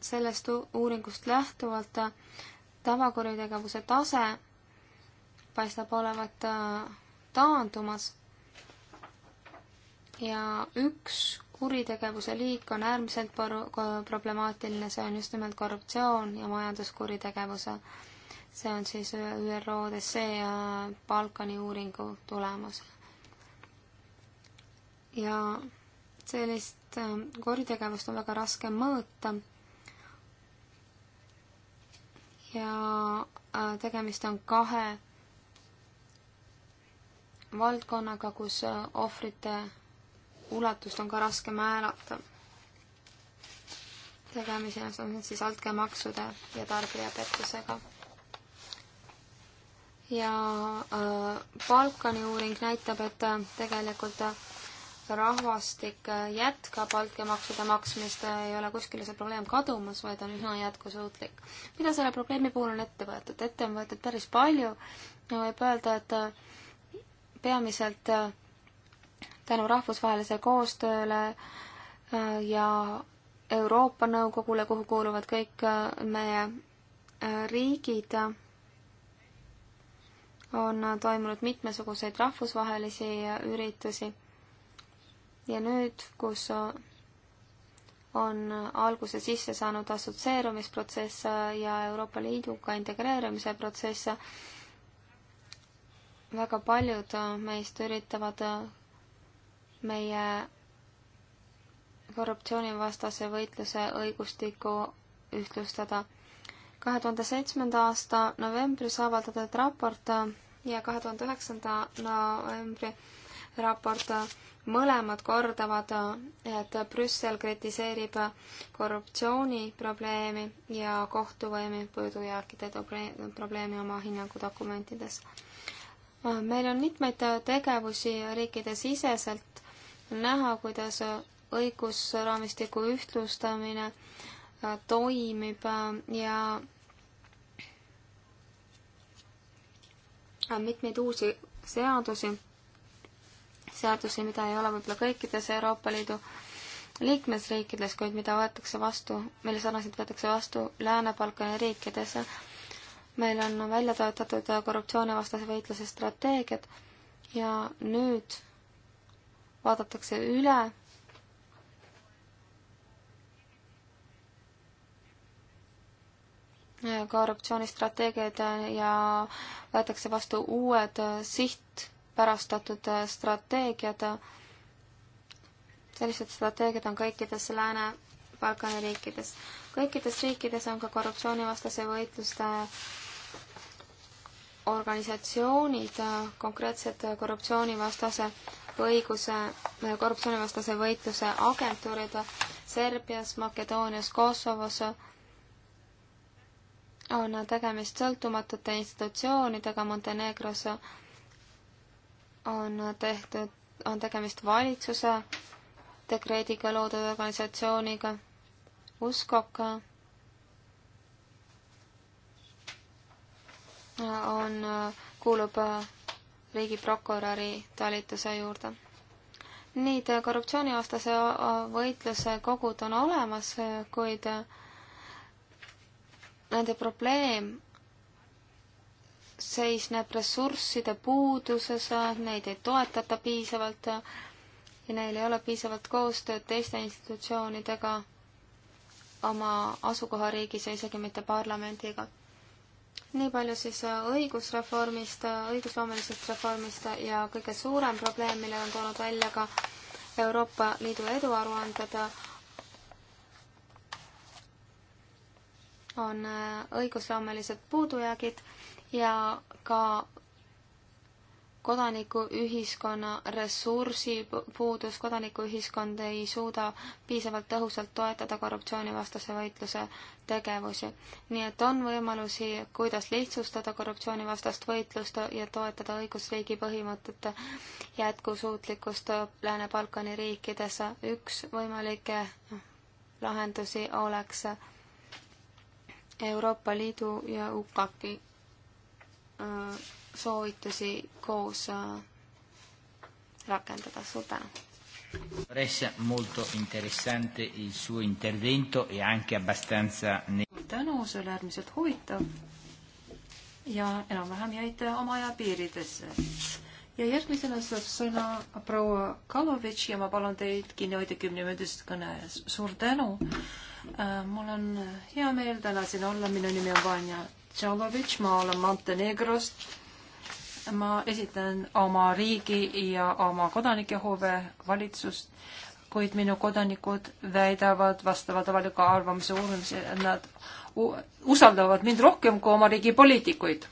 sellest uuringust lähtuvalt tavakuritegevuse tase paistab olevat äh, taandumas ja üks kuritegevuse liik on äärmiselt problemaatiline, see on just nimelt korruptsioon ja majanduskuritegevuse. see on siis ÜRO ODC ja Balkani uuringu tulemus. ja sellist äh, kuritegevust on väga raske mõõta ja äh, tegemist on kahe valdkonnaga, kus äh, ohvrite ulatust on ka raske määrata. tegemiseks on siis altkäemaksude ja tarbijapettusega. ja äh, Balkani uuring näitab, et tegelikult rahvastik jätkab altkäemaksude maksmist, ei ole kuskile see probleem kadumas, vaid on üsna jätkusuutlik. mida selle probleemi puhul on ette võetud? ette on võetud päris palju ja võib öelda, et äh, peamiselt äh, tänu rahvusvahelisele koostööle äh, ja Euroopa Nõukogule, kuhu kuuluvad kõik meie riigid, on toimunud mitmesuguseid rahvusvahelisi üritusi ja nüüd, kus on alguse sisse saanud assotsieerumisprotsess ja Euroopa Liiduga integreerumise protsess, väga paljud meist üritavad meie korruptsioonivastase võitluse õigustikku ühtlustada. kahe tuhande seitsmenda aasta novembris avaldatud raport ja kahe tuhande üheksanda novembri raport, mõlemad kordavad, et Brüssel kritiseerib korruptsiooniprobleemi ja kohtuvõimi puudujääkide probleemi oma hinnangudokumentides. meil on mitmeid tegevusi riikide siseselt näha, kuidas õigusraamistiku ühtlustamine toimib ja mitmeid uusi seadusi seadusi, mida ei ole võib-olla kõikides Euroopa Liidu liikmesriikides, kuid mida võetakse vastu, mille sarnaselt võetakse vastu Lääne-Balkani riikides. meil on välja töötatud korruptsioonivastase võitluse strateegiad ja nüüd vaadatakse üle korruptsioonistrateegiad ja võetakse vastu uued siht pärastatud äh, strateegiad. sellised strateegiad on kõikides Lääne-Balkani riikides. kõikides riikides on ka korruptsioonivastase võitluste organisatsioonid, äh, konkreetsed korruptsioonivastase õiguse, äh, korruptsioonivastase võitluse agentuurid Serbias, Makedoonias, Kosovos on tegemist sõltumatute institutsioonidega Montenegros on tehtud, on tegemist valitsuse dekreediga loodud organisatsiooniga, USKOK-a on, kuulub riigiprokuröri talituse juurde. nii, et korruptsiooniaastase võitluse kogud on olemas, kuid nende probleem seisneb ressursside puuduses, neid ei toetata piisavalt ja neil ei ole piisavalt koostööd teiste institutsioonidega oma asukohariigis ja isegi mitte parlamendiga. nii palju siis õigusreformist, õigusloomelisest reformist ja kõige suurem probleem, mille on toonud välja ka Euroopa Liidu eduaruanded, on õigusloomelised puudujäägid ja ka kodanikuühiskonna ressursi puudus, kodanikuühiskond ei suuda piisavalt tõhusalt toetada korruptsioonivastase võitluse tegevusi. nii et on võimalusi, kuidas lihtsustada korruptsioonivastast võitlust ja toetada õigusriigi põhimõtete jätkusuutlikkust Lääne-Balkani riikides. üks võimalikke lahendusi oleks Euroopa Liidu ja UKAP-i Äh, soovitusi koos äh, rakendada, suur tänu! Ressa molto interessante il suo intervento e anche abbastanza... tänu, see oli äärmiselt huvitav ja enam-vähem jäite oma aja piiridesse. ja järgmisena saab sõna proua Kalovitš ja ma palun teid kinni hoida kümneminutist kõne ees. suur tänu! Äh, mul on hea meel täna siin olla, minu nimi on Vanja Tšolovitš, ma olen Montenegrost. ma esitan oma riigi ja oma kodanike huve valitsust, kuid minu kodanikud väidavad vastavalt avaliku arvamuse uurimisele, et nad usaldavad mind rohkem kui oma riigi poliitikuid.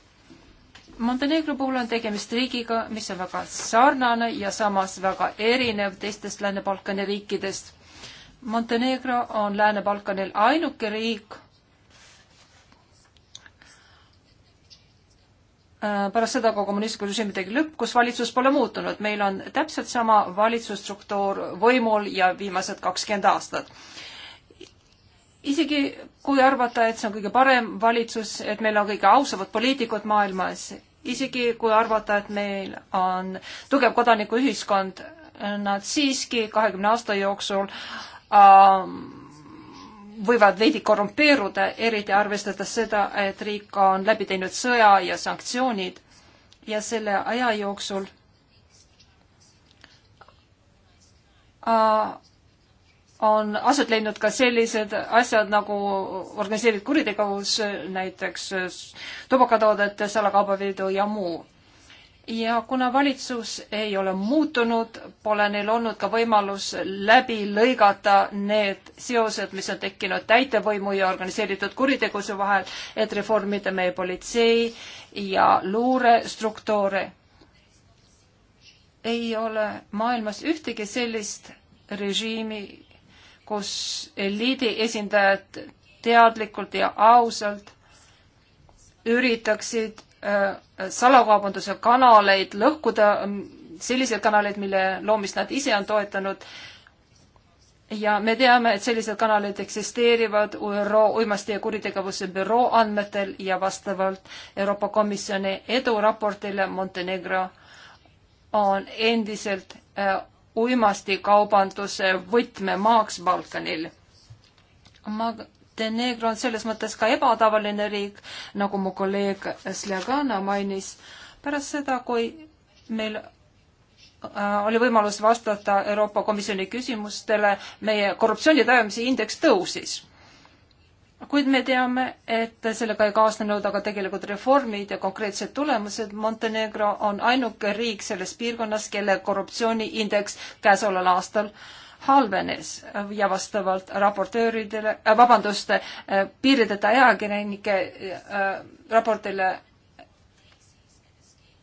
Montenegro puhul on tegemist riigiga, mis on väga sarnane ja samas väga erinev teistest Lääne-Balkani riikidest. Montenegro on Lääne-Balkanil ainuke riik, Äh, pärast seda, kui kommunistlikul režiim tegi lõpp, kus valitsus pole muutunud, meil on täpselt sama valitsusstruktuur võimul ja viimased kakskümmend aastat. isegi kui arvata, et see on kõige parem valitsus, et meil on kõige ausamad poliitikud maailmas, isegi kui arvata, et meil on tugev kodanikuühiskond, nad siiski kahekümne aasta jooksul ähm, võivad veidi korrumpeeruda, eriti arvestades seda, et riik on läbi teinud sõja ja sanktsioonid ja selle aja jooksul äh, on aset leidnud ka sellised asjad nagu organiseeritud kuritegevus, näiteks tubakatoodete salakaubavedu ja muu ja kuna valitsus ei ole muutunud, pole neil olnud ka võimalus läbi lõigata need seosed, mis on tekkinud täitevvõimu ja organiseeritud kuritegevuse vahel, et reformida meie politsei ja luurestruktuure. ei ole maailmas ühtegi sellist režiimi, kus eliidi esindajad teadlikult ja ausalt üritaksid Äh, salakaubanduse kanaleid lõhkuda, mm, selliseid kanaleid, mille loomist nad ise on toetanud. ja me teame, et sellised kanalid eksisteerivad ÜRO uimasti ja kuritegevuse büroo andmetel ja vastavalt Euroopa Komisjoni eduraportile Montenegro on endiselt äh, uimastikaubanduse võtmemaaks Balkanil. ma Montenegro on selles mõttes ka ebatavaline riik, nagu mu kolleeg Sljagana mainis. pärast seda, kui meil äh, oli võimalus vastata Euroopa Komisjoni küsimustele, meie korruptsiooni tajumise indeks tõusis. kuid me teame, et sellega ei kaasnenud aga tegelikult reformid ja konkreetsed tulemused. Montenegro on ainuke riik selles piirkonnas, kelle korruptsiooniindeks käesoleval aastal äh, halvenes ja vastavalt raportööridele äh,, vabandust äh,, piirideta ajakirjanike äh, raportile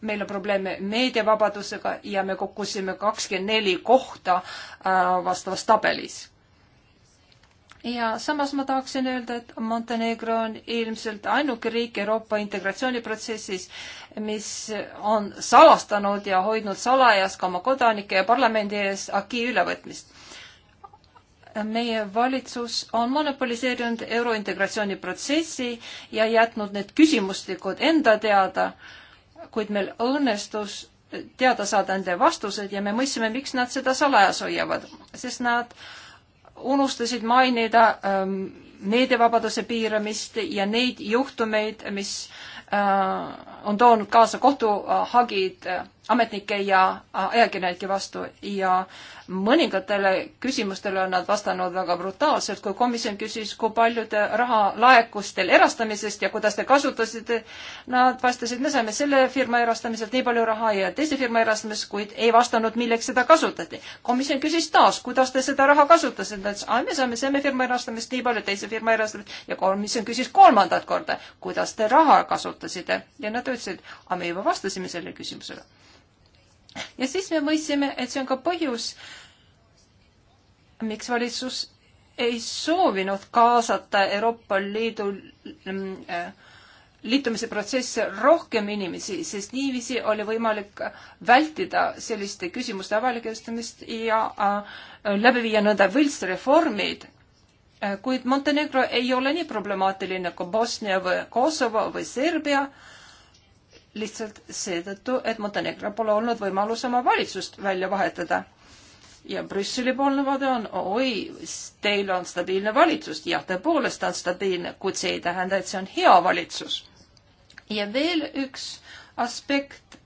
meil on probleeme meediavabadusega ja me kukkusime kakskümmend neli kohta äh, vastavas tabelis. ja samas ma tahaksin öelda, et Montenegro on ilmselt ainuke riik Euroopa integratsiooniprotsessis, mis on salastanud ja hoidnud salajas ka oma kodanike ja parlamendi ees AKI ülevõtmist meie valitsus on monopoliseerinud eurointegratsiooni protsessi ja jätnud need küsimustikud enda teada, kuid meil õnnestus teada saada nende vastused ja me mõistsime, miks nad seda salajas hoiavad, sest nad unustasid mainida ähm, meediavabaduse piiramist ja neid juhtumeid, mis äh, on toonud kaasa kohtuhagid äh, ametnike ja ajakirjanike vastu ja mõningatele küsimustele on nad vastanud väga brutaalselt, kui komisjon küsis, kui palju te raha laekus teil erastamisest ja kuidas te kasutasite, nad vastasid, me saime selle firma erastamiselt nii palju raha ja teise firma erastamisest, kuid ei vastanud, milleks seda kasutati. komisjon küsis taas, kuidas te seda raha kasutasite, nad ütlesid, me saime selle firma erastamisest nii palju, teise firma erastamisest ja komisjon küsis kolmandat korda, kuidas te raha kasutasite ja nad ütlesid, aga me juba vastasime sellele küsimusele ja siis me mõistsime, et see on ka põhjus, miks valitsus ei soovinud kaasata Euroopa Liidu mm, äh, liitumise protsesse rohkem inimesi, sest niiviisi oli võimalik vältida selliste küsimuste avalikustamist ja äh, läbi viia nõnda võltsreformid. Äh, kuid Montenegro ei ole nii problemaatiline kui Bosnia või Kosovo või Serbia lihtsalt seetõttu, et Montenegro pole olnud võimalus oma valitsust välja vahetada. ja Brüsseli poolne vaade on, oi, teil on stabiilne valitsus, jah, tõepoolest ta on stabiilne, kuid see ei tähenda, et see on hea valitsus. ja veel üks aspekt,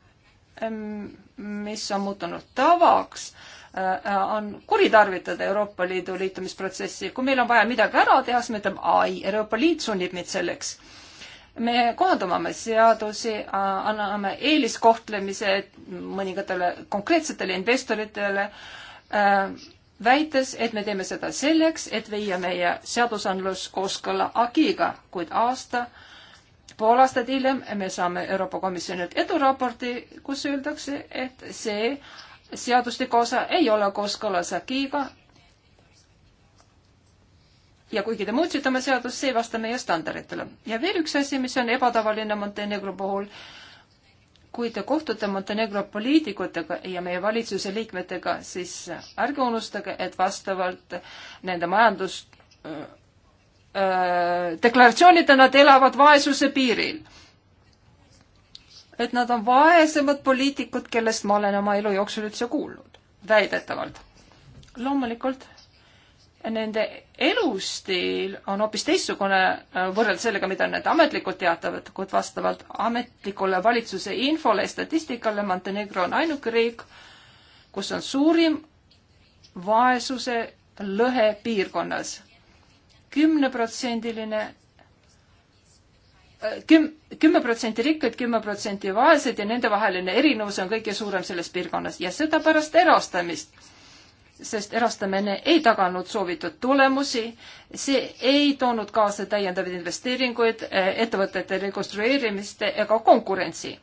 mis on muutunud tavaks, äh, äh, on kuritarvitada Euroopa Liidu liitumisprotsessi. kui meil on vaja midagi ära teha, siis me ütleme, ai, Euroopa Liit sunnib meid selleks me kohandame oma seadusi, anname eeliskohtlemise mõningatele konkreetsetele investoritele äh,, väites, et me teeme seda selleks, et viia meie seadusandlus kooskõlla agiga, kuid aasta, pool aastat hiljem me saame Euroopa Komisjonilt eduraporti, kus öeldakse, et see seadustiku osa ei ole kooskõlas agiga ja kuigi te muutsite oma seadust, see ei vasta meie standarditele. ja veel üks asi, mis on ebatavaline Montenegro puhul, kui te kohtute Montenegro poliitikutega ja meie valitsuse liikmetega, siis ärge unustage, et vastavalt nende majandus öö, deklaratsioonid, nad elavad vaesuse piiril. et nad on vaesemad poliitikud, kellest ma olen oma elu jooksul üldse kuulnud, väidetavalt. loomulikult nende elustiil on hoopis teistsugune äh, võrreldes sellega, mida need ametlikult teatavad, kuid vastavalt ametlikule valitsuse infole ja statistikale Montenegro on ainuke riik, kus on suurim vaesuse lõhe piirkonnas. kümneprotsendiline äh, küm-, kümme protsenti rikkaid, kümme protsenti vaeseid ja nendevaheline erinevus on kõige suurem selles piirkonnas ja seda pärast erastamist sest erastamine ei taganud soovitud tulemusi, see ei toonud kaasa täiendavaid investeeringuid, eh, ettevõtete rekonstrueerimist ega konkurentsi. Eh,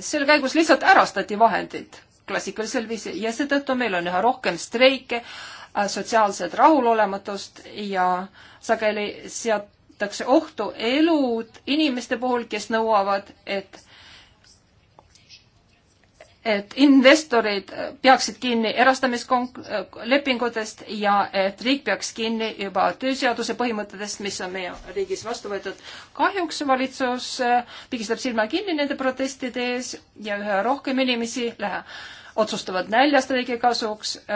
selle käigus lihtsalt ärastati vahendid klassikalisel viisil ja seetõttu meil on üha rohkem streike, eh, sotsiaalset rahulolematust ja sageli seatakse ohtu elud inimeste puhul, kes nõuavad, et et investorid peaksid kinni erastamislepingutest ja et riik peaks kinni juba tööseaduse põhimõtetest, mis on meie riigis vastu võetud. kahjuks valitsus äh, pigistab silma kinni nende protestide ees ja üha rohkem inimesi lähe, otsustavad näljastreigi kasuks, äh,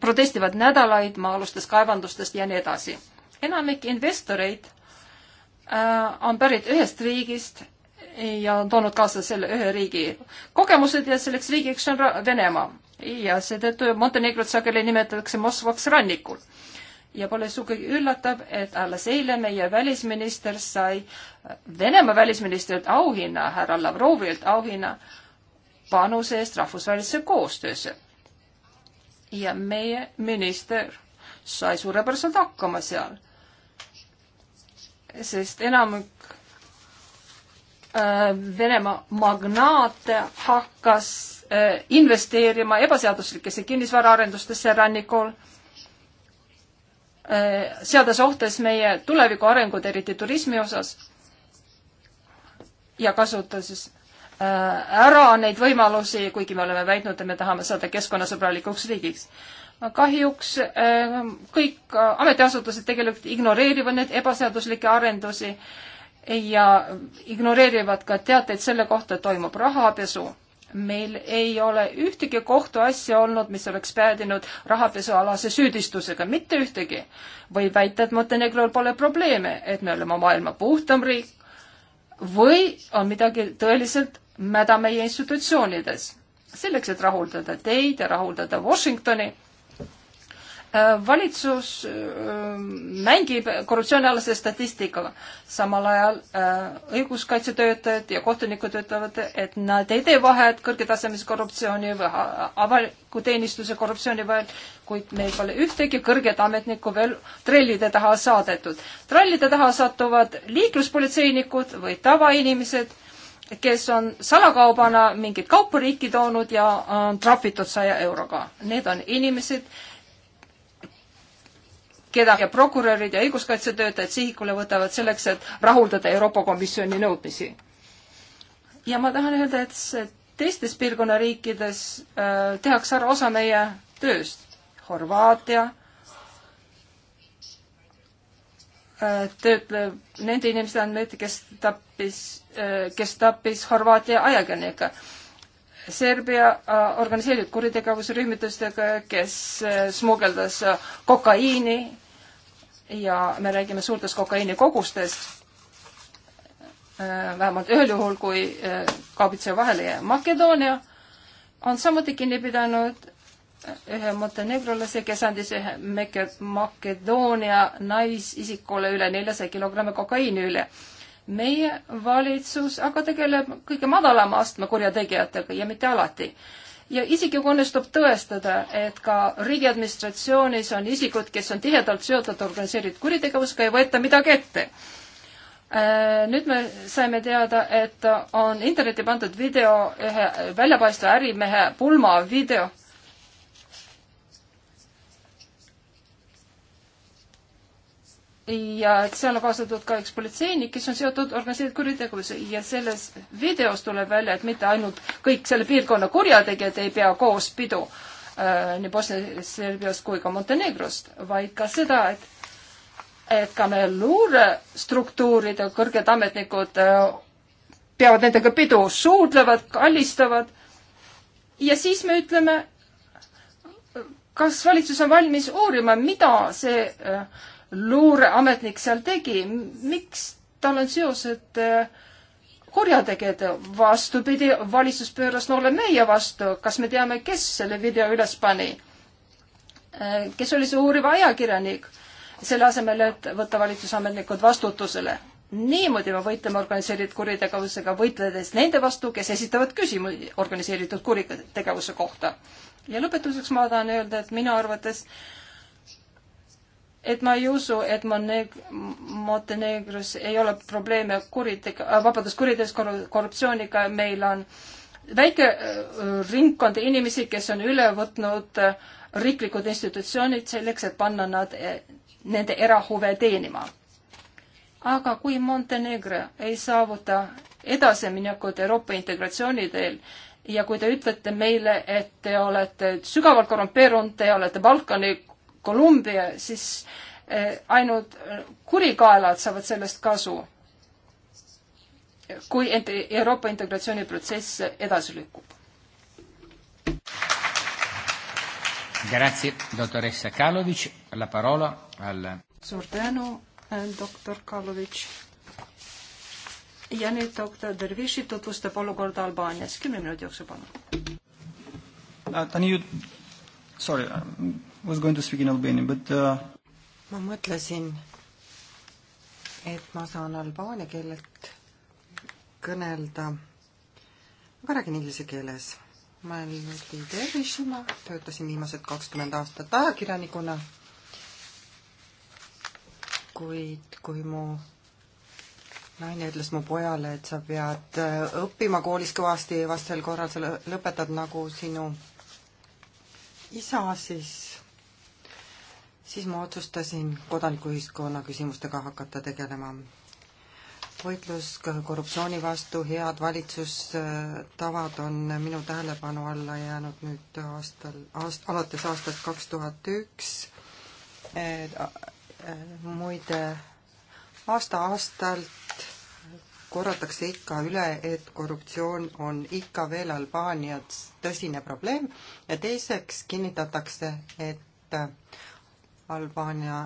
protestivad nädalaid maa-alustest kaevandustest ja nii edasi. enamik investoreid äh, on pärit ühest riigist ja on toonud kaasa selle ühe riigi kogemused ja selleks riigiks on Venemaa. ja seetõttu Montenegrot sageli nimetatakse Moskvaks rannikul. ja pole sugugi üllatav, et alles eile meie välisminister sai Venemaa välisministrilt auhinna, härra Lavrovilt auhinna panuse eest rahvusvahelisse koostöösse. ja meie minister sai suurepäraselt hakkama seal sest enamik Äh, Venemaa magnaat hakkas äh, investeerima ebaseaduslikesse kinnisvaraarendustesse rannikul, äh, seades ohtes meie tuleviku arengud, eriti turismi osas, ja kasutas siis ära neid võimalusi, kuigi me oleme väitnud, et me tahame saada keskkonnasõbralikuks riigiks. kahjuks kõik ametiasutused tegelikult ignoreerivad neid ebaseaduslikke arendusi ja ignoreerivad ka teateid selle kohta, et toimub rahapesu. meil ei ole ühtegi kohtuasja olnud, mis oleks päädinud rahapesualase süüdistusega, mitte ühtegi. võib väita, et Montenegrol pole probleeme, et me oleme maailma puhtam riik või on midagi tõeliselt mäda meie institutsioonides. selleks, et rahuldada teid ja rahuldada Washingtoni Äh, valitsus äh, mängib korruptsioonialase statistikaga. samal ajal äh, õiguskaitsetöötajad ja kohtunikud ütlevad, et nad ei tee vahet kõrgetasemelise korruptsiooni või avaliku teenistuse korruptsiooni vahel, kuid meil pole ühtegi kõrget ametnikku veel trellide taha saadetud. trallide taha satuvad liikluspolitseinikud või tavainimesed, kes on salakaubana mingeid kaupa riiki toonud ja on trahvitud saja euroga. Need on inimesed, keda prokurörid ja õiguskaitsetöötajad sihikule võtavad selleks, et rahuldada Euroopa Komisjoni nõudmisi. ja ma tahan öelda, et teistes piirkonna riikides äh, tehakse ära osa meie tööst. Horvaatia äh, töötleb nende inimeste andmeid, kes tappis äh,, kes tappis Horvaatia ajakirjanikke. Serbia äh, organiseeritud kuritegevusrühmitustega, kes äh, smugeldas äh, kokaiini ja me räägime suurtest kokaiinikogustest, äh, vähemalt ühel juhul, kui äh, kaubitseja vahele jääb. Makedoonia on samuti kinni pidanud äh, ühe montenegrolase, kes andis ühe Makedoonia naisisikule üle neljasaja kilogrammi kokaiini üle. meie valitsus aga tegeleb kõige madalama astme kurjategijatega ja mitte alati ja isegi kui õnnestub tõestada, et ka riigiadministratsioonis on isikud, kes on tihedalt seotud organiseeritud kuritegevusega, ei võeta midagi ette. Äh, nüüd me saime teada, et on interneti pandud video, ühe väljapaistva ärimehe pulmavideo ja et seal on kaasatud ka üks politseinik, kes on seotud organiseeritud kuritegevuse ja selles videos tuleb välja, et mitte ainult kõik selle piirkonna kurjategijad ei pea koos pidu äh, nii Bosnias, Serbias kui ka Montenegrost, vaid ka seda, et et ka meie luurestruktuuride kõrged ametnikud äh, peavad nendega pidu, suudlevad, kallistavad ja siis me ütleme, kas valitsus on valmis uurima, mida see äh, luureametnik seal tegi, miks tal on seosed äh, kurjategijate vastupidi, valitsus pööras noole meie vastu, kas me teame, kes selle video üles pani? Äh, kes oli see uuriv ajakirjanik, selle asemel, et võtta valitsusametnikud vastutusele. niimoodi me võitleme organiseeritud kuritegevusega, võitledes nende vastu, kes esitavad küsimusi organiseeritud kuritegevuse kohta. ja lõpetuseks ma tahan öelda, et minu arvates äh, et ma ei usu, et Moneg-, Montenegros ei ole probleeme kuritega, äh, vabandust, kuriteos korruptsiooniga, meil on väike äh, ringkond inimesi, kes on üle võtnud äh, riiklikud institutsioonid selleks, et panna nad nende erahuve teenima. aga kui Montenegro ei saavuta edasiminekut Euroopa integratsiooni teel, ja kui te ütlete meile, et te olete sügavalt korrumpeerunud, te olete Balkani Kolumbia, siis eh, ainult eh, kurikaelad saavad sellest kasu, kui Euroopa integratsiooniprotsess edasi lükkub. Grazie, doktoressa Kalovic, la parola al suur tänu, eh, doktor Kalovitš. ja nüüd doktor Derviši tutvustab olukorda Albaanias. kümne minuti jooksul, palun. Uh, sorry um,, was going to speak in Albanian, but uh... ma mõtlesin, et ma saan albaania keelelt kõnelda, aga räägin inglise keeles. ma olen Liidi Erishina, töötasin viimased kakskümmend aastat ajakirjanikuna, kuid kui mu naine ütles mu pojale, et sa pead äh, õppima koolis kõvasti, vastasel korral sa lõpetad nagu sinu isa, siis siis ma otsustasin kodanikuühiskonna küsimustega hakata tegelema. võitlus korruptsiooni vastu, head valitsustavad on minu tähelepanu alla jäänud nüüd aastal, aast-, alates aastast kaks tuhat üks, muide aasta-aastalt korratakse ikka üle, et korruptsioon on ikka veel Albaanias tõsine probleem ja teiseks kinnitatakse, et Albaania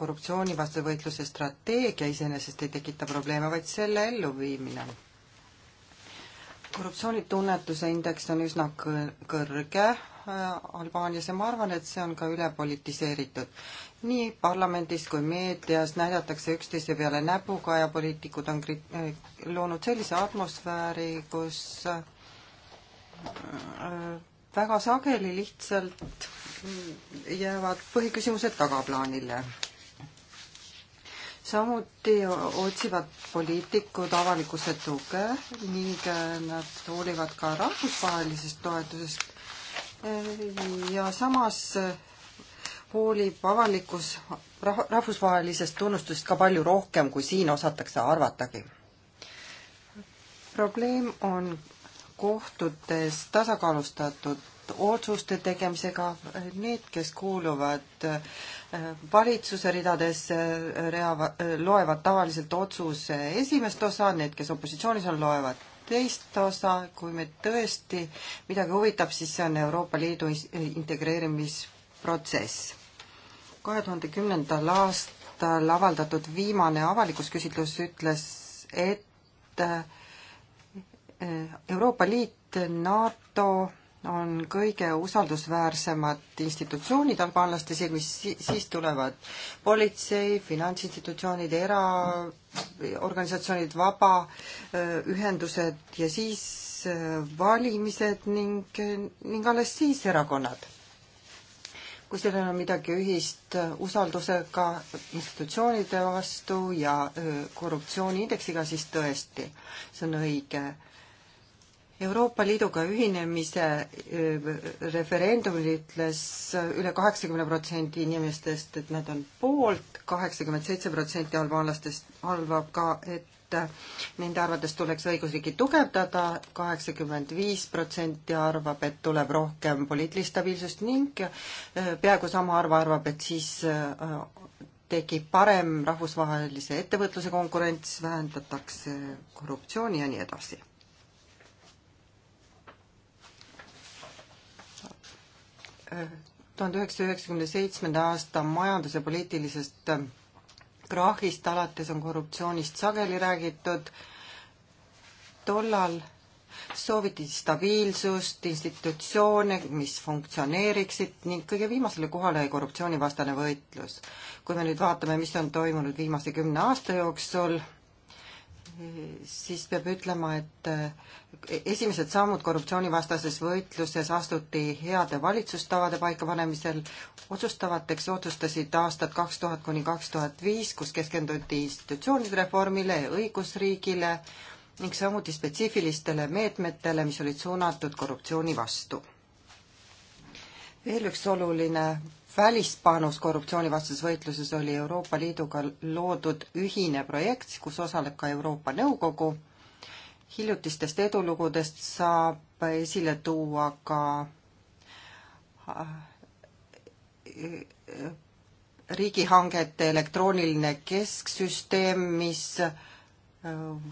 korruptsioonivastase võitluse strateegia iseenesest ei tekita probleeme, vaid selle elluviimine. korruptsioonitunnetuse indeks on üsna kõrge Albaanias ja ma arvan, et see on ka üle politiseeritud. nii parlamendis kui meedias näidatakse üksteise peale näpuga ja poliitikud on kri-, loonud sellise atmosfääri, kus väga sageli lihtsalt jäävad põhiküsimused tagaplaanile. samuti otsivad poliitikud avalikkuse tuge ning nad hoolivad ka rahvusvahelisest toetusest ja samas hoolib avalikkus rahvusvahelisest tunnustusest ka palju rohkem, kui siin osatakse arvatagi. probleem on kohtutes tasakaalustatud otsuste tegemisega, need, kes kuuluvad äh, valitsuse ridadesse, äh, rea-, äh, loevad tavaliselt otsuse esimest osa, need, kes opositsioonis on, loevad teist osa, kui meid tõesti midagi huvitab, siis see on Euroopa Liidu integreerimisprotsess. kahe tuhande kümnendal aastal avaldatud viimane avalikus küsitlus ütles, et Euroopa Liit, NATO on kõige usaldusväärsemad institutsioonid albaanlaste silmis, siis tulevad politsei, finantsinstitutsioonid, eraorganisatsioonid, vabaühendused ja siis valimised ning, ning alles siis erakonnad. kui sellel on midagi ühist usaldusega institutsioonide vastu ja korruptsiooniindeksiga, siis tõesti, see on õige Euroopa Liiduga ühinemise äh, referendumil ütles üle kaheksakümne protsendi inimestest, et nad on poolt, kaheksakümmend seitse protsenti albaanlastest arvab ka, et äh, nende arvates tuleks õigusriiki tugevdada, kaheksakümmend viis protsenti arvab, et tuleb rohkem poliitilist stabiilsust ning äh, peaaegu sama arv arvab, et siis tekib parem rahvusvahelise ettevõtluse konkurents, vähendatakse korruptsiooni ja nii edasi tuhande üheksasaja üheksakümne seitsmenda aasta majandus- ja poliitilisest graafist ähm, alates on korruptsioonist sageli räägitud. tollal sooviti stabiilsust, institutsioone, mis funktsioneeriksid ning kõige viimasele kohale jäi korruptsioonivastane võitlus. kui me nüüd vaatame, mis on toimunud viimase kümne aasta jooksul siis peab ütlema, et eh, esimesed sammud korruptsioonivastases võitluses astuti heade valitsustavade paikapanemisel. otsustavateks otsustasid aastad kaks tuhat kuni kaks tuhat viis, kus keskenduti institutsioonide reformile ja õigusriigile ning samuti spetsiifilistele meetmetele, mis olid suunatud korruptsiooni vastu. veel üks oluline välispanus korruptsioonivastases võitluses oli Euroopa Liiduga loodud ühine projekt, kus osaleb ka Euroopa Nõukogu. hiljutistest edulugudest saab esile tuua ka äh, riigihangete elektrooniline kesksüsteem, mis äh,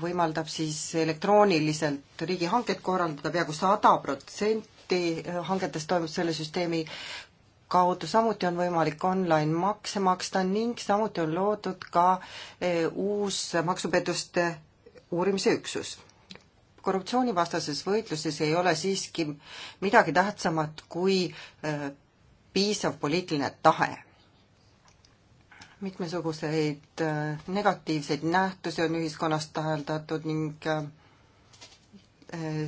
võimaldab siis elektrooniliselt riigihanket korraldada, peaaegu sada protsenti hangetest toimub selle süsteemi kaudu, samuti on võimalik online makse maksta ning samuti on loodud ka eh, uus maksupettuste uurimise üksus. korruptsioonivastases võitluses ei ole siiski midagi tähtsamat kui eh, piisav poliitiline tahe. mitmesuguseid eh, negatiivseid nähtusi on ühiskonnas täheldatud ning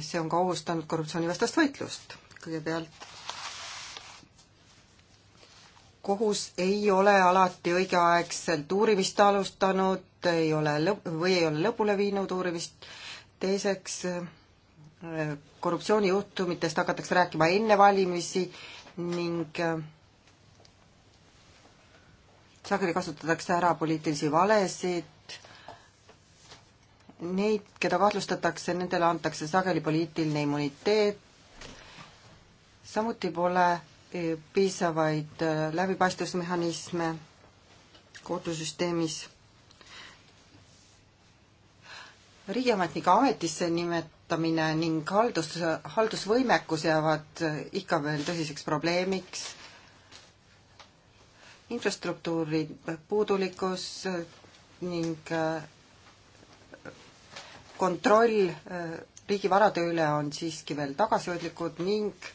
see on ka ohustanud korruptsioonivastast võitlust. kõigepealt kohus ei ole alati õigeaegselt uurimist alustanud, ei ole lõp-, või ei ole lõpule viinud uurimist. teiseks, äh, korruptsioonijuhtumitest hakatakse rääkima enne valimisi ning äh, sageli kasutatakse ära poliitilisi valesid, neid, keda kahtlustatakse, nendele antakse sageli poliitiline immuniteet, samuti pole Eh, piisavaid eh, läbipaistvusmehhanisme kohtusüsteemis. riigiametnike ametisse nimetamine ning haldus, haldusvõimekus jäävad eh, ikka veel tõsiseks probleemiks. infrastruktuuri puudulikkus ning kontroll riigivarade üle on siiski veel tagasihoidlikud ning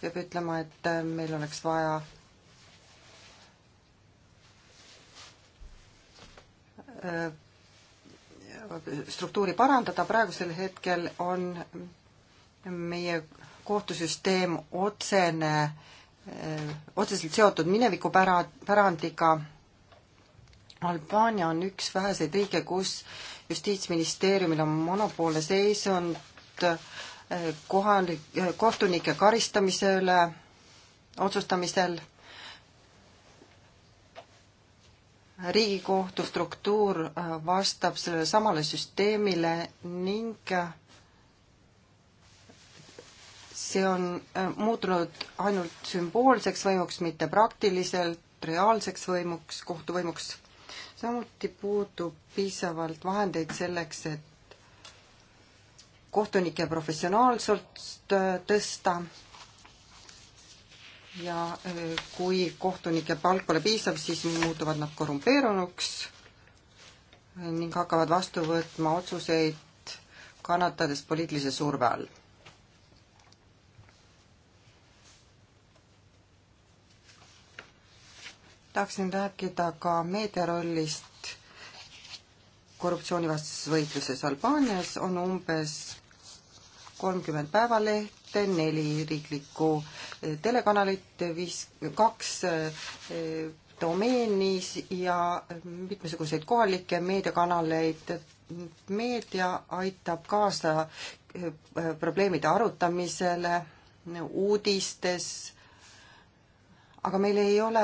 peab ütlema, et äh, meil oleks vaja äh, struktuuri parandada, praegusel hetkel on meie kohtusüsteem otsene, äh, otseselt seotud minevikupära, pärandiga. Albaania on üks väheseid riike, kus justiitsministeeriumil on monopoolne seisund äh, kohalik, kohtunike karistamise üle otsustamisel. riigikohtu struktuur äh, vastab sellele samale süsteemile ning äh, see on äh, muutunud ainult sümboolseks võimuks, mitte praktiliselt reaalseks võimuks, kohtuvõimuks samuti puudub piisavalt vahendeid selleks, et kohtunike professionaalsust äh, tõsta ja äh, kui kohtunike palk pole piisav, siis muutuvad nad korrumpeerunuks äh, ning hakkavad vastu võtma otsuseid, kannatades poliitilise surve all. tahaksin rääkida ka meedia rollist korruptsioonivastases võitluses Albaanias on umbes kolmkümmend päevalehte, neli riiklikku eh, telekanalit, viis, kaks eh, domeenis ja mitmesuguseid kohalikke meediakanaleid. meedia aitab kaasa eh, probleemide arutamisele uudistes, aga meil ei ole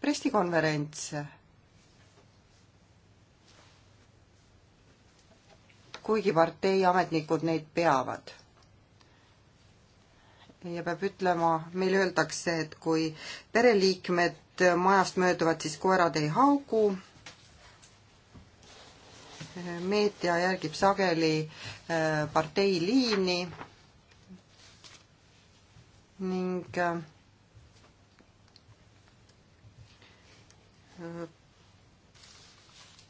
pressikonverentse kuigi partei ametnikud neid peavad. ja peab ütlema, meil öeldakse, et kui pereliikmed majast mööduvad, siis koerad ei haugu. meedia järgib sageli äh, partei liini ning äh,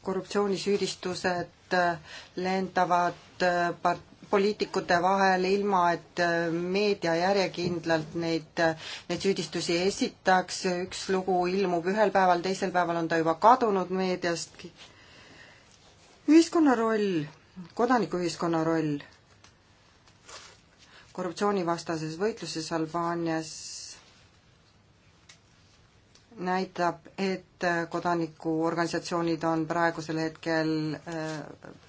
korruptsioonisüüdistused Äh, lendavad äh, poliitikute vahel, ilma et äh, meedia järjekindlalt neid, neid süüdistusi esitaks, üks lugu ilmub ühel päeval, teisel päeval on ta juba kadunud meediast. ühiskonna roll, kodanikuühiskonna roll korruptsioonivastases võitluses Albaanias näitab, et kodanikuorganisatsioonid on praegusel hetkel äh,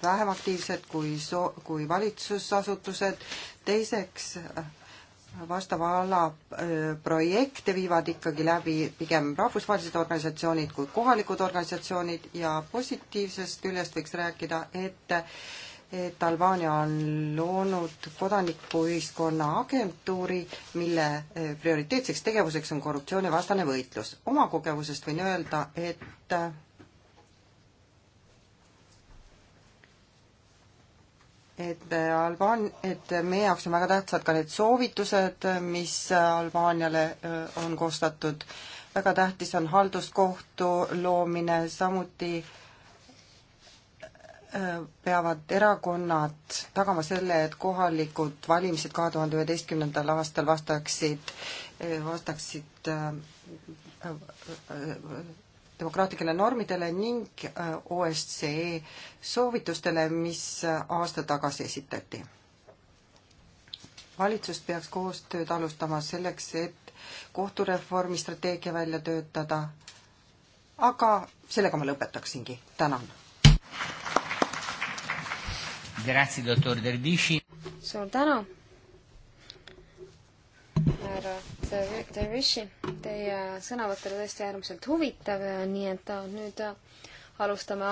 vähem aktiivsed kui so-, kui valitsusasutused, teiseks äh, vastava ala äh, projekte viivad ikkagi läbi pigem rahvusvahelised organisatsioonid kui kohalikud organisatsioonid ja positiivsest küljest võiks rääkida, et et Albaania on loonud kodanikuühiskonna agentuuri, mille eh, prioriteetseks tegevuseks on korruptsioonivastane võitlus. oma kogemusest võin öelda, et et eh, Albaan-, et meie jaoks on väga tähtsad ka need soovitused, mis Albaaniale eh, on koostatud. väga tähtis on halduskohtu loomine, samuti äh, Äh, peavad erakonnad tagama selle, et kohalikud valimised kahe tuhande üheteistkümnendal aastal vastaksid, äh, vastaksid äh, demokraatlikele normidele ning OSCE soovitustele, mis aasta tagasi esitati. valitsus peaks koostööd alustama selleks, et kohtureformi strateegia välja töötada, aga sellega ma lõpetaksingi, tänan Grazie, doktor Dervishi. suur tänu, härra Dervishi. Teie sõnavõtt oli tõesti äärmiselt huvitav, nii et nüüd alustame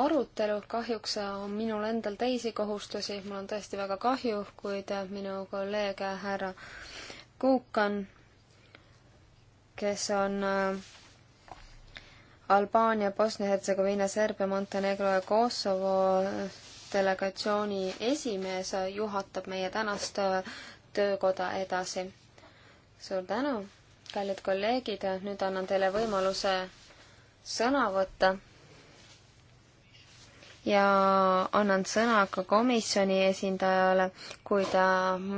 arutelu. kahjuks on minul endal teisi kohustusi, mul on tõesti väga kahju, kuid minu kolleeg härra Kuukan, kes on äh, Albaania, Bosnia-Hertsegoviina, Serbia, Montenegro ja Kosovo delegatsiooni esimees juhatab meie tänast töökoda edasi. suur tänu, kallid kolleegid, nüüd annan teile võimaluse sõna võtta ja annan sõna ka komisjoni esindajale, kui ta,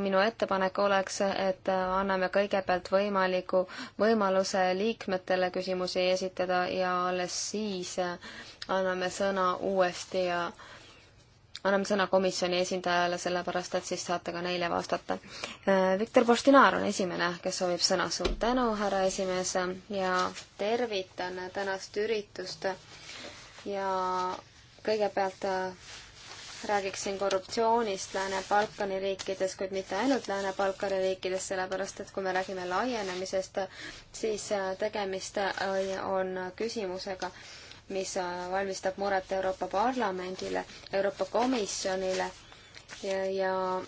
minu ettepanek oleks, et anname kõigepealt võimaliku võimaluse liikmetele küsimusi esitada ja alles siis anname sõna uuesti ja äh, anname sõna komisjoni esindajale, sellepärast et siis saate ka neile vastata. Äh, Viktor Postinaar on esimene, kes soovib sõna. suur tänu, härra esimees, ja tervitan tänast üritust ja kõigepealt äh, räägiksin korruptsioonist Lääne-Balkani riikides, kuid mitte ainult Lääne-Balkani riikides, sellepärast et kui me räägime laienemisest, siis äh, tegemist on küsimusega, mis äh, valmistab muret Euroopa Parlamendile, Euroopa Komisjonile ja, ja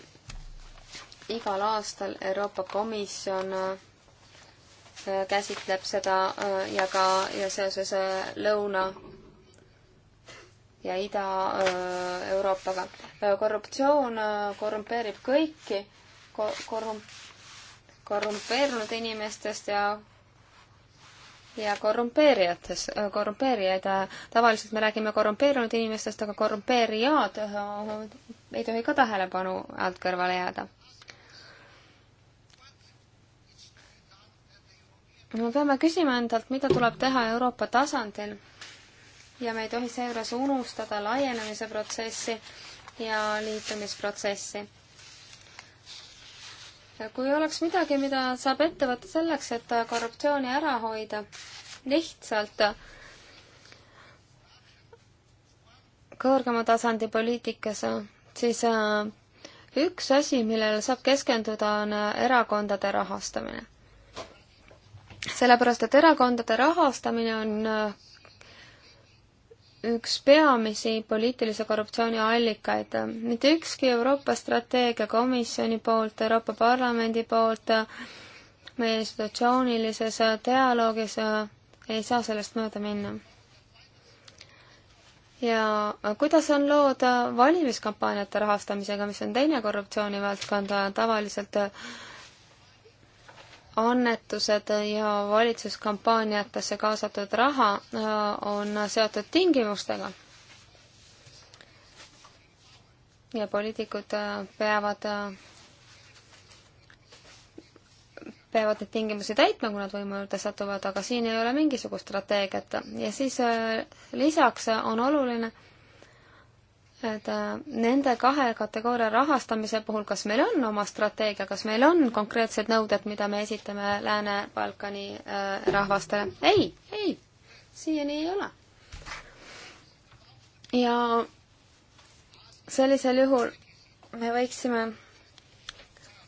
igal aastal Euroopa Komisjon äh, käsitleb seda äh, ja ka ja seoses Lõuna ja Ida-Euroopaga. korruptsioon korrumpeerib kõiki kor, korrum-, korrumpeerunud inimestest ja ja korrumpeerijates, korrumpeerijaid, tavaliselt me räägime korrumpeerunud inimestest, aga korrumpeerijad eh, ei tohi ka tähelepanu alt kõrvale jääda. me peame küsima endalt, mida tuleb teha Euroopa tasandil ja me ei tohi seejuures unustada laienemise protsessi ja liitumisprotsessi kui oleks midagi, mida saab ette võtta selleks, et korruptsiooni ära hoida, lihtsalt kõrgema tasandi poliitikas, siis äh, üks asi, millele saab keskenduda, on äh, erakondade rahastamine. sellepärast, et erakondade rahastamine on äh, üks peamisi poliitilise korruptsiooni allikaid. mitte ükski Euroopa strateegia komisjoni poolt, Euroopa Parlamendi poolt, meie institutsioonilises dialoogis ei saa sellest mööda minna. ja kuidas on lood valimiskampaaniate rahastamisega, mis on teine korruptsioonivaldkond, tavaliselt annetused ja valitsuskampaaniatesse kaasatud raha äh, on seotud tingimustega. ja poliitikud äh, peavad, äh, peavad neid tingimusi täitma, kui nad võimu juurde satuvad, aga siin ei ole mingisugust strateegiat ja siis lisaks on oluline et äh, nende kahe kategooria rahastamise puhul, kas meil on oma strateegia, kas meil on konkreetsed nõuded, mida me esitame Lääne-Balkani äh, rahvastele? ei, ei, siiani ei ole. ja sellisel juhul me võiksime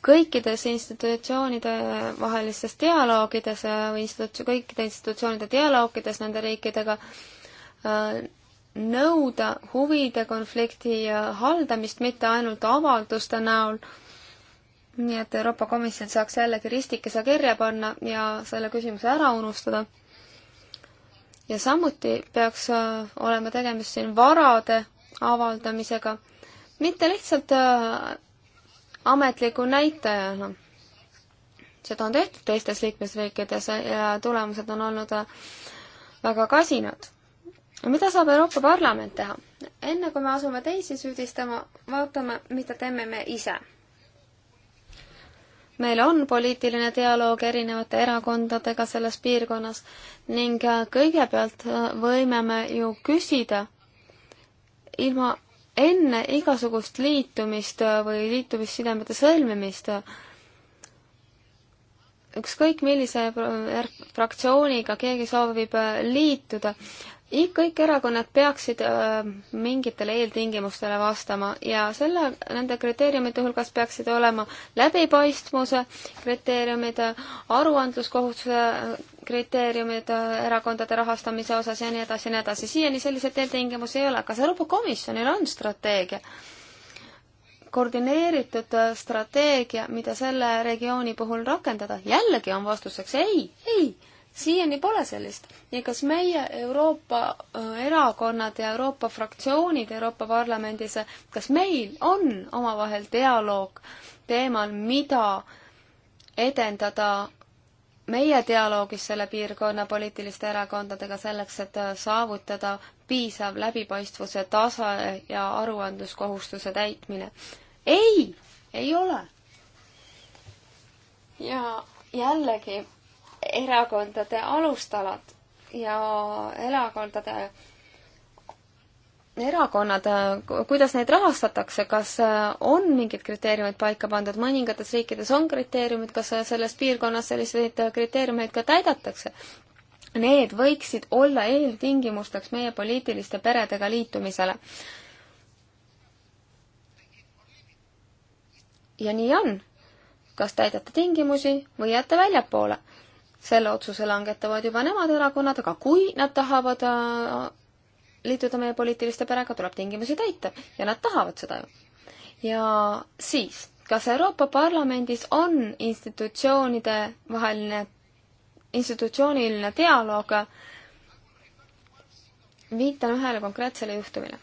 kõikides institutsioonide vahelistes dialoogides või äh, institutsioon, kõikide institutsioonide dialoogides nende riikidega nõuda huvide konflikti haldamist mitte ainult avalduste näol, nii et Euroopa Komisjon saaks jällegi ristikese kirja panna ja selle küsimuse ära unustada. ja samuti peaks äh, olema tegemist siin varade avaldamisega, mitte lihtsalt äh, ametliku näitajana seda on tehtud teistes liikmesriikides ja tulemused on olnud äh, väga kasinad mida saab Euroopa Parlament teha? enne kui me asume teisi süüdistama, vaatame, mida teeme me ise. meil on poliitiline dialoog erinevate erakondadega selles piirkonnas ning äh, kõigepealt äh, võime me ju küsida ilma enne igasugust liitumist äh, või liitumissidemete sõlmimist ükskõik millise er-, fraktsiooniga keegi soovib liituda, kõik erakonnad peaksid öö, äh, mingitele eeltingimustele vastama ja selle, nende kriteeriumite hulgas peaksid olema läbipaistvuse kriteeriumid, aruandluskohustuse kriteeriumid erakondade rahastamise osas ja nii edasi ja nii edasi. siiani selliseid eeltingimusi ei ole. kas Euroopa Komisjonil on strateegia? koordineeritud äh, strateegia, mida selle regiooni puhul rakendada, jällegi on vastuseks ei, ei siiani pole sellist ja kas meie Euroopa erakonnad ja Euroopa fraktsioonid Euroopa Parlamendis, kas meil on omavahel dialoog teemal, mida edendada meie dialoogis selle piirkonna poliitiliste erakondadega selleks, et saavutada piisav läbipaistvuse tase ja aruandluskohustuse täitmine? ei, ei ole. ja jällegi erakondade alustalad ja erakondade erakonnad, kuidas neid rahastatakse, kas äh, on mingid kriteeriumid paika pandud, mõningates riikides on kriteeriumid, kas äh, selles piirkonnas selliseid äh, kriteeriumeid ka täidetakse? Need võiksid olla eeltingimusteks meie poliitiliste peredega liitumisele. ja nii on. kas täidate tingimusi või jääte väljapoole selle otsuse langetavad juba nemad erakonnad, aga kui nad tahavad äh, liituda meie poliitiliste perega, tuleb tingimusi täita ja nad tahavad seda ju. ja siis, kas Euroopa Parlamendis on institutsioonide vaheline, institutsiooniline dialoog, viitan ühele konkreetsele juhtumile,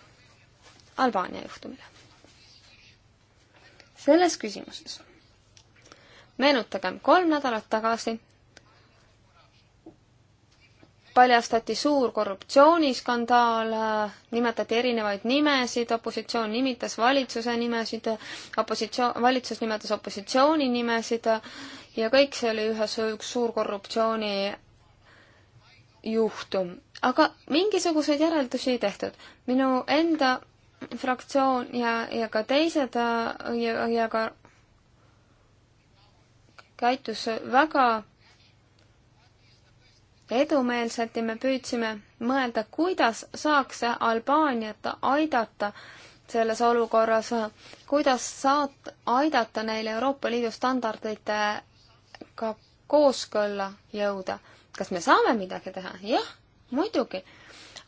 Albaania juhtumile. selles küsimuses meenutagem kolm nädalat tagasi paljastati suur korruptsiooniskandaal, nimetati erinevaid nimesid, opositsioon nimitas valitsuse nimesid, opositsioon, valitsus nimetas opositsiooni nimesid ja kõik see oli ühes üks suur korruptsioonijuhtum. aga mingisuguseid järeldusi ei tehtud. minu enda fraktsioon ja, ja ka teised ja, ja ka käitus väga edumeelselt ja me püüdsime mõelda, kuidas saaks Albaaniat aidata selles olukorras, kuidas saad aidata neil Euroopa Liidu standarditega kooskõlla jõuda. kas me saame midagi teha? jah, muidugi.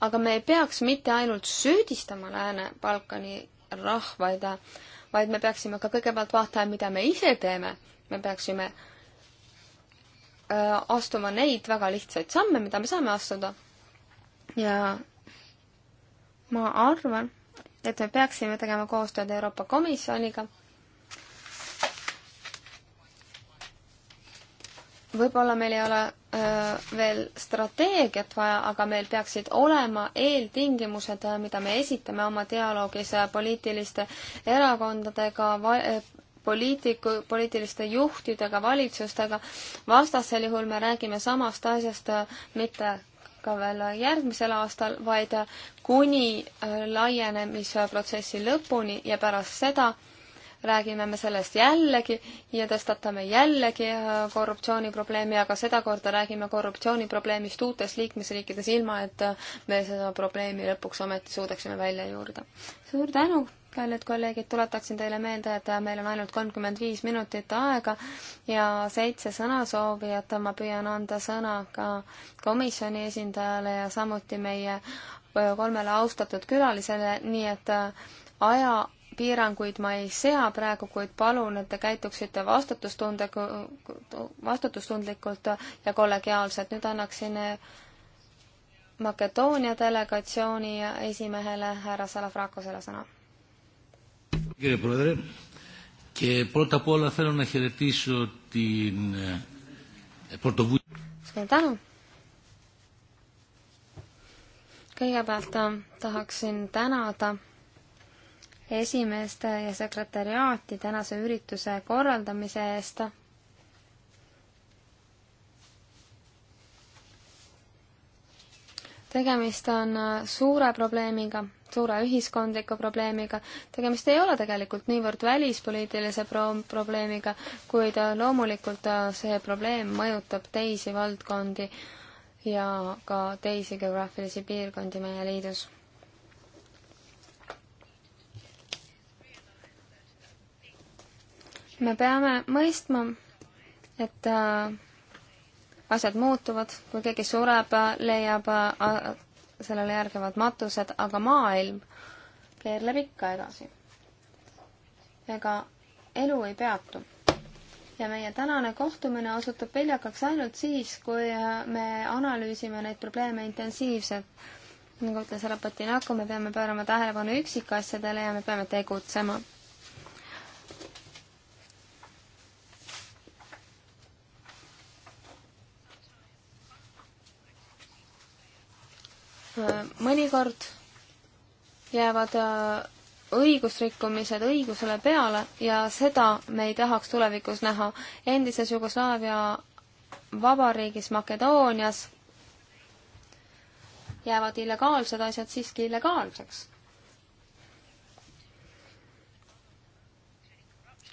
aga me ei peaks mitte ainult süüdistama Lääne-Balkani rahvaid, vaid me peaksime ka kõigepealt vaatama, mida me ise teeme. me peaksime äh, Äh, astuma neid väga lihtsaid samme, mida me saame astuda. ja ma arvan, et me peaksime tegema koostööd Euroopa Komisjoniga. võib-olla meil ei ole öö, äh, veel strateegiat vaja, aga meil peaksid olema eeltingimused, äh, mida me esitame oma dialoogis poliitiliste erakondadega, poliitiku, poliitiliste juhtidega, valitsustega, vastasel juhul me räägime samast asjast äh, mitte ka veel järgmisel aastal, vaid äh, kuni äh, laienemisprotsessi lõpuni ja pärast seda räägime me sellest jällegi ja tõstatame jällegi äh, korruptsiooniprobleemi, aga sedakorda räägime korruptsiooniprobleemist uutes liikmesriikides, ilma et äh, me seda probleemi lõpuks ometi suudaksime välja juurida. suur tänu, kallid kolleegid, tuletaksin teile meelde, et äh, meil on ainult kolmkümmend viis minutit aega ja seitse sõnasoovijat, ma püüan anda sõna ka komisjoni esindajale ja samuti meie kolmele austatud külalisele, nii et aja piiranguid ma ei sea praegu, kuid palun, et te käituksite vastutustundega, vastutustundlikult ja kollegiaalselt. nüüd annaksin Makedoonia delegatsiooni esimehele härra Salafrakosele sõna. Eh, suur tänu kõigepealt eh, tahaksin tänada esimeest ja sekretäriaati tänase ürituse korraldamise eest. tegemist on äh, suure probleemiga, suure ühiskondliku probleemiga, tegemist ei ole tegelikult niivõrd välispoliitilise pro-, probleemiga, kuid äh, loomulikult äh, see probleem mõjutab teisi valdkondi ja ka teisi geograafilisi piirkondi meie liidus me peame mõistma, et äh, asjad muutuvad, kui keegi sureb, leiab äh, sellele järgnevad matused, aga maailm keerleb ikka edasi. ega elu ei peatu. ja meie tänane kohtumine osutub viljakaks ainult siis, kui äh, me analüüsime neid probleeme intensiivselt. nagu ütles härra Patinaku, me peame pöörama tähelepanu üksikasjadele ja me peame tegutsema mõnikord jäävad äh, õigusrikkumised õigusele peale ja seda me ei tahaks tulevikus näha. endises Jugoslaavia vabariigis Makedoonias jäävad illegaalsed asjad siiski illegaalseks.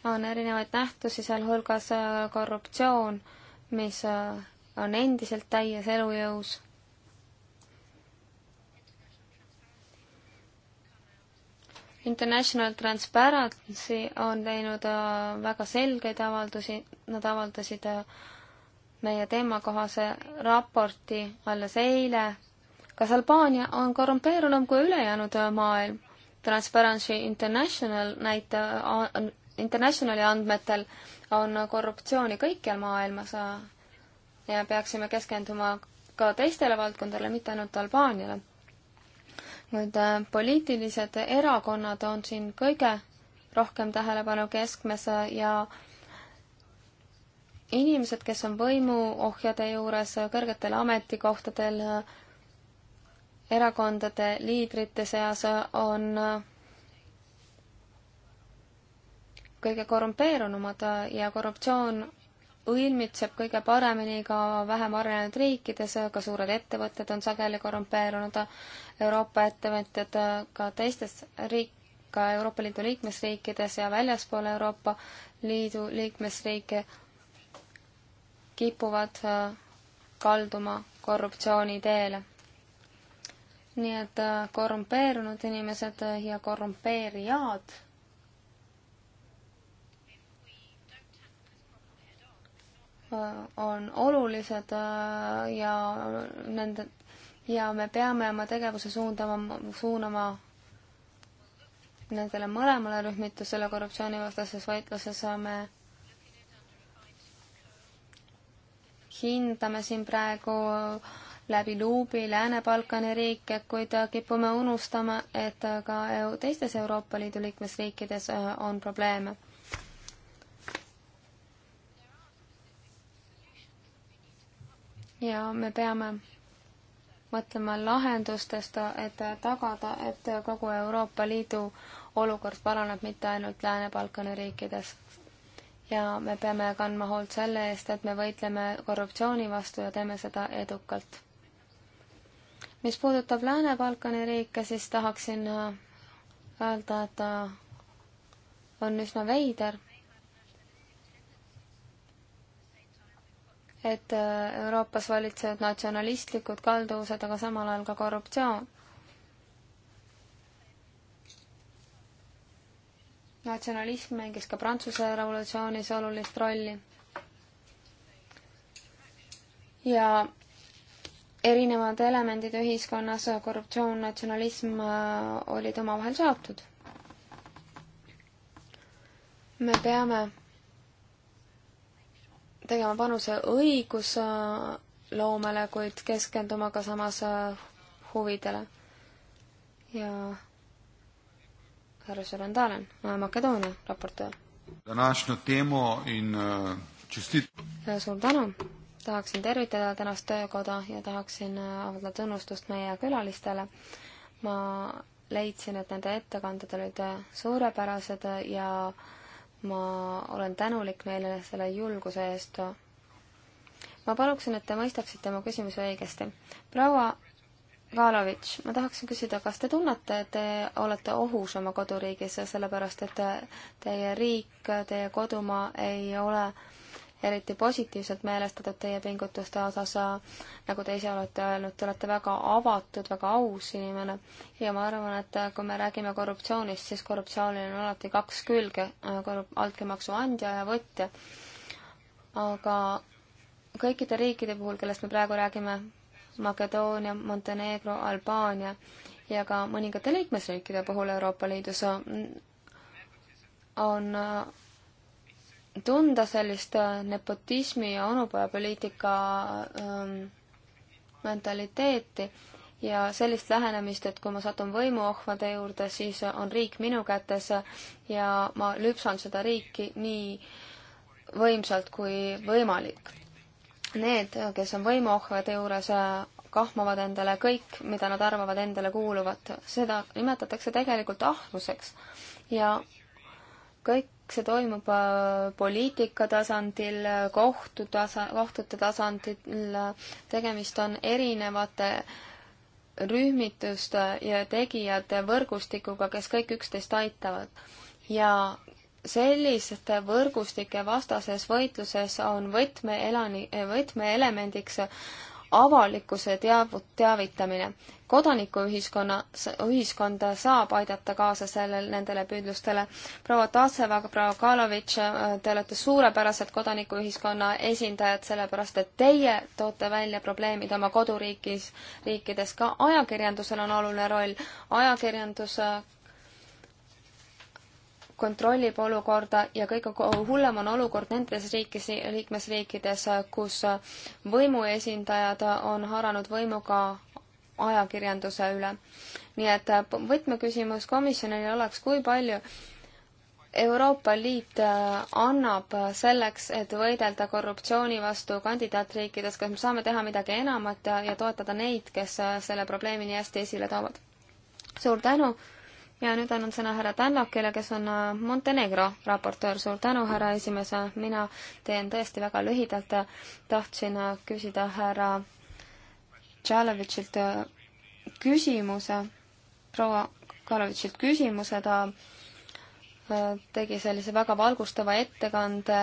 on erinevaid nähtusi, sealhulgas äh, korruptsioon, mis äh, on endiselt täies elujõus International Transparency on teinud äh, väga selgeid avaldusi, nad avaldasid äh, meie teemakohase raporti alles eile. kas Albaania on korrumpeerunum kui ülejäänud äh, maailm? Transparency International näite, Internationali andmetel on korruptsiooni kõikjal maailmas ja peaksime keskenduma ka teistele valdkondadele, mitte ainult Albaaniale kuid äh, poliitilised erakonnad on siin kõige rohkem tähelepanu keskmes äh, ja inimesed, kes on võimuohjade juures, äh, kõrgetel ametikohtadel, erakondade liidrite seas on kõige korrumpeerunumad ja korruptsioon õilmitseb kõige paremini ka vähem arenenud riikides, ka suured ettevõtted on sageli korrumpeerunud, Euroopa ettevõtjad ka teistes riik-, ka Euroopa Liidu liikmesriikides ja väljaspool Euroopa Liidu liikmesriike kipuvad äh, kalduma korruptsiooni teele. nii et äh, korrumpeerunud inimesed ja korrumpeerijad Äh, on olulised äh, ja nende ja me peame oma tegevuse suundama, suunama nendele mõlemale rühmitusele korruptsioonivastases võitluses me hindame siin praegu läbi luubi Lääne-Balkani riike, kuid kipume unustama, et ka teistes Euroopa Liidu liikmesriikides äh, on probleeme. ja me peame mõtlema lahendustest, et tagada, et kogu Euroopa Liidu olukord paraneb mitte ainult Lääne-Balkani riikides. ja me peame kandma hoolt selle eest, et me võitleme korruptsiooni vastu ja teeme seda edukalt. mis puudutab Lääne-Balkani riike, siis tahaksin öelda, et on üsna veider et äh, Euroopas valitsevad natsionalistlikud kalduvused, aga samal ajal ka korruptsioon. natsionalism mängis ka Prantsuse revolutsioonis olulist rolli. ja erinevad elemendid ühiskonnas, korruptsioon, natsionalism äh, olid omavahel seotud. me peame tegema panuse õigusloomele, kuid keskenduma ka samas äh, huvidele. ja härra Šerandalen, äh, Makedoonia raportöör. Äh, suur tänu, tahaksin tervitada tänast töökoda ja tahaksin avaldada tunnustust meie külalistele. ma leidsin, et nende ettekanded olid suurepärased ja äh, ma olen tänulik neile selle julguse eest. ma paluksin, et te mõistaksite mu küsimuse õigesti. proua Kalovitš, ma tahaksin küsida, kas te tunnete, et te olete ohus oma koduriigis, sellepärast et teie riik, teie kodumaa ei ole äh, eriti positiivselt meelestatud teie pingutuste osas. nagu te ise olete öelnud, te olete väga avatud, väga aus inimene ja ma arvan, et kui me räägime korruptsioonist, siis korruptsioonil on alati kaks külge, altkäemaksu andja ja võtja. aga kõikide riikide puhul, kellest me praegu räägime, Makedoonia, Montenegro, Albaania ja ka mõningate liikmesriikide puhul Euroopa Liidus on tunda sellist äh, nepotismi ja onupojapoliitika ähm, mentaliteeti ja sellist lähenemist, et kui ma satun võimuohvade juurde, siis on riik minu kätes ja ma lüpsan seda riiki nii võimsalt kui võimalik. Need, kes on võimuohvade juures, äh, kahmavad endale kõik, mida nad arvavad endale kuuluvat. seda nimetatakse tegelikult ahvuseks ja kõik see toimub äh, poliitika tasandil, kohtu tasa, kohtute tasandil, tegemist on erinevate rühmituste ja tegijate võrgustikuga, kes kõik üksteist aitavad. ja selliste võrgustike vastases võitluses on võtmeelani, võtmeelemendiks avalikkuse teav-, teavitamine. kodanikuühiskonna, ühiskonda saab aidata kaasa sellel, nendele püüdlustele. proua Tatseva, proua Kalovitš, te olete suurepärased kodanikuühiskonna esindajad, sellepärast et teie toote välja probleemid oma koduriigis, riikides ka ajakirjandusel on oluline roll. ajakirjandus kontrollib olukorda ja kõige hullem on olukord nendes riikides, liikmesriikides, kus võimuesindajad on haaranud võimuga ajakirjanduse üle. nii et äh, võtmeküsimus komisjonile oleks, kui palju Euroopa Liit äh, annab selleks, et võidelda korruptsiooni vastu kandidaatriikides, kas me saame teha midagi enamat ja, ja toetada neid, kes äh, selle probleemi nii hästi esile toovad? suur tänu ja nüüd annan sõna härra Tannokile, kes on äh, Montenegro raportöör. suur tänu, härra esimees, mina teen tõesti väga lühidalt. tahtsin äh, küsida härra Tšalovitšilt äh, küsimuse, proua Kalovitšilt küsimuse, ta tegi sellise väga valgustava ettekande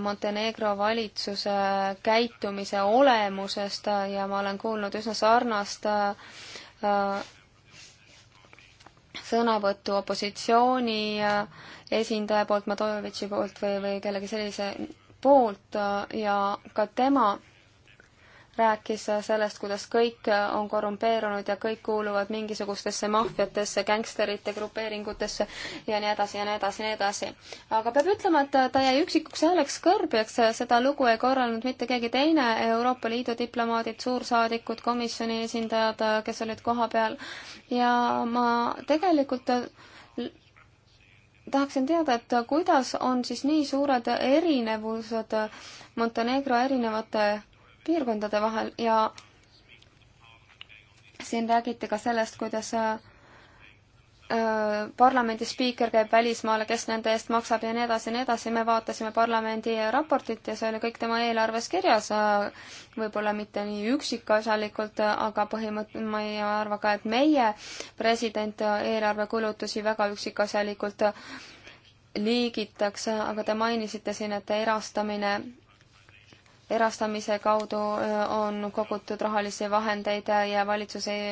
Montenegro valitsuse käitumise olemusest ja ma olen kuulnud üsna sarnast sõnavõttu opositsiooni äh, esindaja poolt, Madojevitši poolt või, või kellegi sellise poolt äh, ja ka tema rääkis sellest, kuidas kõik on korrumpeerunud ja kõik kuuluvad mingisugustesse maffiatesse, gängsterite grupeeringutesse ja nii edasi ja nii edasi ja nii edasi. aga peab ütlema, et ta jäi üksikuks hääleks kõrbjaks, seda lugu ei korraldanud mitte keegi teine, Euroopa Liidu diplomaadid, suursaadikud, komisjoni esindajad, kes olid kohapeal ja ma tegelikult tahaksin teada, et kuidas on siis nii suured erinevused Montenegro erinevate piirkondade vahel ja siin räägiti ka sellest, kuidas äh, äh, parlamendi spiiker käib välismaale, kes nende eest maksab ja nii edasi ja nii edasi, me vaatasime parlamendi raportit ja see oli kõik tema eelarves kirjas, äh, võib-olla mitte nii üksikasjalikult, aga põhimõtt-, ma ei arva ka, et meie president eelarvekulutusi väga üksikasjalikult liigitakse, aga te mainisite siin, et erastamine erastamise kaudu on kogutud rahalisi vahendeid ja valitsus ei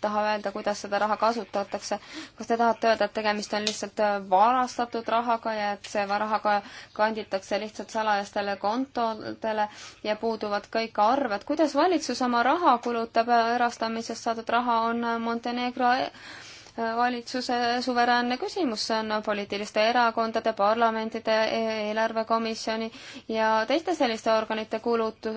taha öelda, kuidas seda raha kasutatakse. kas te tahate öelda, et tegemist on lihtsalt varastatud rahaga ja et see raha ka kanditakse lihtsalt salajastele kontodele ja puuduvad kõik arved? kuidas valitsus oma raha kulutab, erastamisest saadud raha on Montenegro valitsuse suveräänne küsimus, see on poliitiliste erakondade, parlamentide, e-, eelarvekomisjoni ja teiste selliste organite kulut-,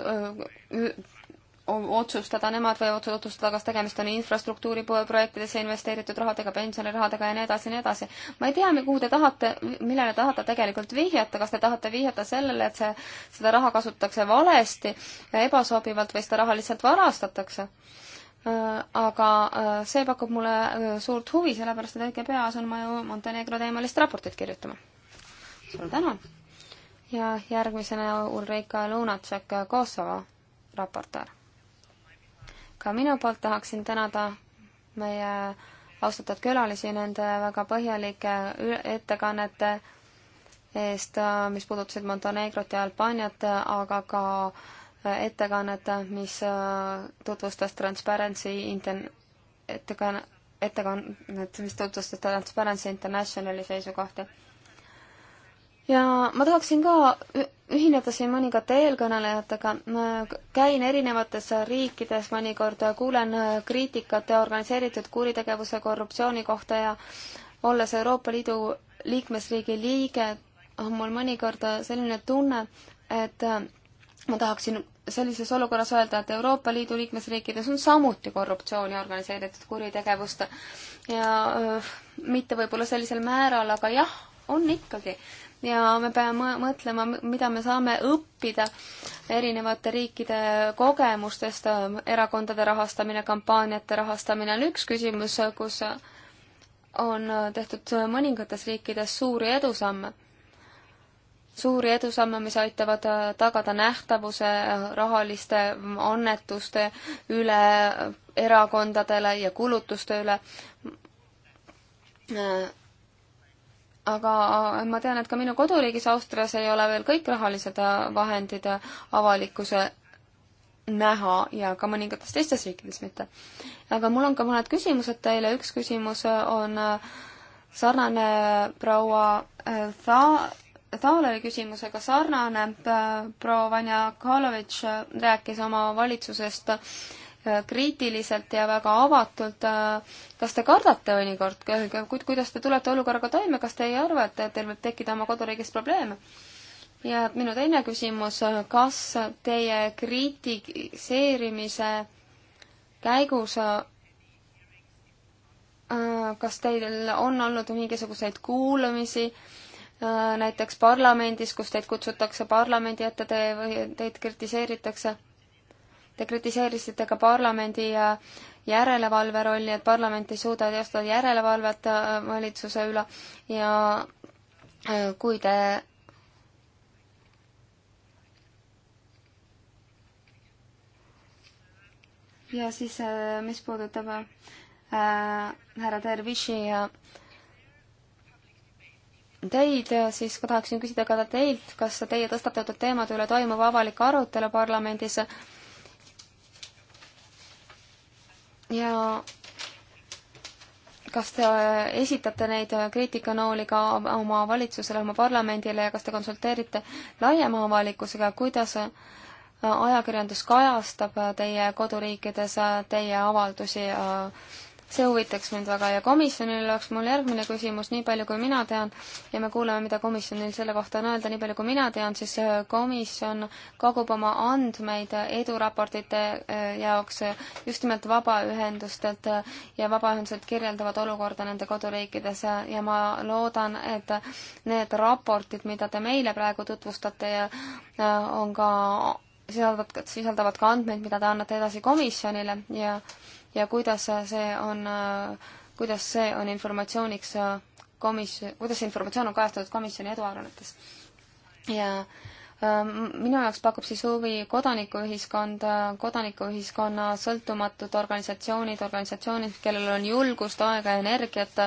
otsustada, nemad võivad otsustada, kas tegemist on infrastruktuuri projektidesse investeeritud rahadega, pensionirahadega ja nii edasi ja nii edasi. ma ei tea, kuhu te tahate, millele tahate tegelikult vihjata, kas te tahate vihjata sellele, et see, seda raha kasutatakse valesti ja ebasobivalt või seda raha lihtsalt varastatakse? Äh, aga äh, see pakub mulle äh, suurt huvi, sellepärast et õige pea asun ma ju Montenegro teemalist raportit kirjutama. suur tänu! ja järgmisena Ulrika Lunatšek, Kosovo raportöör. ka minu poolt tahaksin tänada meie austatud külalisi nende väga põhjalike ettekannete eest, mis puudutasid Montenegrot ja Albaaniat, aga ka äh, ettekannet, mis äh, tutvustas Transparency Inter-, ettekanne, ettekannet, mis tutvustas Transparency Internationali seisukohti. ja ma tahaksin ka ühineda siin mõningate eelkõnelejatega, ma käin erinevates riikides mõnikord, kuulen äh, kriitikat organiseeritud kuritegevuse, korruptsiooni kohta ja olles Euroopa Liidu liikmesriigi liige, on mul mõnikord äh, selline tunne, et ma tahaksin sellises olukorras öelda, et Euroopa Liidu liikmesriikides on samuti korruptsiooni organiseeritud kuritegevust ja äh, mitte võib-olla sellisel määral, aga jah, on ikkagi. ja me peame mõtlema, mida me saame õppida erinevate riikide kogemustest, äh, erakondade rahastamine, kampaaniate rahastamine on üks küsimus, kus on äh, tehtud mõningates riikides suuri edusamme suuri edusamme, mis aitavad äh, tagada nähtavuse äh, rahaliste mm, annetuste üle äh, erakondadele ja kulutuste üle. aga ma tean, et ka minu koduriigis Austrias ei ole veel kõik rahalised vahendid avalikkuse näha ja ka mõningates teistes riikides mitte. aga mul on ka mõned küsimused teile, üks küsimus on sarnane proua Tha-, Taaleri küsimusega sarnane. Äh, proua Vanja Kalovitš äh, rääkis oma valitsusest äh, kriitiliselt ja väga avatult. kas te kardate mõnikord, kuidas te tulete olukorraga toime, kas te ei arva, et teil võib tekkida oma koduriigis probleeme? ja minu teine küsimus, kas teie kritiseerimise käigus kas teil on olnud mingisuguseid kuulamisi äh, Äh, näiteks parlamendis, kus teid kutsutakse parlamendi ette, te, või teid kritiseeritakse. Te kritiseerisite ka parlamendi äh, järelevalve rolli, et parlament ei suuda teostada järelevalvet äh, valitsuse üle ja kui te ja siis, mis puudutab härra äh, Dervishi ja äh, teid, siis ka tahaksin küsida ka teilt, kas teie tõstatatud teemade üle toimuv avalik arutelu parlamendis ja kas te esitate neid kriitikanooli ka oma valitsusele, oma parlamendile ja kas te konsulteerite laiema avalikkusega, kuidas ajakirjandus kajastab teie koduriikides teie avaldusi see huvitaks mind väga ja komisjonil oleks mul järgmine küsimus, nii palju kui mina tean, ja me kuuleme, mida komisjonil selle kohta on öelda, nii palju kui mina tean, siis äh, komisjon kogub oma andmeid äh, eduraportite äh, jaoks just nimelt vabaühendustelt ja vabaühendused kirjeldavad olukorda nende koduriikides ja ma loodan, et need raportid, mida te meile praegu tutvustate, on ka sisaldavad, sisaldavad ka andmeid, mida te annate edasi komisjonile ja ja kuidas see on, kuidas see on informatsiooniks äh, komis-, kuidas see informatsioon on kajastatud komisjoni eduaruannetes. ja ähm, minu jaoks pakub siis huvi kodanikuühiskond, kodanikuühiskonna sõltumatud organisatsioonid, organisatsioonid, kellel on julgust, aega ja energiat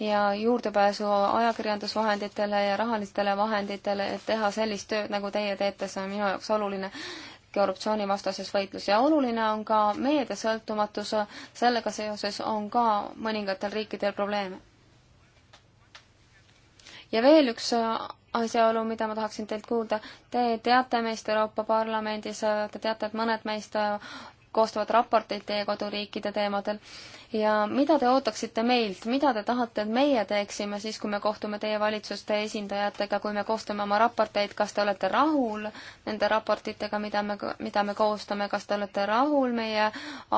ja juurdepääsu ajakirjandusvahenditele ja rahalistele vahenditele, et teha sellist tööd, nagu teie teete, see on minu jaoks oluline korruptsioonivastases võitlus ja oluline on ka meedia sõltumatus, sellega seoses on ka mõningatel riikidel probleeme. ja veel üks asjaolu, mida ma tahaksin teilt kuulda. Te teate meist Euroopa Parlamendis, te teate, et mõned meist koostavad raporteid teie koduriikide teemadel ja mida te ootaksite meilt, mida te tahate, et meie teeksime siis, kui me kohtume teie valitsuste esindajatega, kui me koostame oma raporteid, kas te olete rahul nende raportitega, mida me, mida me koostame, kas te olete rahul meie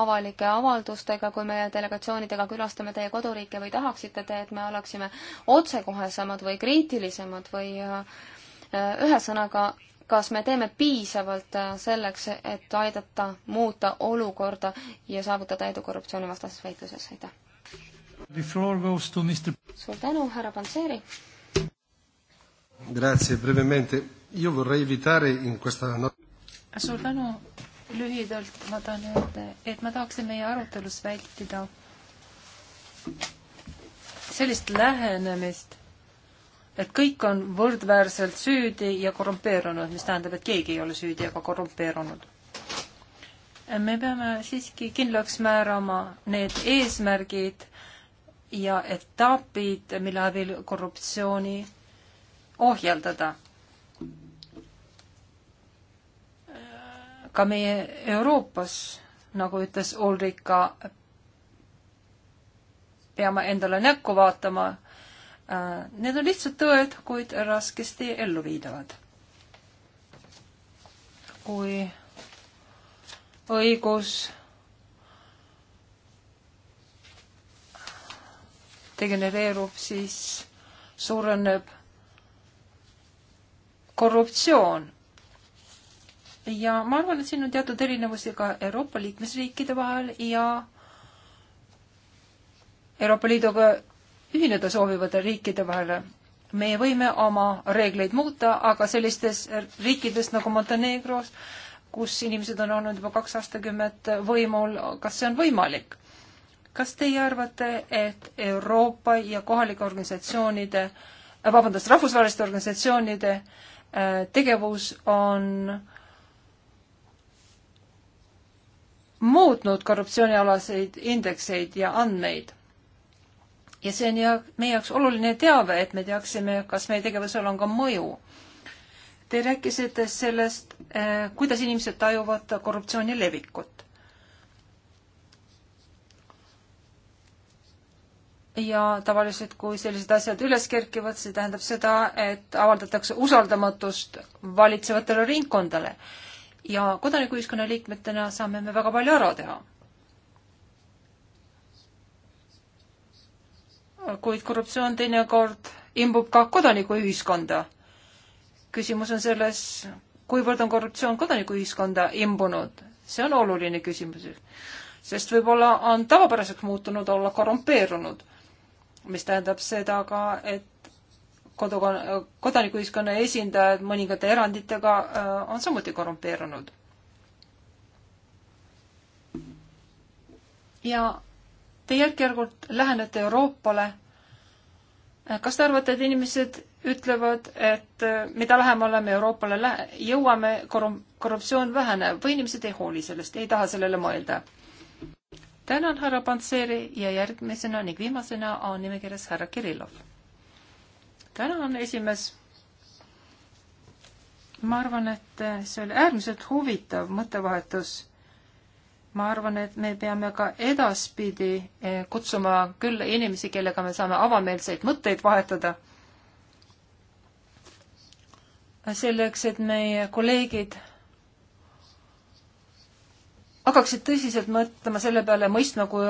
avalike avaldustega, kui me delegatsioonidega külastame teie koduriike või tahaksite te, et me oleksime otsekohesemad või kriitilisemad või äh, ühesõnaga kas me teeme piisavalt äh, selleks, et aidata muuta olukorda ja saavutada edu korruptsioonivastases võitluses, aitäh! suur tänu, härra Panseri! Grazie, brevemente. Io vorrei evitare in questa no-... suur tänu, lühidalt ma tahan öelda, et ma tahaksin meie arutelus vältida sellist lähenemist et kõik on võrdväärselt süüdi ja korrumpeerunud, mis tähendab, et keegi ei ole süüdi ega korrumpeerunud. me peame siiski kindlaks määrama need eesmärgid ja etapid, mille abil korruptsiooni ohjeldada. ka meie Euroopas, nagu ütles Ulrika, peame endale näkku vaatama Äh, need on lihtsad tõed, kuid raskesti elluviidavad. kui õigus degenereerub, siis suureneb korruptsioon. ja ma arvan, et siin on teatud erinevusi ka Euroopa liikmesriikide vahel ja Euroopa Liiduga ühineda soovivate riikide vahele. meie võime oma reegleid muuta, aga sellistes riikides nagu Montenegros, kus inimesed on olnud juba kaks aastakümmet võimul, kas see on võimalik? kas teie arvate, et Euroopa ja kohalike organisatsioonide, vabandust, rahvusvaheliste organisatsioonide äh, tegevus on muutnud korruptsioonialaseid indekseid ja andmeid? ja see on ja meie jaoks oluline teave, et me teaksime, kas meie tegevusel on ka mõju. Te rääkisite sellest, eh, kuidas inimesed tajuvad korruptsiooni levikut. ja tavaliselt, kui sellised asjad üles kerkivad, see tähendab seda, et avaldatakse usaldamatust valitsevatele ringkondadele. ja kodanikuühiskonna liikmetena saame me väga palju ära teha kuid korruptsioon teinekord imbub ka kodanikuühiskonda. küsimus on selles, kuivõrd on korruptsioon kodanikuühiskonda imbunud, see on oluline küsimus, sest võib-olla on tavapäraseks muutunud olla korrumpeerunud, mis tähendab seda ka, et kodukon-, kodanikuühiskonna esindajad mõningate eranditega äh, on samuti korrumpeerunud. ja Te järk-järgult lähenete Euroopale. kas te arvate, et inimesed ütlevad, et äh, mida lähemale me Euroopale lähe-, jõuame, korrup-, korruptsioon väheneb või inimesed ei hooli sellest, ei taha sellele mõelda? tänan, härra Pantseri ja järgmisena ning viimasena on nimekirjas härra Kirillov. tänan, esimees. ma arvan, et äh, see oli äärmiselt huvitav mõttevahetus ma arvan, et me peame ka edaspidi eh, kutsuma külla inimesi, kellega me saame avameelseid mõtteid vahetada. selleks, et meie kolleegid hakkaksid tõsiselt mõtlema selle peale, mõistma, kui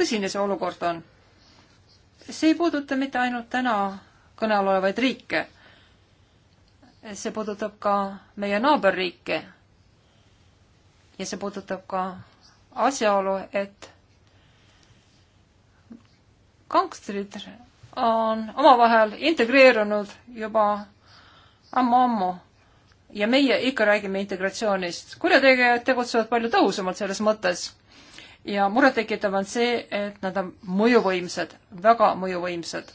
tõsine see olukord on. see ei puuduta mitte ainult täna kõne all olevaid riike. see puudutab ka meie naaberriike ja see puudutab ka asjaolu, et gangstrid on omavahel integreerunud juba ammu-ammu ja meie ikka räägime integratsioonist. kurjategijad tegutsevad palju tõhusamalt selles mõttes ja murettekitav on see, et nad on mõjuvõimsad, väga mõjuvõimsad.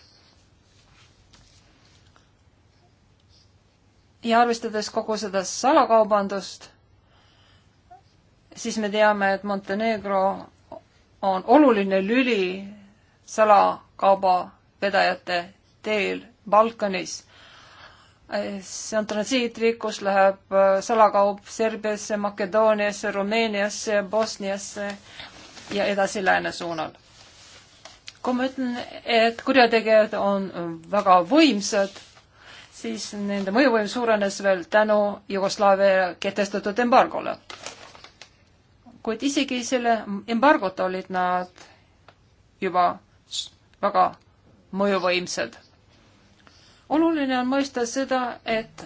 ja arvestades kogu seda salakaubandust siis me teame, et Montenegro on oluline lüli salakaubavedajate teel Balkanis. see on transiitriik, kus läheb äh, salakaup Serbiasse, Makedooniasse, Rumeeniasse, Bosniasse ja edasi lääne suunal. kui ma ütlen, et kurjategijad on väga võimsad, siis nende mõjuvõim suurenes veel tänu Jugoslaavia kehtestatud embargole kuid isegi selle embargot olid nad juba väga mõjuvõimsad. oluline on mõista seda, et,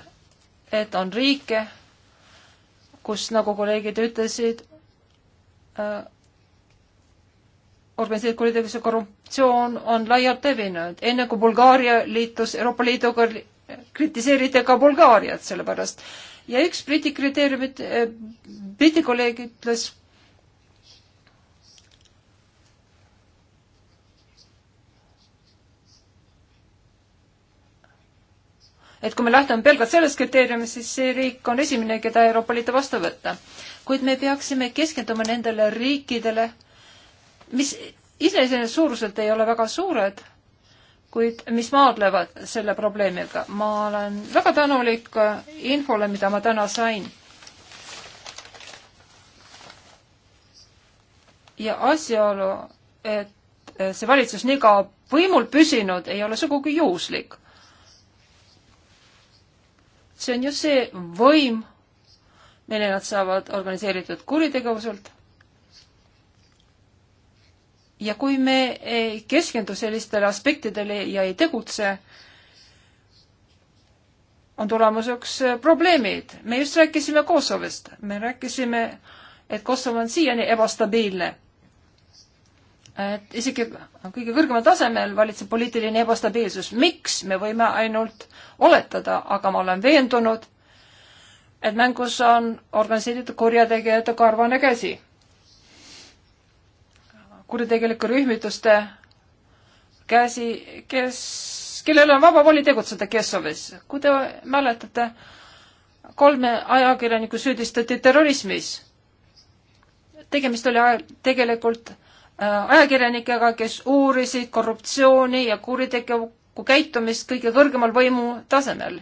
et on riike, kus, nagu kolleegid ütlesid äh,, organiseeritud kuritegevus ja korruptsioon on laialt levinud. enne kui Bulgaaria liitus Euroopa Liiduga, kritiseeriti ka Bulgaariat selle pärast. ja üks Briti kriteeriumit äh,, Briti kolleeg ütles et kui me lähtume pelgalt sellest kriteeriumist, siis see riik on esimene, keda Euroopa Liitu vastu võtta. kuid me peaksime keskenduma nendele riikidele, mis iseenesest suuruselt ei ole väga suured, kuid mis maadlevad selle probleemiga. ma olen väga tänulik infole, mida ma täna sain. ja asjaolu, et see valitsus nii kaua võimul püsinud, ei ole sugugi juhuslik see on just see võim, mille nad saavad organiseeritud kuritegevuselt. ja kui me ei keskendu sellistele aspektidele ja ei tegutse, on tulemuseks probleemid. me just rääkisime Kosovost, me rääkisime, et Kosovo on siiani ebastabiilne et isegi kõige kõrgemal tasemel valitseb poliitiline ebastabiilsus. miks, me võime ainult oletada, aga ma olen veendunud, et mängus on organiseeritud kurjategijate karvane käsi. kuritegelike rühmituste käsi, kes, kellel on vaba voli tegutseda Kessovis. kui te mäletate, kolme ajakirjanikku süüdistati terrorismis. tegemist oli tegelikult Äh, ajakirjanikega, kes uurisid korruptsiooni ja kuritegelikku käitumist kõige kõrgemal võimu tasemel.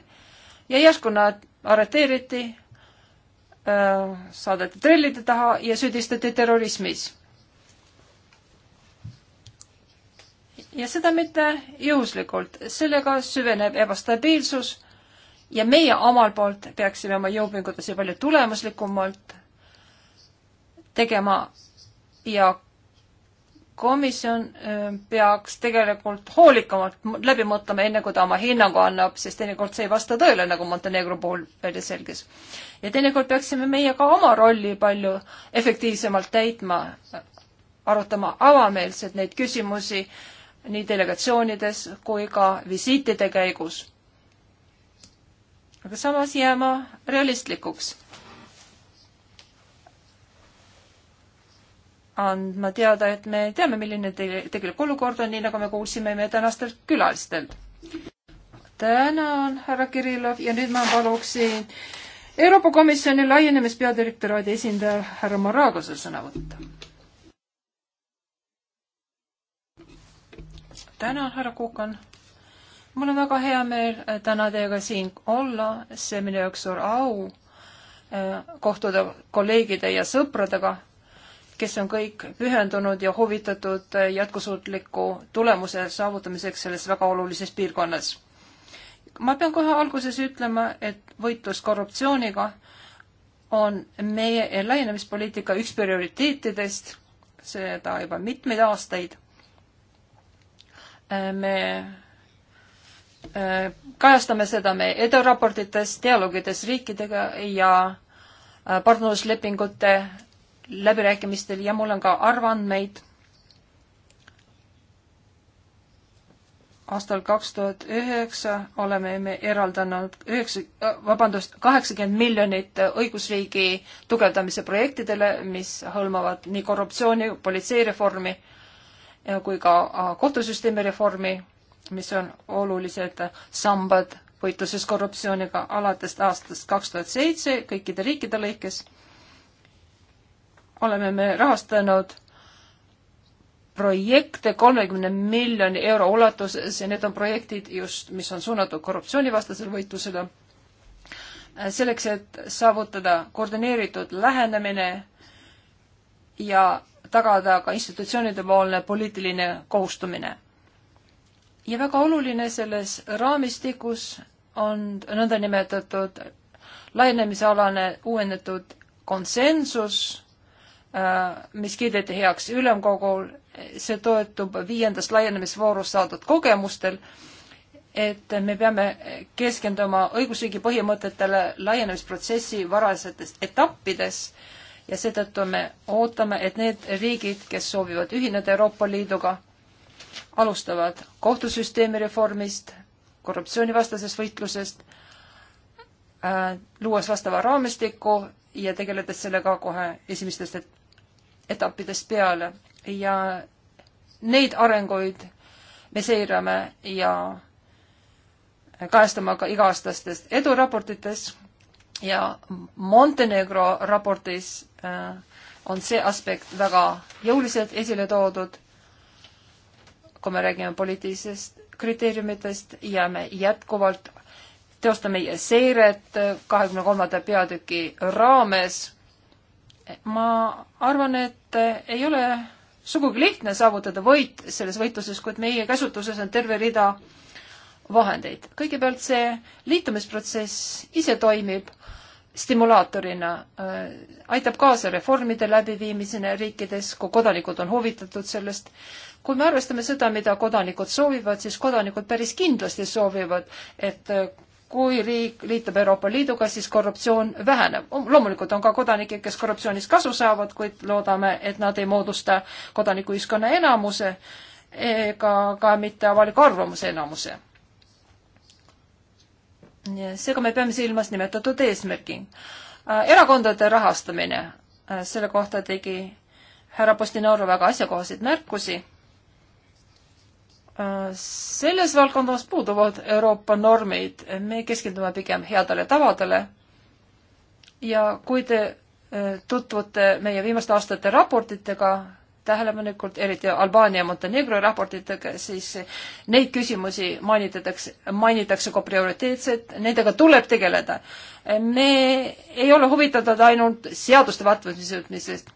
ja järsku nad arreteeriti, äh, saadeti trellide taha ja süüdistati terrorismis. ja seda mitte juhuslikult, sellega süveneb ebastabiilsus ja meie omalt poolt peaksime oma jõupingutusi palju tulemuslikumalt tegema ja komisjon peaks tegelikult hoolikamalt läbi mõtlema, enne kui ta oma hinnangu annab, sest teinekord see ei vasta tõele, nagu Montenegro puhul välja selgis. ja teinekord peaksime meie ka oma rolli palju efektiivsemalt täitma, arutama avameelselt neid küsimusi nii delegatsioonides kui ka visiitide käigus. aga samas jääma realistlikuks andma teada, et me teame, milline te tegelik olukord on, nii nagu me kuulsime meie tänastelt külalistelt. tänan, härra Kirillov ja nüüd ma paluksin Euroopa Komisjoni laienemispeadirektoraadi esindaja härra Maragosel sõna võtta. tänan, härra Kukan. mul on väga hea meel äh, täna teiega siin olla, see minu jaoks on au äh, kohtuda kolleegide ja sõpradega kes on kõik pühendunud ja huvitatud jätkusuutliku tulemuse saavutamiseks selles väga olulises piirkonnas. ma pean kohe alguses ütlema, et võitlus korruptsiooniga on meie laienemispoliitika üks prioriteetidest, seda juba mitmeid aastaid. me e, kajastame seda meie eduraportites, dialoogides riikidega ja e, partnerluslepingute läbirääkimistel ja mul on ka arvandmeid aastal kaks tuhat üheksa oleme me eraldanud üheksa, äh, vabandust, kaheksakümmend miljonit õigusriigi tugevdamise projektidele, mis hõlmavad nii korruptsiooni, politseireformi äh, kui ka äh, kohtusüsteemi reformi, mis on olulised sambad võitluses korruptsiooniga alates aastast kaks tuhat seitse kõikide riikide lõikes oleme me rahastanud projekte kolmekümne miljoni euro ulatuses ja need on projektid just, mis on suunatud korruptsioonivastasele võitlusele, selleks, et saavutada koordineeritud lähenemine ja tagada ka institutsioonide poolne poliitiline kohustumine. ja väga oluline selles raamistikus on nõndanimetatud laienemisealane uuendatud konsensus Äh, mis kiideti heaks ülemkogul, see toetub viiendast laienemisvoorust saadud kogemustel, et me peame keskenduma õigusriigi põhimõtetele laienemisprotsessi varasetes etappides ja seetõttu me ootame, et need riigid, kes soovivad ühineda Euroopa Liiduga, alustavad kohtusüsteemi reformist, korruptsioonivastasest võitlusest äh,, luues vastava raamistiku ja tegeledes sellega kohe esimestest etappidest peale ja neid arenguid me seirame ja kajastame ka iga-aastastes eduraportites ja Montenegro raportis äh, on see aspekt väga jõuliselt esile toodud, kui me räägime poliitilisest kriteeriumitest ja me jätkuvalt teostame seiret kahekümne kolmanda peatüki raames ma arvan, et ei ole sugugi lihtne saavutada võit selles võitluses, kuid meie käsutuses on terve rida vahendeid. kõigepealt see liitumisprotsess ise toimib stimulaatorina äh,, aitab kaasa reformide läbiviimisele riikides, kui kodanikud on huvitatud sellest. kui me arvestame seda, mida kodanikud soovivad, siis kodanikud päris kindlasti soovivad, et äh, kui riik liitub Euroopa Liiduga, siis korruptsioon väheneb. loomulikult on ka kodanikke, kes korruptsioonist kasu saavad, kuid loodame, et nad ei moodusta kodanikuühiskonna enamuse ega ka mitte avaliku arvamuse enamuse. seega me peame silmas nimetatud eesmärgi. Äh, erakondade rahastamine, äh, selle kohta tegi härra Postinaro väga asjakohaseid märkusi selles valdkonnas puuduvad Euroopa normid, me keskendume pigem headele tavadele. ja kui te eh, tutvute meie viimaste aastate raportitega, tähelepanelikult, eriti Albaania ja Montenegro raportitega, siis neid küsimusi mainitakse, mainitakse kui prioriteetsed, nendega tuleb tegeleda. me ei ole huvitatud ainult seaduste vastuvõtmisest,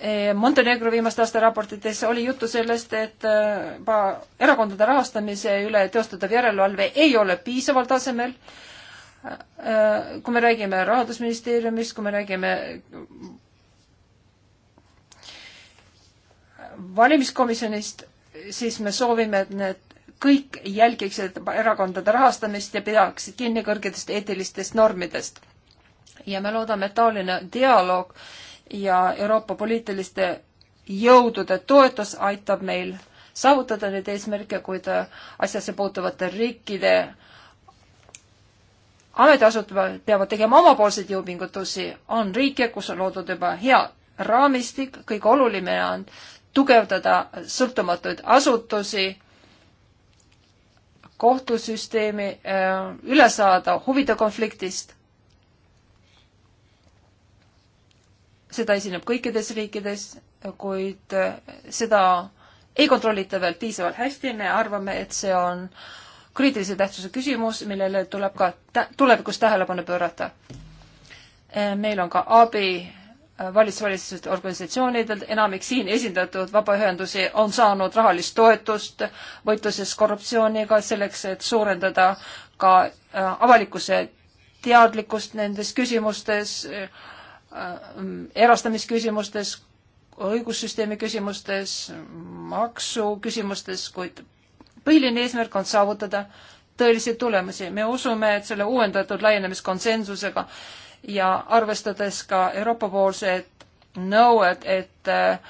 Eh, Montenegro viimaste aasta raportites oli juttu sellest, et eh, erakondade rahastamise üle teostatav järelevalve ei ole piisaval tasemel. Eh, kui me räägime Rahandusministeeriumist, kui me räägime valimiskomisjonist, siis me soovime, et need kõik jälgiksid erakondade rahastamist ja peaksid kinni kõrgetest eetilistest normidest. ja me loodame, et taoline dialoog äh, ja Euroopa poliitiliste jõudude toetus aitab meil saavutada neid eesmärke, kuid asjasse puutuvate riikide ametiasutused peavad tegema omapoolseid jõupingutusi, on riike, kus on loodud juba hea raamistik, kõige oluline on tugevdada sõltumatuid asutusi, kohtusüsteemi, äh, üle saada huvide konfliktist seda esineb kõikides riikides, kuid äh, seda ei kontrollita veel piisavalt hästi, me arvame, et see on kriitilise tähtsuse küsimus, millele tuleb ka tä tulevikus tähelepanu pöörata. Äh, meil on ka abi äh, valitsusvalitsused organisatsioonidelt, enamik siin esindatud vabaühendusi on saanud rahalist toetust võitluses korruptsiooniga selleks, et suurendada ka avalikkuse teadlikkust nendes küsimustes äh, Äh, mm, erastamisküsimustes, õigussüsteemi küsimustes, maksuküsimustes, kuid põhiline eesmärk on saavutada tõelisi tulemusi. me usume, et selle uuendatud laienemiskonsensusega ja arvestades ka Euroopa-poolset nõuet, et äh,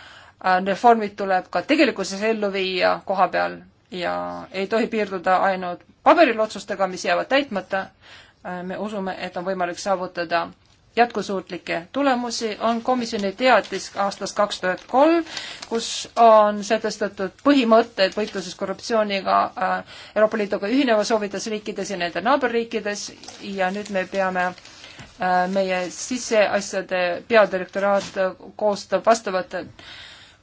reformid tuleb ka tegelikkuses ellu viia koha peal ja ei tohi piirduda ainult paberil otsustega, mis jäävad täitmata, äh, me usume, et on võimalik saavutada jätkusuutlikke tulemusi, on komisjoni teatis aastast kaks tuhat kolm, kus on sätestatud põhimõtted võitluses korruptsiooniga äh, Euroopa Liiduga ühineva soovides riikides ja nende naaberriikides ja nüüd me peame äh, meie siseasjade peadirektoraat koostab vastavat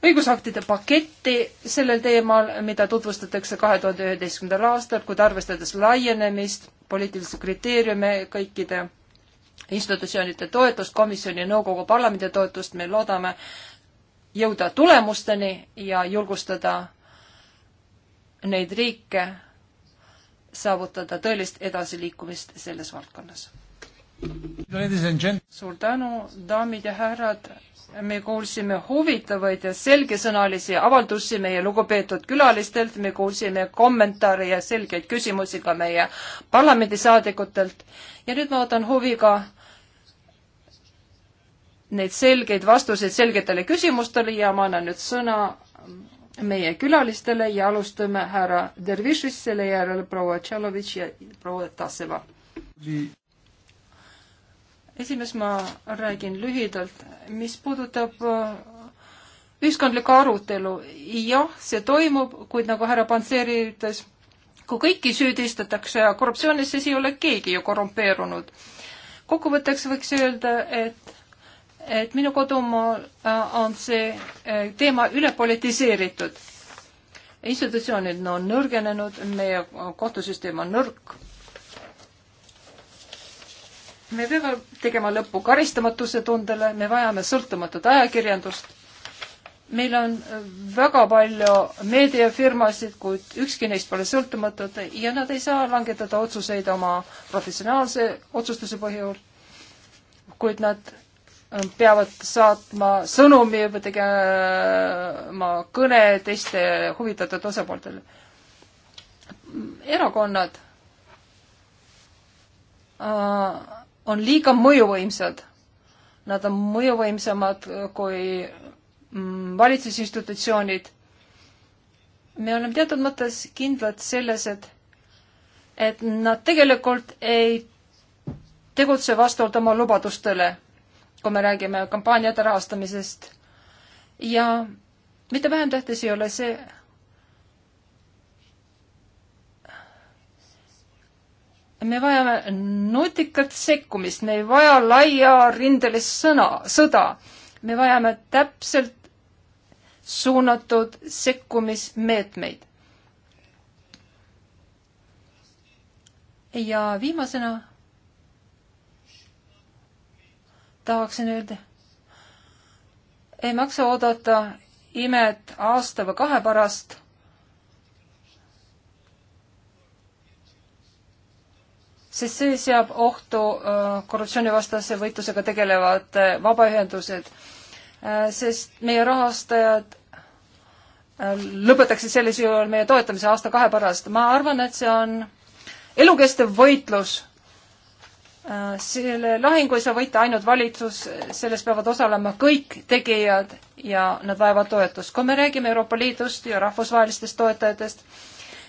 õigusaktide paketti sellel teemal, mida tutvustatakse kahe tuhande üheteistkümnendal aastal, kuid arvestades laienemist, poliitilisi kriteeriume kõikide institutsioonide toetust, komisjoni, nõukogu, parlamendi toetust, me loodame jõuda tulemusteni ja julgustada neid riike saavutada tõelist edasiliikumist selles valdkonnas. suur tänu, daamid ja härrad, me kuulsime huvitavaid ja selgesõnalisi avaldusi meie lugupeetud külalistelt, me kuulsime kommentaare ja selgeid küsimusi ka meie parlamendisaadikutelt ja nüüd ma ootan huviga neid selgeid vastuseid selgetele küsimustele ja ma annan nüüd sõna meie külalistele ja alustame härra Dervišist, selle järel proua Tšalovitš ja proua Tasseva. esimees, ma räägin lühidalt, mis puudutab äh, ühiskondlikku arutelu, jah, see toimub, kuid nagu härra Panseri ütles, kui kõiki süüdistatakse korruptsioonis, siis ei ole keegi ju korrumpeerunud. kokkuvõtteks võiks öelda, et et minu kodumaal äh, on see äh, teema üle politiseeritud. institutsioonid on nõrgenenud, meie äh, kohtusüsteem on nõrk. me peame tegema lõppu karistamatuse tundele, me vajame sõltumatut ajakirjandust. meil on väga palju meediafirmasid, kuid ükski neist pole sõltumatud ja nad ei saa langetada otsuseid oma professionaalse otsustuse põhjul, kuid nad peavad saatma sõnumi või tegema kõne teiste huvitatud osapooltele. erakonnad äh, on liiga mõjuvõimsad. Nad on mõjuvõimsamad kui mm, valitsusinstitutsioonid. me oleme teatud mõttes kindlad selles, et, et nad tegelikult ei tegutse vastavalt oma lubadustele kui me räägime kampaaniate rahastamisest. ja mitte vähem tähtis ei ole see, me vajame nutikat sekkumist, me ei vaja laiarindelist sõna, sõda. me vajame täpselt suunatud sekkumismeetmeid. ja viimasena tahaksin öelda, ei maksa oodata imet aasta või kahe pärast. sest see seab ohtu äh, korruptsioonivastase võitlusega tegelevad äh, vabaühendused, äh, sest meie rahastajad lõpetaksid sellisel juhul meie toetamise aasta-kahe pärast. ma arvan, et see on elukestev võitlus selle lahingu ei saa võita ainult valitsus, selles peavad osalema kõik tegijad ja nad vajavad toetust. kui me räägime Euroopa Liidust ja rahvusvahelistest toetajatest,